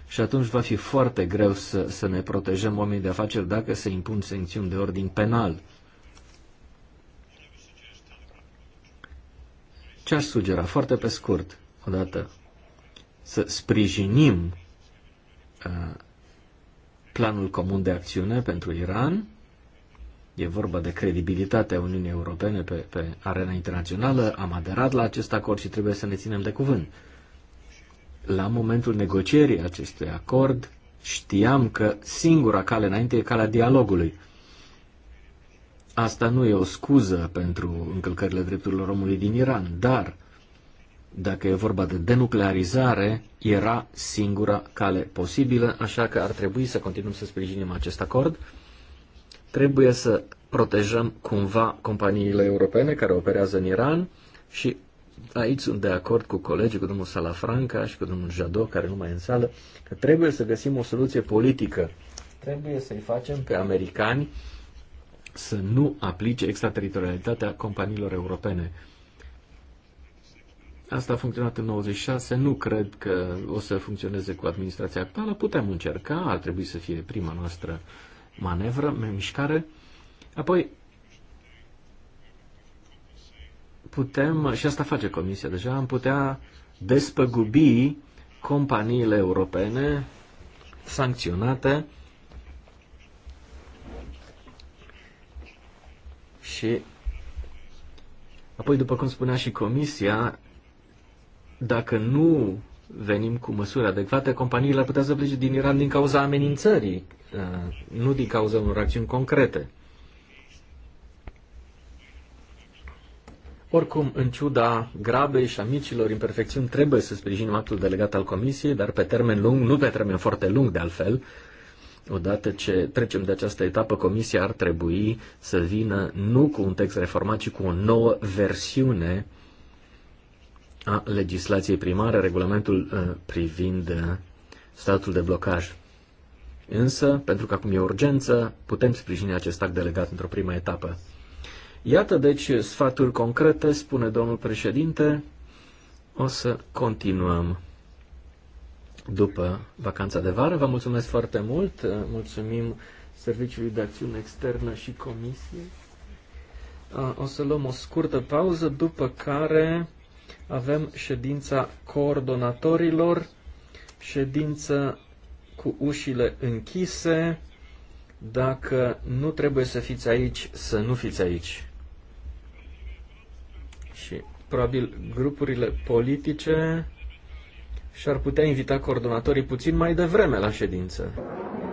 și atunci va fi foarte greu să, să ne protejăm oamenii de afaceri dacă se impun sancțiuni de ordin penal. Ce aș sugera? Foarte pe scurt, odată să sprijinim uh, planul comun de acțiune pentru Iran. E vorba de credibilitatea Uniunii Europene pe, pe arena internațională. Am aderat la acest acord și trebuie să ne ținem de cuvânt. La momentul negocierii acestui acord, știam că singura cale înainte e calea dialogului. Asta nu e o scuză pentru încălcările drepturilor omului din Iran, dar dacă e vorba de denuclearizare, era singura cale posibilă, așa că ar trebui să continuăm să sprijinim acest acord. Trebuie să protejăm cumva companiile europene care operează în Iran și aici sunt de acord cu colegii, cu domnul Salafranca și cu domnul Jadot, care nu mai e în sală, că trebuie să găsim o soluție politică. Trebuie să-i facem pe americani să nu aplice extraterritorialitatea companiilor europene. Asta a funcționat în 96, nu cred că o să funcționeze cu administrația actuală, putem încerca, ar trebui să fie prima noastră manevră, mișcare. Apoi, putem, și asta face Comisia deja, am putea despăgubi companiile europene sancționate și apoi, după cum spunea și Comisia, dacă nu venim cu măsuri adecvate, companiile ar putea să plece din Iran din cauza amenințării, uh, nu din cauza unor acțiuni concrete. Oricum, în ciuda grabei și a micilor imperfecțiuni, trebuie să sprijinim actul delegat al Comisiei, dar pe termen lung, nu pe termen foarte lung de altfel, odată ce trecem de această etapă, Comisia ar trebui să vină nu cu un text reformat, ci cu o nouă versiune a legislației primare, regulamentul uh, privind uh, statul de blocaj. Însă, pentru că acum e urgență, putem sprijini acest act delegat într-o primă etapă. Iată, deci, sfaturi concrete, spune domnul președinte. O să continuăm după vacanța de vară. Vă mulțumesc foarte mult. Uh, mulțumim Serviciului de Acțiune Externă și Comisie. O să luăm o scurtă pauză, după care avem ședința coordonatorilor, ședință cu ușile închise. Dacă nu trebuie să fiți aici, să nu fiți aici. Și probabil grupurile politice și-ar putea invita coordonatorii puțin mai devreme la ședință.